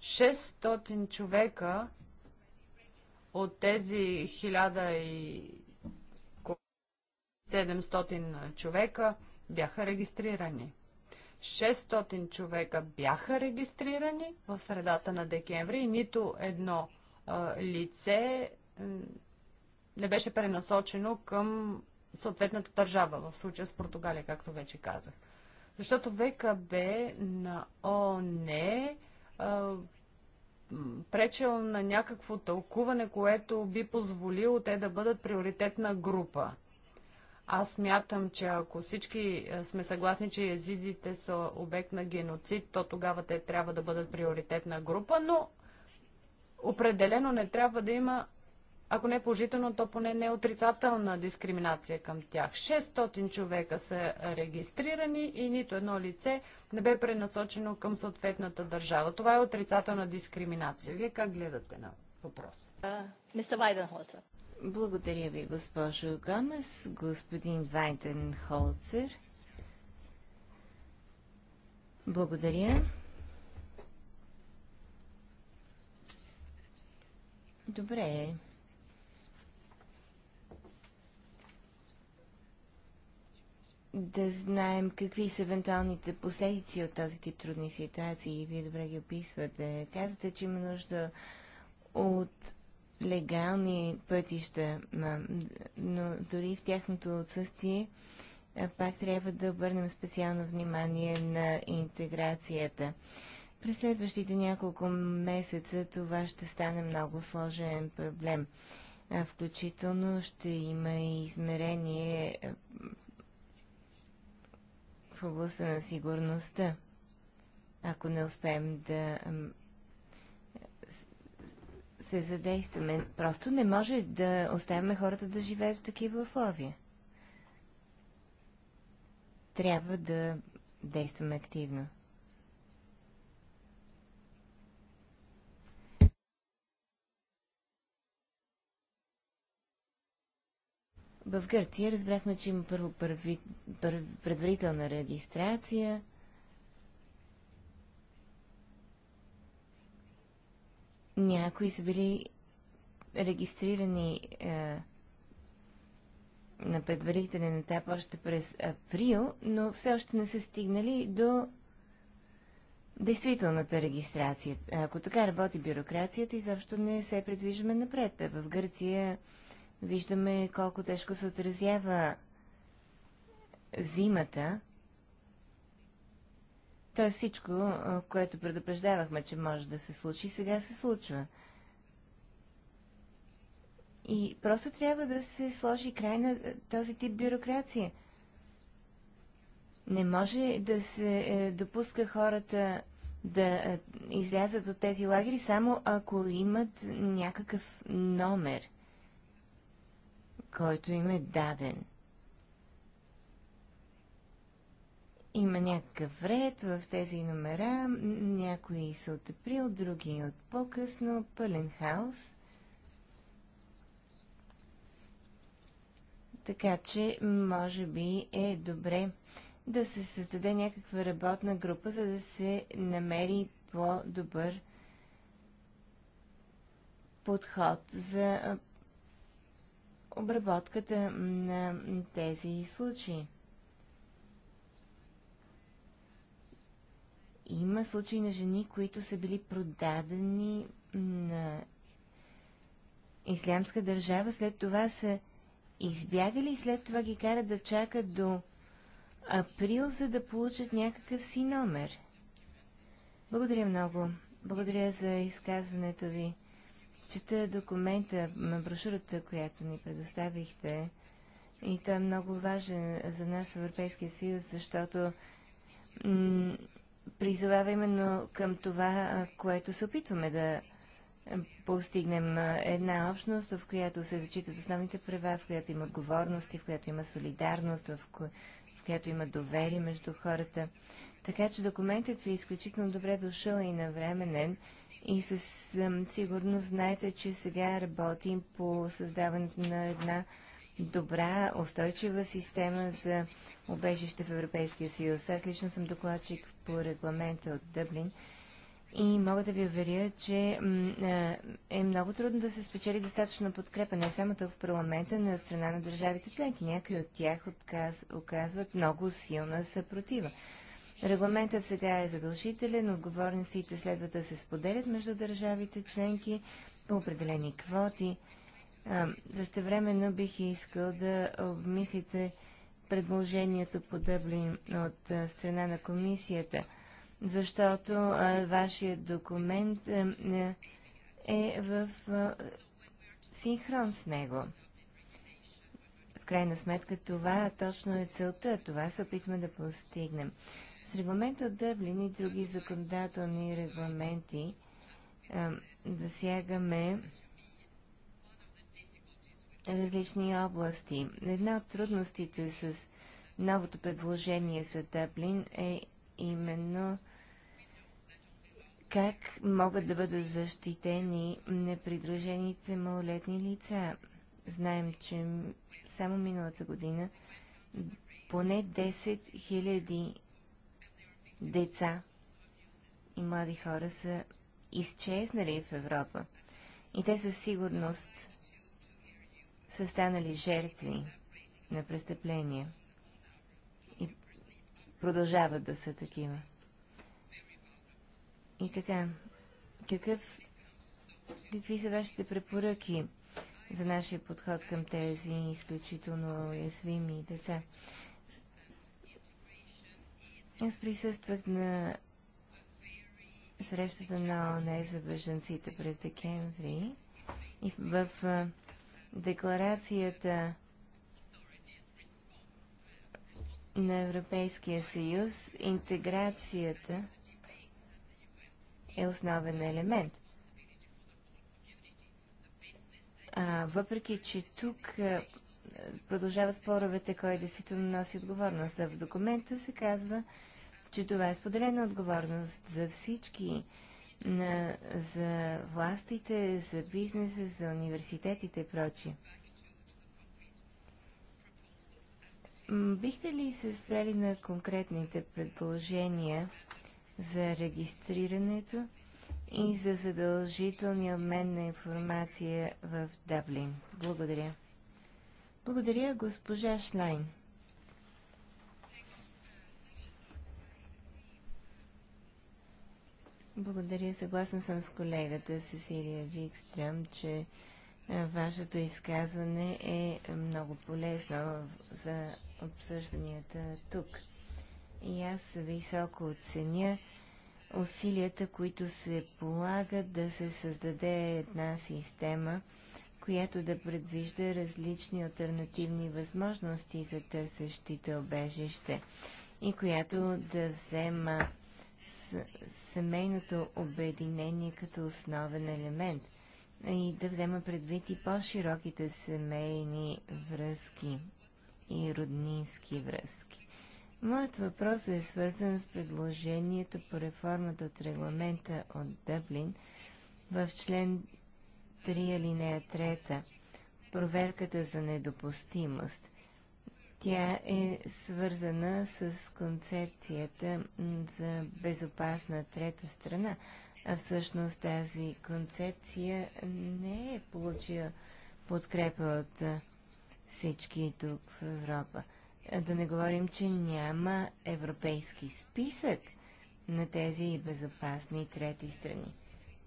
600 човека от тези 1700 човека бяха регистрирани. 600 човека бяха регистрирани в средата на декември и нито едно а, лице не беше пренасочено към съответната държава, в случая с Португалия, както вече казах. Защото ВКБ на ООН е пречел на някакво тълкуване, което би позволило те да бъдат приоритетна група. Аз мятам, че ако всички сме съгласни, че езидите са обект на геноцид, то тогава те трябва да бъдат приоритетна група, но определено не трябва да има ако не е положително, то поне не е отрицателна дискриминация към тях. 600 човека са регистрирани и нито едно лице не бе пренасочено към съответната държава. Това е отрицателна дискриминация.
Вие как гледате на въпрос? Мистер Вайденхолцер. Благодаря ви, госпожо Гамес. Господин Вайденхолцер. Благодаря. Добре. да знаем какви са евентуалните последици от този тип трудни ситуации и вие добре ги описвате. Казвате, че има нужда от легални пътища, но дори в тяхното отсъствие пак трябва да обърнем специално внимание на интеграцията. През следващите няколко месеца това ще стане много сложен проблем. Включително ще има и измерение в областта на сигурността, ако не успеем да се задействаме. Просто не може да оставяме хората да живеят в такива условия. Трябва да действаме активно. В Гърция разбрахме, че има първо първи, първи, предварителна регистрация. Някои са били регистрирани е, на предварителен етап още през април, но все още не са стигнали до действителната регистрация. Ако така работи бюрокрацията, изобщо не се предвижваме напред. В Гърция Виждаме колко тежко се отразява зимата. е всичко, което предупреждавахме, че може да се случи, сега се случва. И просто трябва да се сложи край на този тип бюрокрация. Не може да се е, допуска хората да излязат от тези лагери, само ако имат някакъв номер – който им е даден. Има някакъв ред в тези номера, някои са от април, други от по-късно, пълен хаос. Така че, може би е добре да се създаде някаква работна група, за да се намери по-добър подход за обработката на тези случаи. Има случаи на жени, които са били продадени на ислямска държава, след това са избягали и след това ги карат да чакат до април, за да получат някакъв си номер. Благодаря много. Благодаря за изказването ви чета документа, брошурата, която ни предоставихте. И той е много важен за нас в Европейския съюз, защото призовава именно към това, което се опитваме да постигнем една общност, в която се зачитат основните права, в която има отговорности, в която има солидарност, в, ко... в която има доверие между хората. Така че документът ви е изключително добре дошъл и навременен и със сигурност знаете, че сега работим по създаването на една добра, устойчива система за убежище в Европейския съюз. Аз лично съм докладчик по регламента от Дъблин и мога да ви уверя, че е много трудно да се спечели достатъчно подкрепа не само тук в парламента, но и от страна на държавите членки. Някои от тях отказ, оказват много силна съпротива. Регламентът сега е задължителен, отговорностите следва да се споделят между държавите членки по определени квоти. времено бих искал да обмислите предложението по Дъблин от страна на комисията, защото вашия вашият документ е в синхрон с него. В крайна сметка това точно е целта, това се опитваме да постигнем. С регламента от Дъблин и други законодателни регламенти а, засягаме различни области. Една от трудностите с новото предложение за Дъблин е именно как могат да бъдат защитени непридружените малолетни лица. Знаем, че само миналата година поне 10 000 деца и млади хора са изчезнали в Европа. И те със сигурност са станали жертви на престъпления и продължават да са такива. И така, какъв, какви са вашите препоръки за нашия подход към тези изключително уязвими деца? Аз присъствах на срещата на ООН за бежанците през декември и в, декларацията на Европейския съюз интеграцията е основен елемент. А, въпреки, че тук продължават споровете, кой действително носи отговорност. в документа се казва, че това е споделена отговорност за всички, на, за властите, за бизнеса, за университетите и прочие. Бихте ли се спрели на конкретните предложения за регистрирането и за задължителния обмен на информация в Даблин? Благодаря. Благодаря, госпожа Шлайн. Благодаря. Съгласна съм с колегата Сесилия Викстрам, че вашето изказване е много полезно за обсъжданията тук. И аз високо оценя усилията, които се полагат да се създаде една система, която да предвижда различни альтернативни възможности за търсещите обежище и която да взема семейното обединение като основен елемент и да взема предвид и по-широките семейни връзки и роднински връзки. Моят въпрос е свързан с предложението по реформата от регламента от Дъблин в член 3 алинея 3 проверката за недопустимост. Тя е свързана с концепцията за безопасна трета страна. А всъщност тази концепция не е получила подкрепа от всички тук в Европа. да не говорим, че няма европейски списък на тези безопасни трети страни.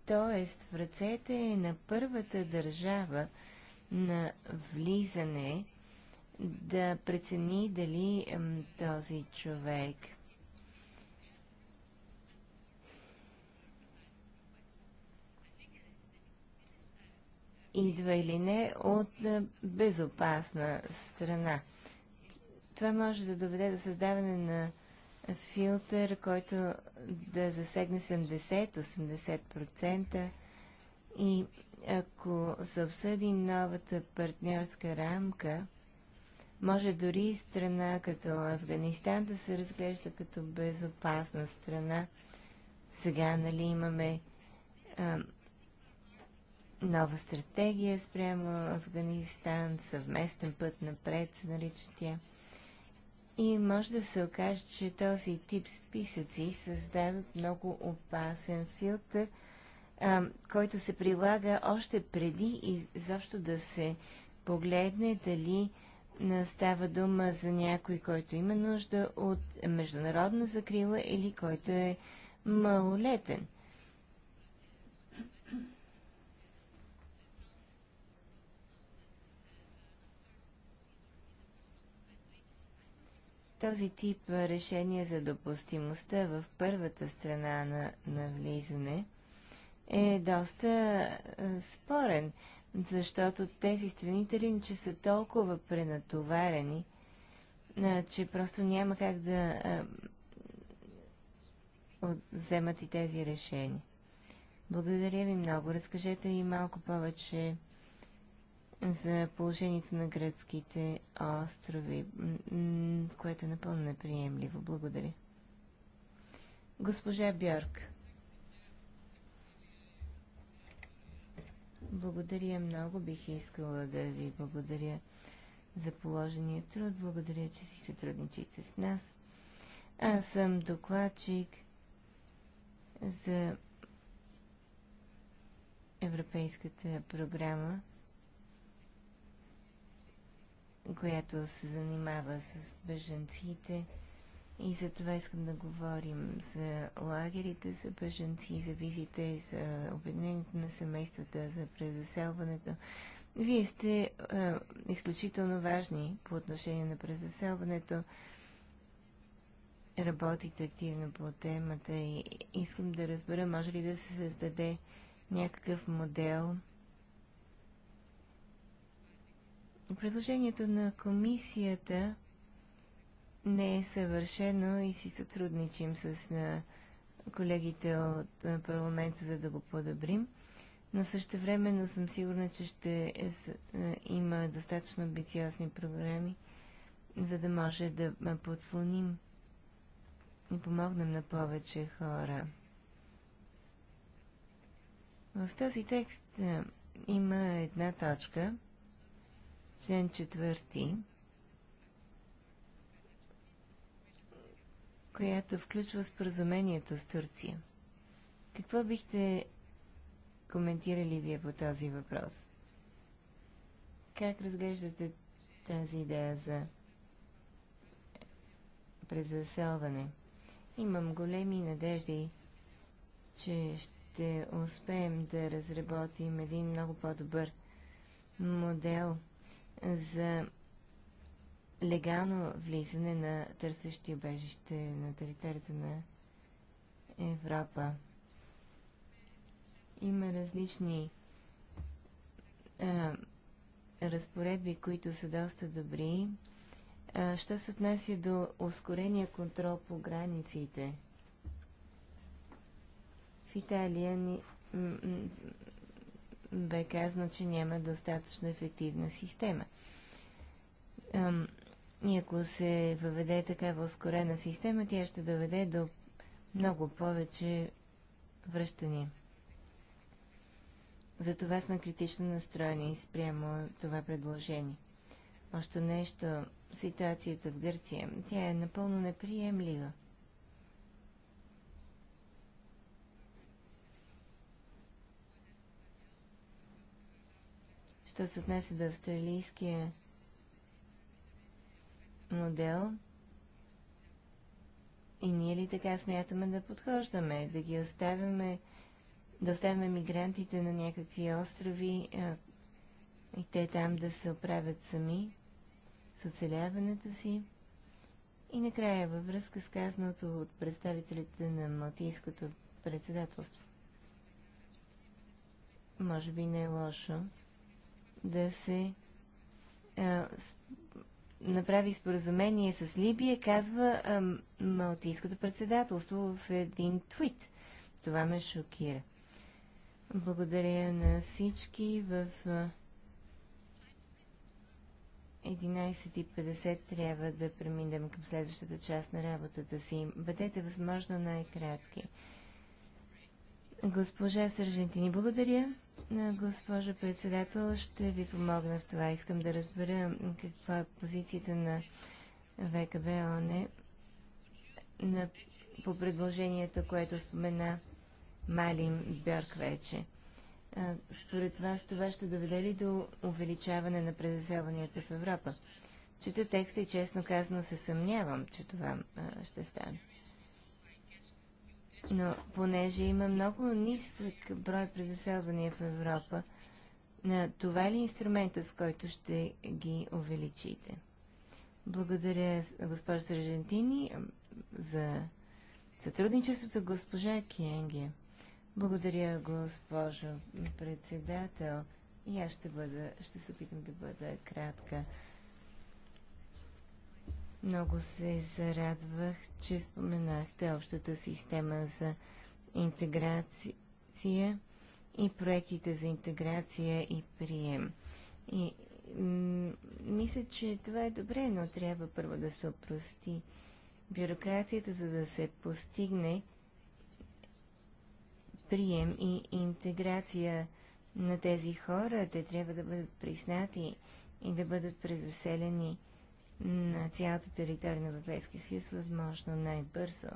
Тоест в ръцете е на първата държава на влизане да прецени дали този човек идва или не от е, безопасна страна. Това може да доведе до създаване на филтър, който да засегне 70-80% и ако се обсъди новата партньорска рамка, може дори страна като Афганистан да се разглежда като безопасна страна. Сега, нали, имаме а, нова стратегия спрямо Афганистан, съвместен път напред се нарича тя. И може да се окаже, че този тип списъци създадат много опасен филтър, а, който се прилага още преди изобщо да се погледне дали става дума за някой, който има нужда от международна закрила или който е малолетен. Този тип решение за допустимостта в първата страна на, на влизане е доста спорен защото тези страни че са толкова пренатоварени, че просто няма как да вземат и тези решения. Благодаря ви много. Разкажете и малко повече за положението на гръцките острови, което е напълно неприемливо. Благодаря. Госпожа Бьорк. Благодаря много. Бих искала да ви благодаря за положения труд. Благодаря, че си сътрудничите с нас. Аз съм докладчик за Европейската програма, която се занимава с беженците. И за това искам да говорим за лагерите, за бежанци, за визите, за обединението на семействата, за презаселването. Вие сте е, изключително важни по отношение на презаселването. Работите активно по темата и искам да разбера, може ли да се създаде някакъв модел. Предложението на комисията – не е съвършено и си сътрудничим с колегите от парламента, за да го подобрим. Но също времено съм сигурна, че ще е, има достатъчно амбициозни програми, за да може да подслоним и помогнем на повече хора. В този текст има една точка, член четвърти, която включва споразумението с Турция. Какво бихте коментирали вие по този въпрос? Как разглеждате тази идея за презаселване? Имам големи надежди, че ще успеем да разработим един много по-добър модел за легално влизане на търсещи обежище на територията на Европа. Има различни а, разпоредби, които са доста добри. А, що се отнася до ускорения контрол по границите? В Италия ни, бе казано, че няма достатъчно ефективна система. Ам, и ако се въведе такава ускорена система, тя ще доведе до много повече връщания. Затова сме критично настроени и спрямо това предложение. Още нещо, ситуацията в Гърция, тя е напълно неприемлива. Що се отнася до австралийския модел и ние ли така смятаме да подхождаме, да ги оставяме, да оставяме мигрантите на някакви острови а, и те там да се оправят сами с оцеляването си. И накрая във връзка с казаното от представителите на Малтийското председателство. Може би не е лошо да се а, направи споразумение с Либия, казва а, Малтийското председателство в един твит. Това ме шокира. Благодаря на всички. В 11.50 трябва да преминем към следващата част на работата си. Бъдете възможно най-кратки. Госпожа Сържентини, благодаря госпожа председател, ще ви помогна в това. Искам да разбера каква е позицията на ВКБ ОНЕ на, по предложението, което спомена Малин Бьорк вече. А, според вас това ще доведе ли до увеличаване на презаселванията в Европа? Чета текста и честно казано се съмнявам, че това а, ще стане. Но понеже има много нисък брой предоселвания в Европа, на това ли е инструментът, с който ще ги увеличите? Благодаря, госпожа Сержантини, за сътрудничеството, госпожа Кенге. Благодаря, госпожо председател. И аз ще, бъда, ще се опитам да бъда кратка. Много се зарадвах, че споменахте общата система за интеграция и проектите за интеграция и прием. И мисля, че това е добре, но трябва първо да се опрости бюрокрацията, за да се постигне прием и интеграция на тези хора. Те трябва да бъдат признати и да бъдат презаселени на цялата територия на Европейския съюз възможно най-бързо.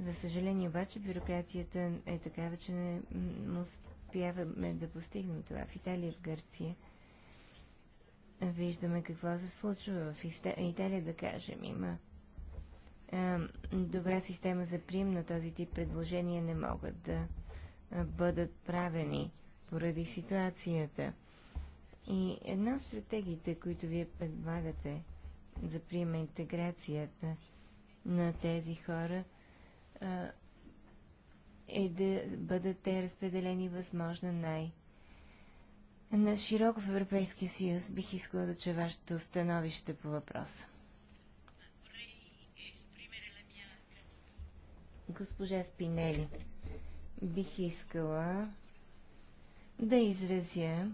За съжаление обаче бюрокрацията е такава, че не успяваме да постигнем това. В Италия и в Гърция виждаме какво се случва. В Италия, да кажем, има добра система за прием, но този тип предложения не могат да бъдат правени поради ситуацията. И една от стратегиите, които вие предлагате – да приема интеграцията на тези хора, е да бъдат те разпределени възможно най- на широко в Европейския съюз бих искала да че вашето становище по въпроса. Госпожа Спинели, бих искала да изразя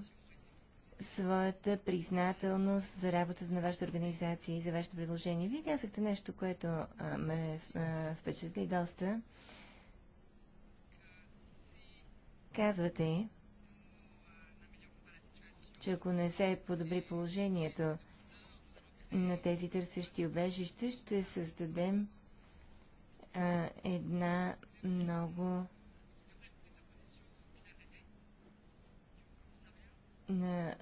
своята признателност за работата на вашата организация и за вашето предложение. Вие казахте нещо, което а, ме а, впечатли доста. Казвате, че ако не се подобри положението на тези търсещи обежища, ще създадем а, една много на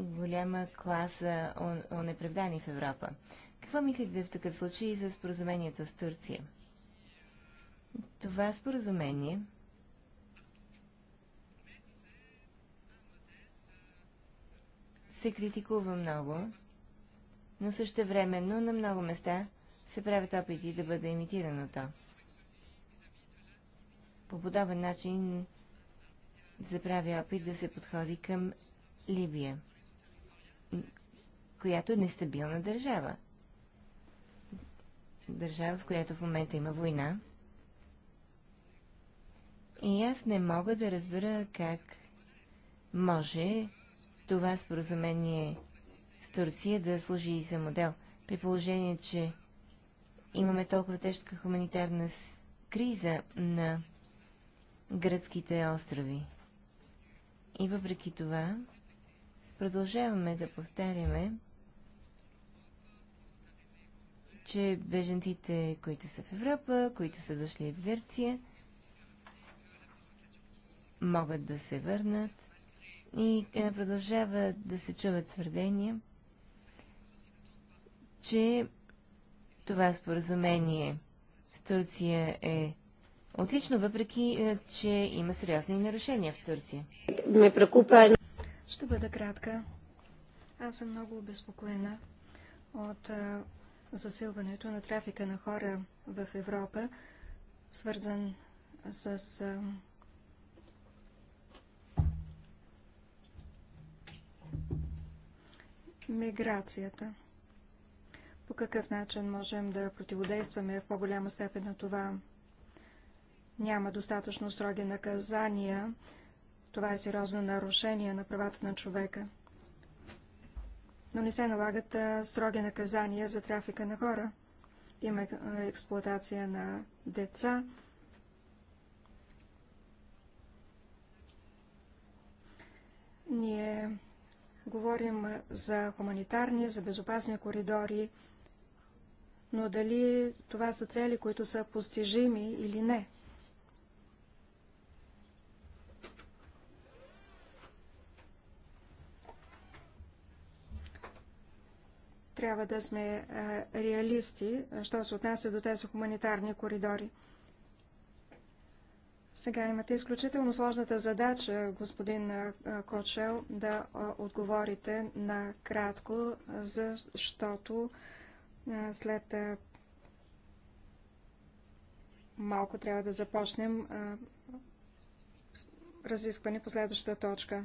голяма класа неправдани в Европа. Какво мислите в такъв случай за споразумението с Турция? Това споразумение се критикува много, но също времено на много места се правят опити да бъде имитирано то. По подобен начин се прави опит да се подходи към Либия, която е нестабилна държава. Държава, в която в момента има война. И аз не мога да разбера как може това споразумение с Турция да служи и за модел, при положение, че имаме толкова тежка хуманитарна криза на гръцките острови. И въпреки това, продължаваме да повтаряме, че беженците, които са в Европа, които са дошли в Гърция, могат да се върнат и е, продължава да се чуват твърдения, че това споразумение с Турция е отлично, въпреки е, че има сериозни нарушения в Турция.
Ме прекупа. Ще бъда кратка. Аз съм много обезпокоена от е, засилването на трафика на хора в Европа, свързан с е, миграцията. По какъв начин можем да противодействаме в по-голяма степен на това няма достатъчно строги наказания. Това е сериозно нарушение на правата на човека. Но не се налагат строги наказания за трафика на хора. Има експлуатация на деца. Ние говорим за хуманитарни, за безопасни коридори, но дали това са цели, които са постижими или не – трябва да сме е, реалисти, е, що се отнася до тези хуманитарни коридори. Сега имате изключително сложната задача, господин е, Кочел, да отговорите на кратко, защото след малко трябва да започнем разискване по следващата точка.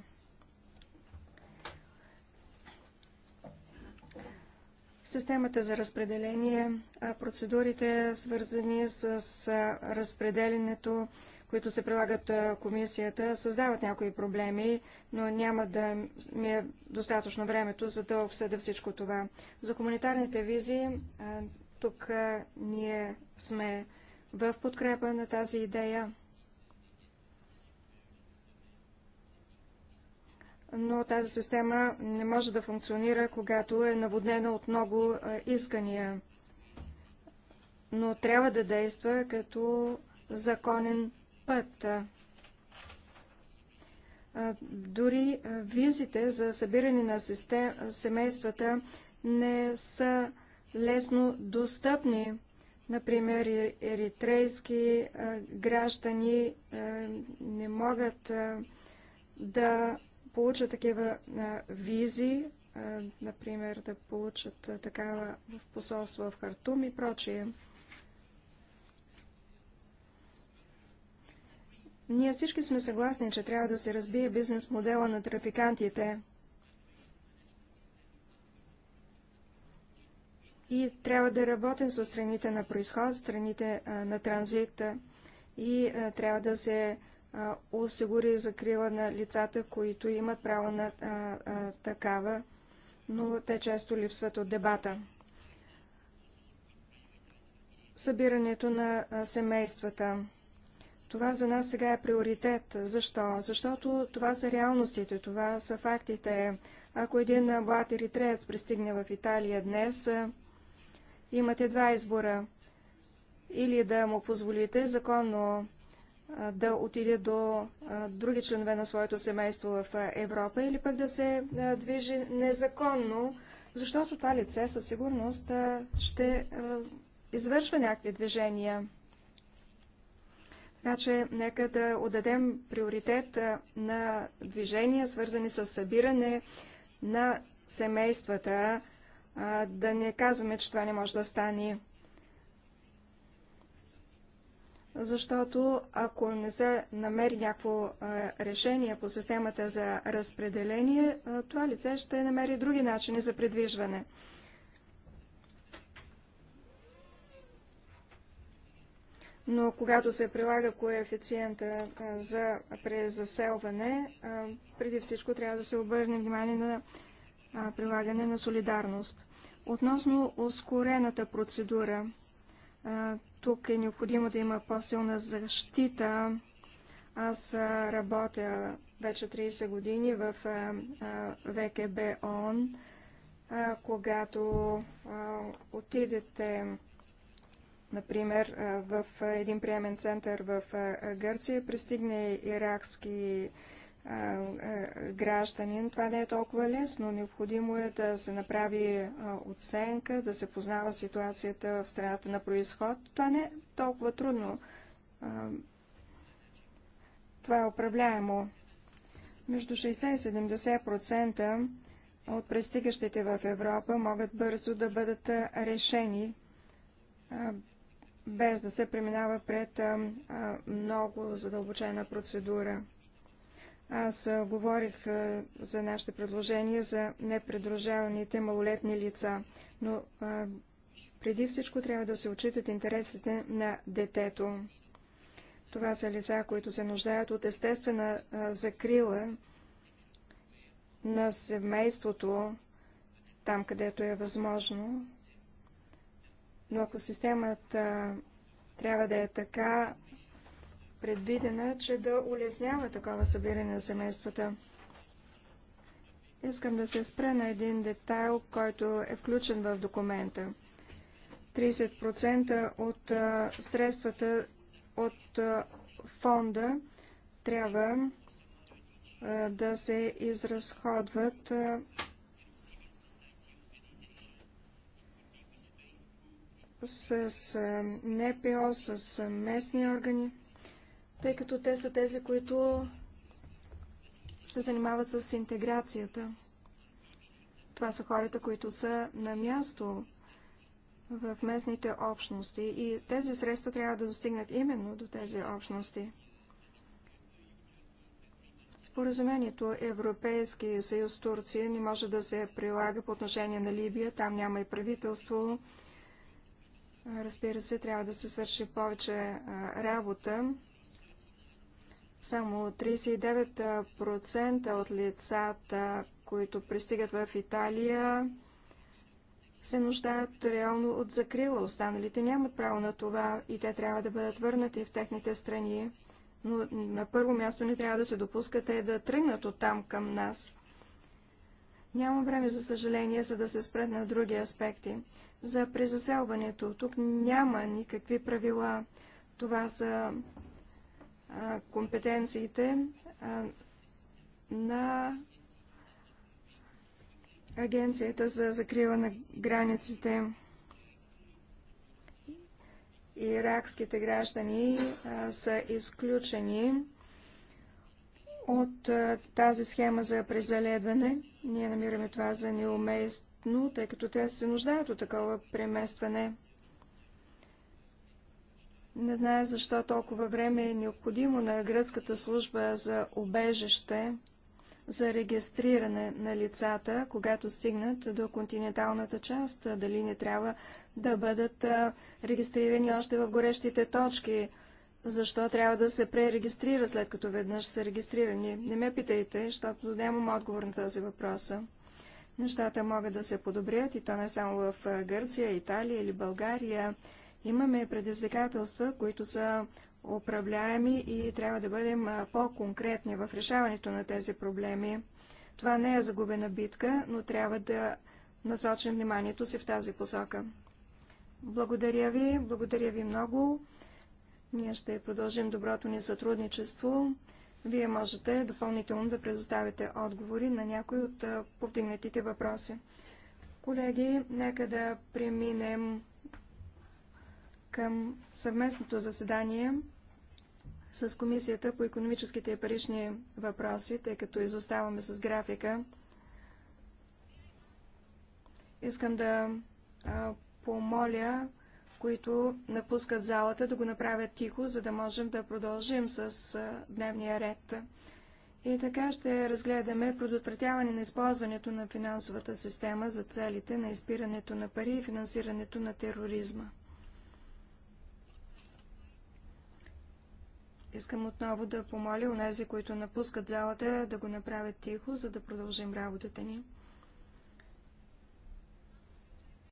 Системата за разпределение, процедурите свързани с разпределенето, които се прилагат комисията, създават някои проблеми, но няма да ми е достатъчно времето, за да обсъда всичко това. За хуманитарните визи, тук ние сме в подкрепа на тази идея. но тази система не може да функционира, когато е наводнена от много искания. Но трябва да действа като законен път. Дори визите за събиране на систем... семействата не са лесно достъпни. Например, еритрейски граждани не могат да получат такива визи, например да получат такава в посолство в Хартум и прочие. Ние всички сме съгласни, че трябва да се разбие бизнес модела на трафикантите. И трябва да работим с страните на происход, страните на транзит и трябва да се осигури закрила на лицата, които имат право на а, а, такава, но те често липсват от дебата. Събирането на семействата. Това за нас сега е приоритет. Защо? Защото това са реалностите, това са фактите. Ако един млад еритреец пристигне в Италия днес, имате два избора. Или да му позволите законно да отиде до други членове на своето семейство в Европа или пък да се движи незаконно, защото това лице със сигурност ще извършва някакви движения. Така че нека да отдадем приоритет на движения, свързани с събиране на семействата, да не казваме, че това не може да стане. защото ако не се намери някакво решение по системата за разпределение, това лице ще намери други начини за предвижване. Но когато се прилага коефициента за презаселване, преди всичко трябва да се обърне внимание на прилагане на солидарност. Относно ускорената процедура, тук е необходимо да има по-силна защита. Аз работя вече 30 години в ВКБ ООН. Когато отидете Например, в един приемен център в Гърция пристигне иракски гражданин, това не е толкова лесно. Необходимо е да се направи оценка, да се познава ситуацията в страната на происход. Това не е толкова трудно. Това е управляемо. Между 60 и 70% от престигащите в Европа могат бързо да бъдат решени, без да се преминава пред много задълбочена процедура. Аз говорих за нашите предложения за непредружаваните малолетни лица, но преди всичко трябва да се отчитат интересите на детето. Това са лица, които се нуждаят от естествена закрила на семейството, там където е възможно. Но ако системата трябва да е така предвидена, че да улеснява такова събиране на семействата. Искам да се спра на един детайл, който е включен в документа. 30% от а, средствата от а, фонда трябва а, да се изразходват с НПО, с местни органи тъй като те са тези, които се занимават с интеграцията. Това са хората, които са на място в местните общности и тези средства трябва да достигнат именно до тези общности. Споразумението Европейски съюз Турция не може да се прилага по отношение на Либия. Там няма и правителство. Разбира се, трябва да се свърши повече работа само 39% от лицата, които пристигат в Италия, се нуждаят реално от закрила. Останалите нямат право на това и те трябва да бъдат върнати в техните страни. Но на първо място не трябва да се допуска те да тръгнат от там към нас. Няма време, за съжаление, за да се спред на други аспекти. За презаселването тук няма никакви правила. Това са компетенциите на Агенцията за закрила на границите. Иракските граждани са изключени от тази схема за презаледване. Ние намираме това за неуместно, тъй като те се нуждаят от такова преместване. Не знае защо толкова време е необходимо на гръцката служба за обежище за регистриране на лицата, когато стигнат до континенталната част, дали не трябва да бъдат регистрирани още в горещите точки, защо трябва да се пререгистрира след като веднъж са регистрирани. Не ме питайте, защото нямам отговор на този въпрос. Нещата могат да се подобрят и то не само в Гърция, Италия или България. Имаме предизвикателства, които са управляеми и трябва да бъдем по-конкретни в решаването на тези проблеми. Това не е загубена битка, но трябва да насочим вниманието си в тази посока. Благодаря ви, благодаря ви много. Ние ще продължим доброто ни сътрудничество. Вие можете допълнително да предоставите отговори на някои от повдигнатите въпроси. Колеги, нека да преминем към съвместното заседание с Комисията по економическите и парични въпроси, тъй като изоставаме с графика. Искам да помоля, които напускат залата, да го направят тихо, за да можем да продължим с дневния ред. И така ще разгледаме предотвратяване на използването на финансовата система за целите на изпирането на пари и финансирането на тероризма. Искам отново да помоля у нези, които напускат залата, да го направят тихо, за да продължим работата ни.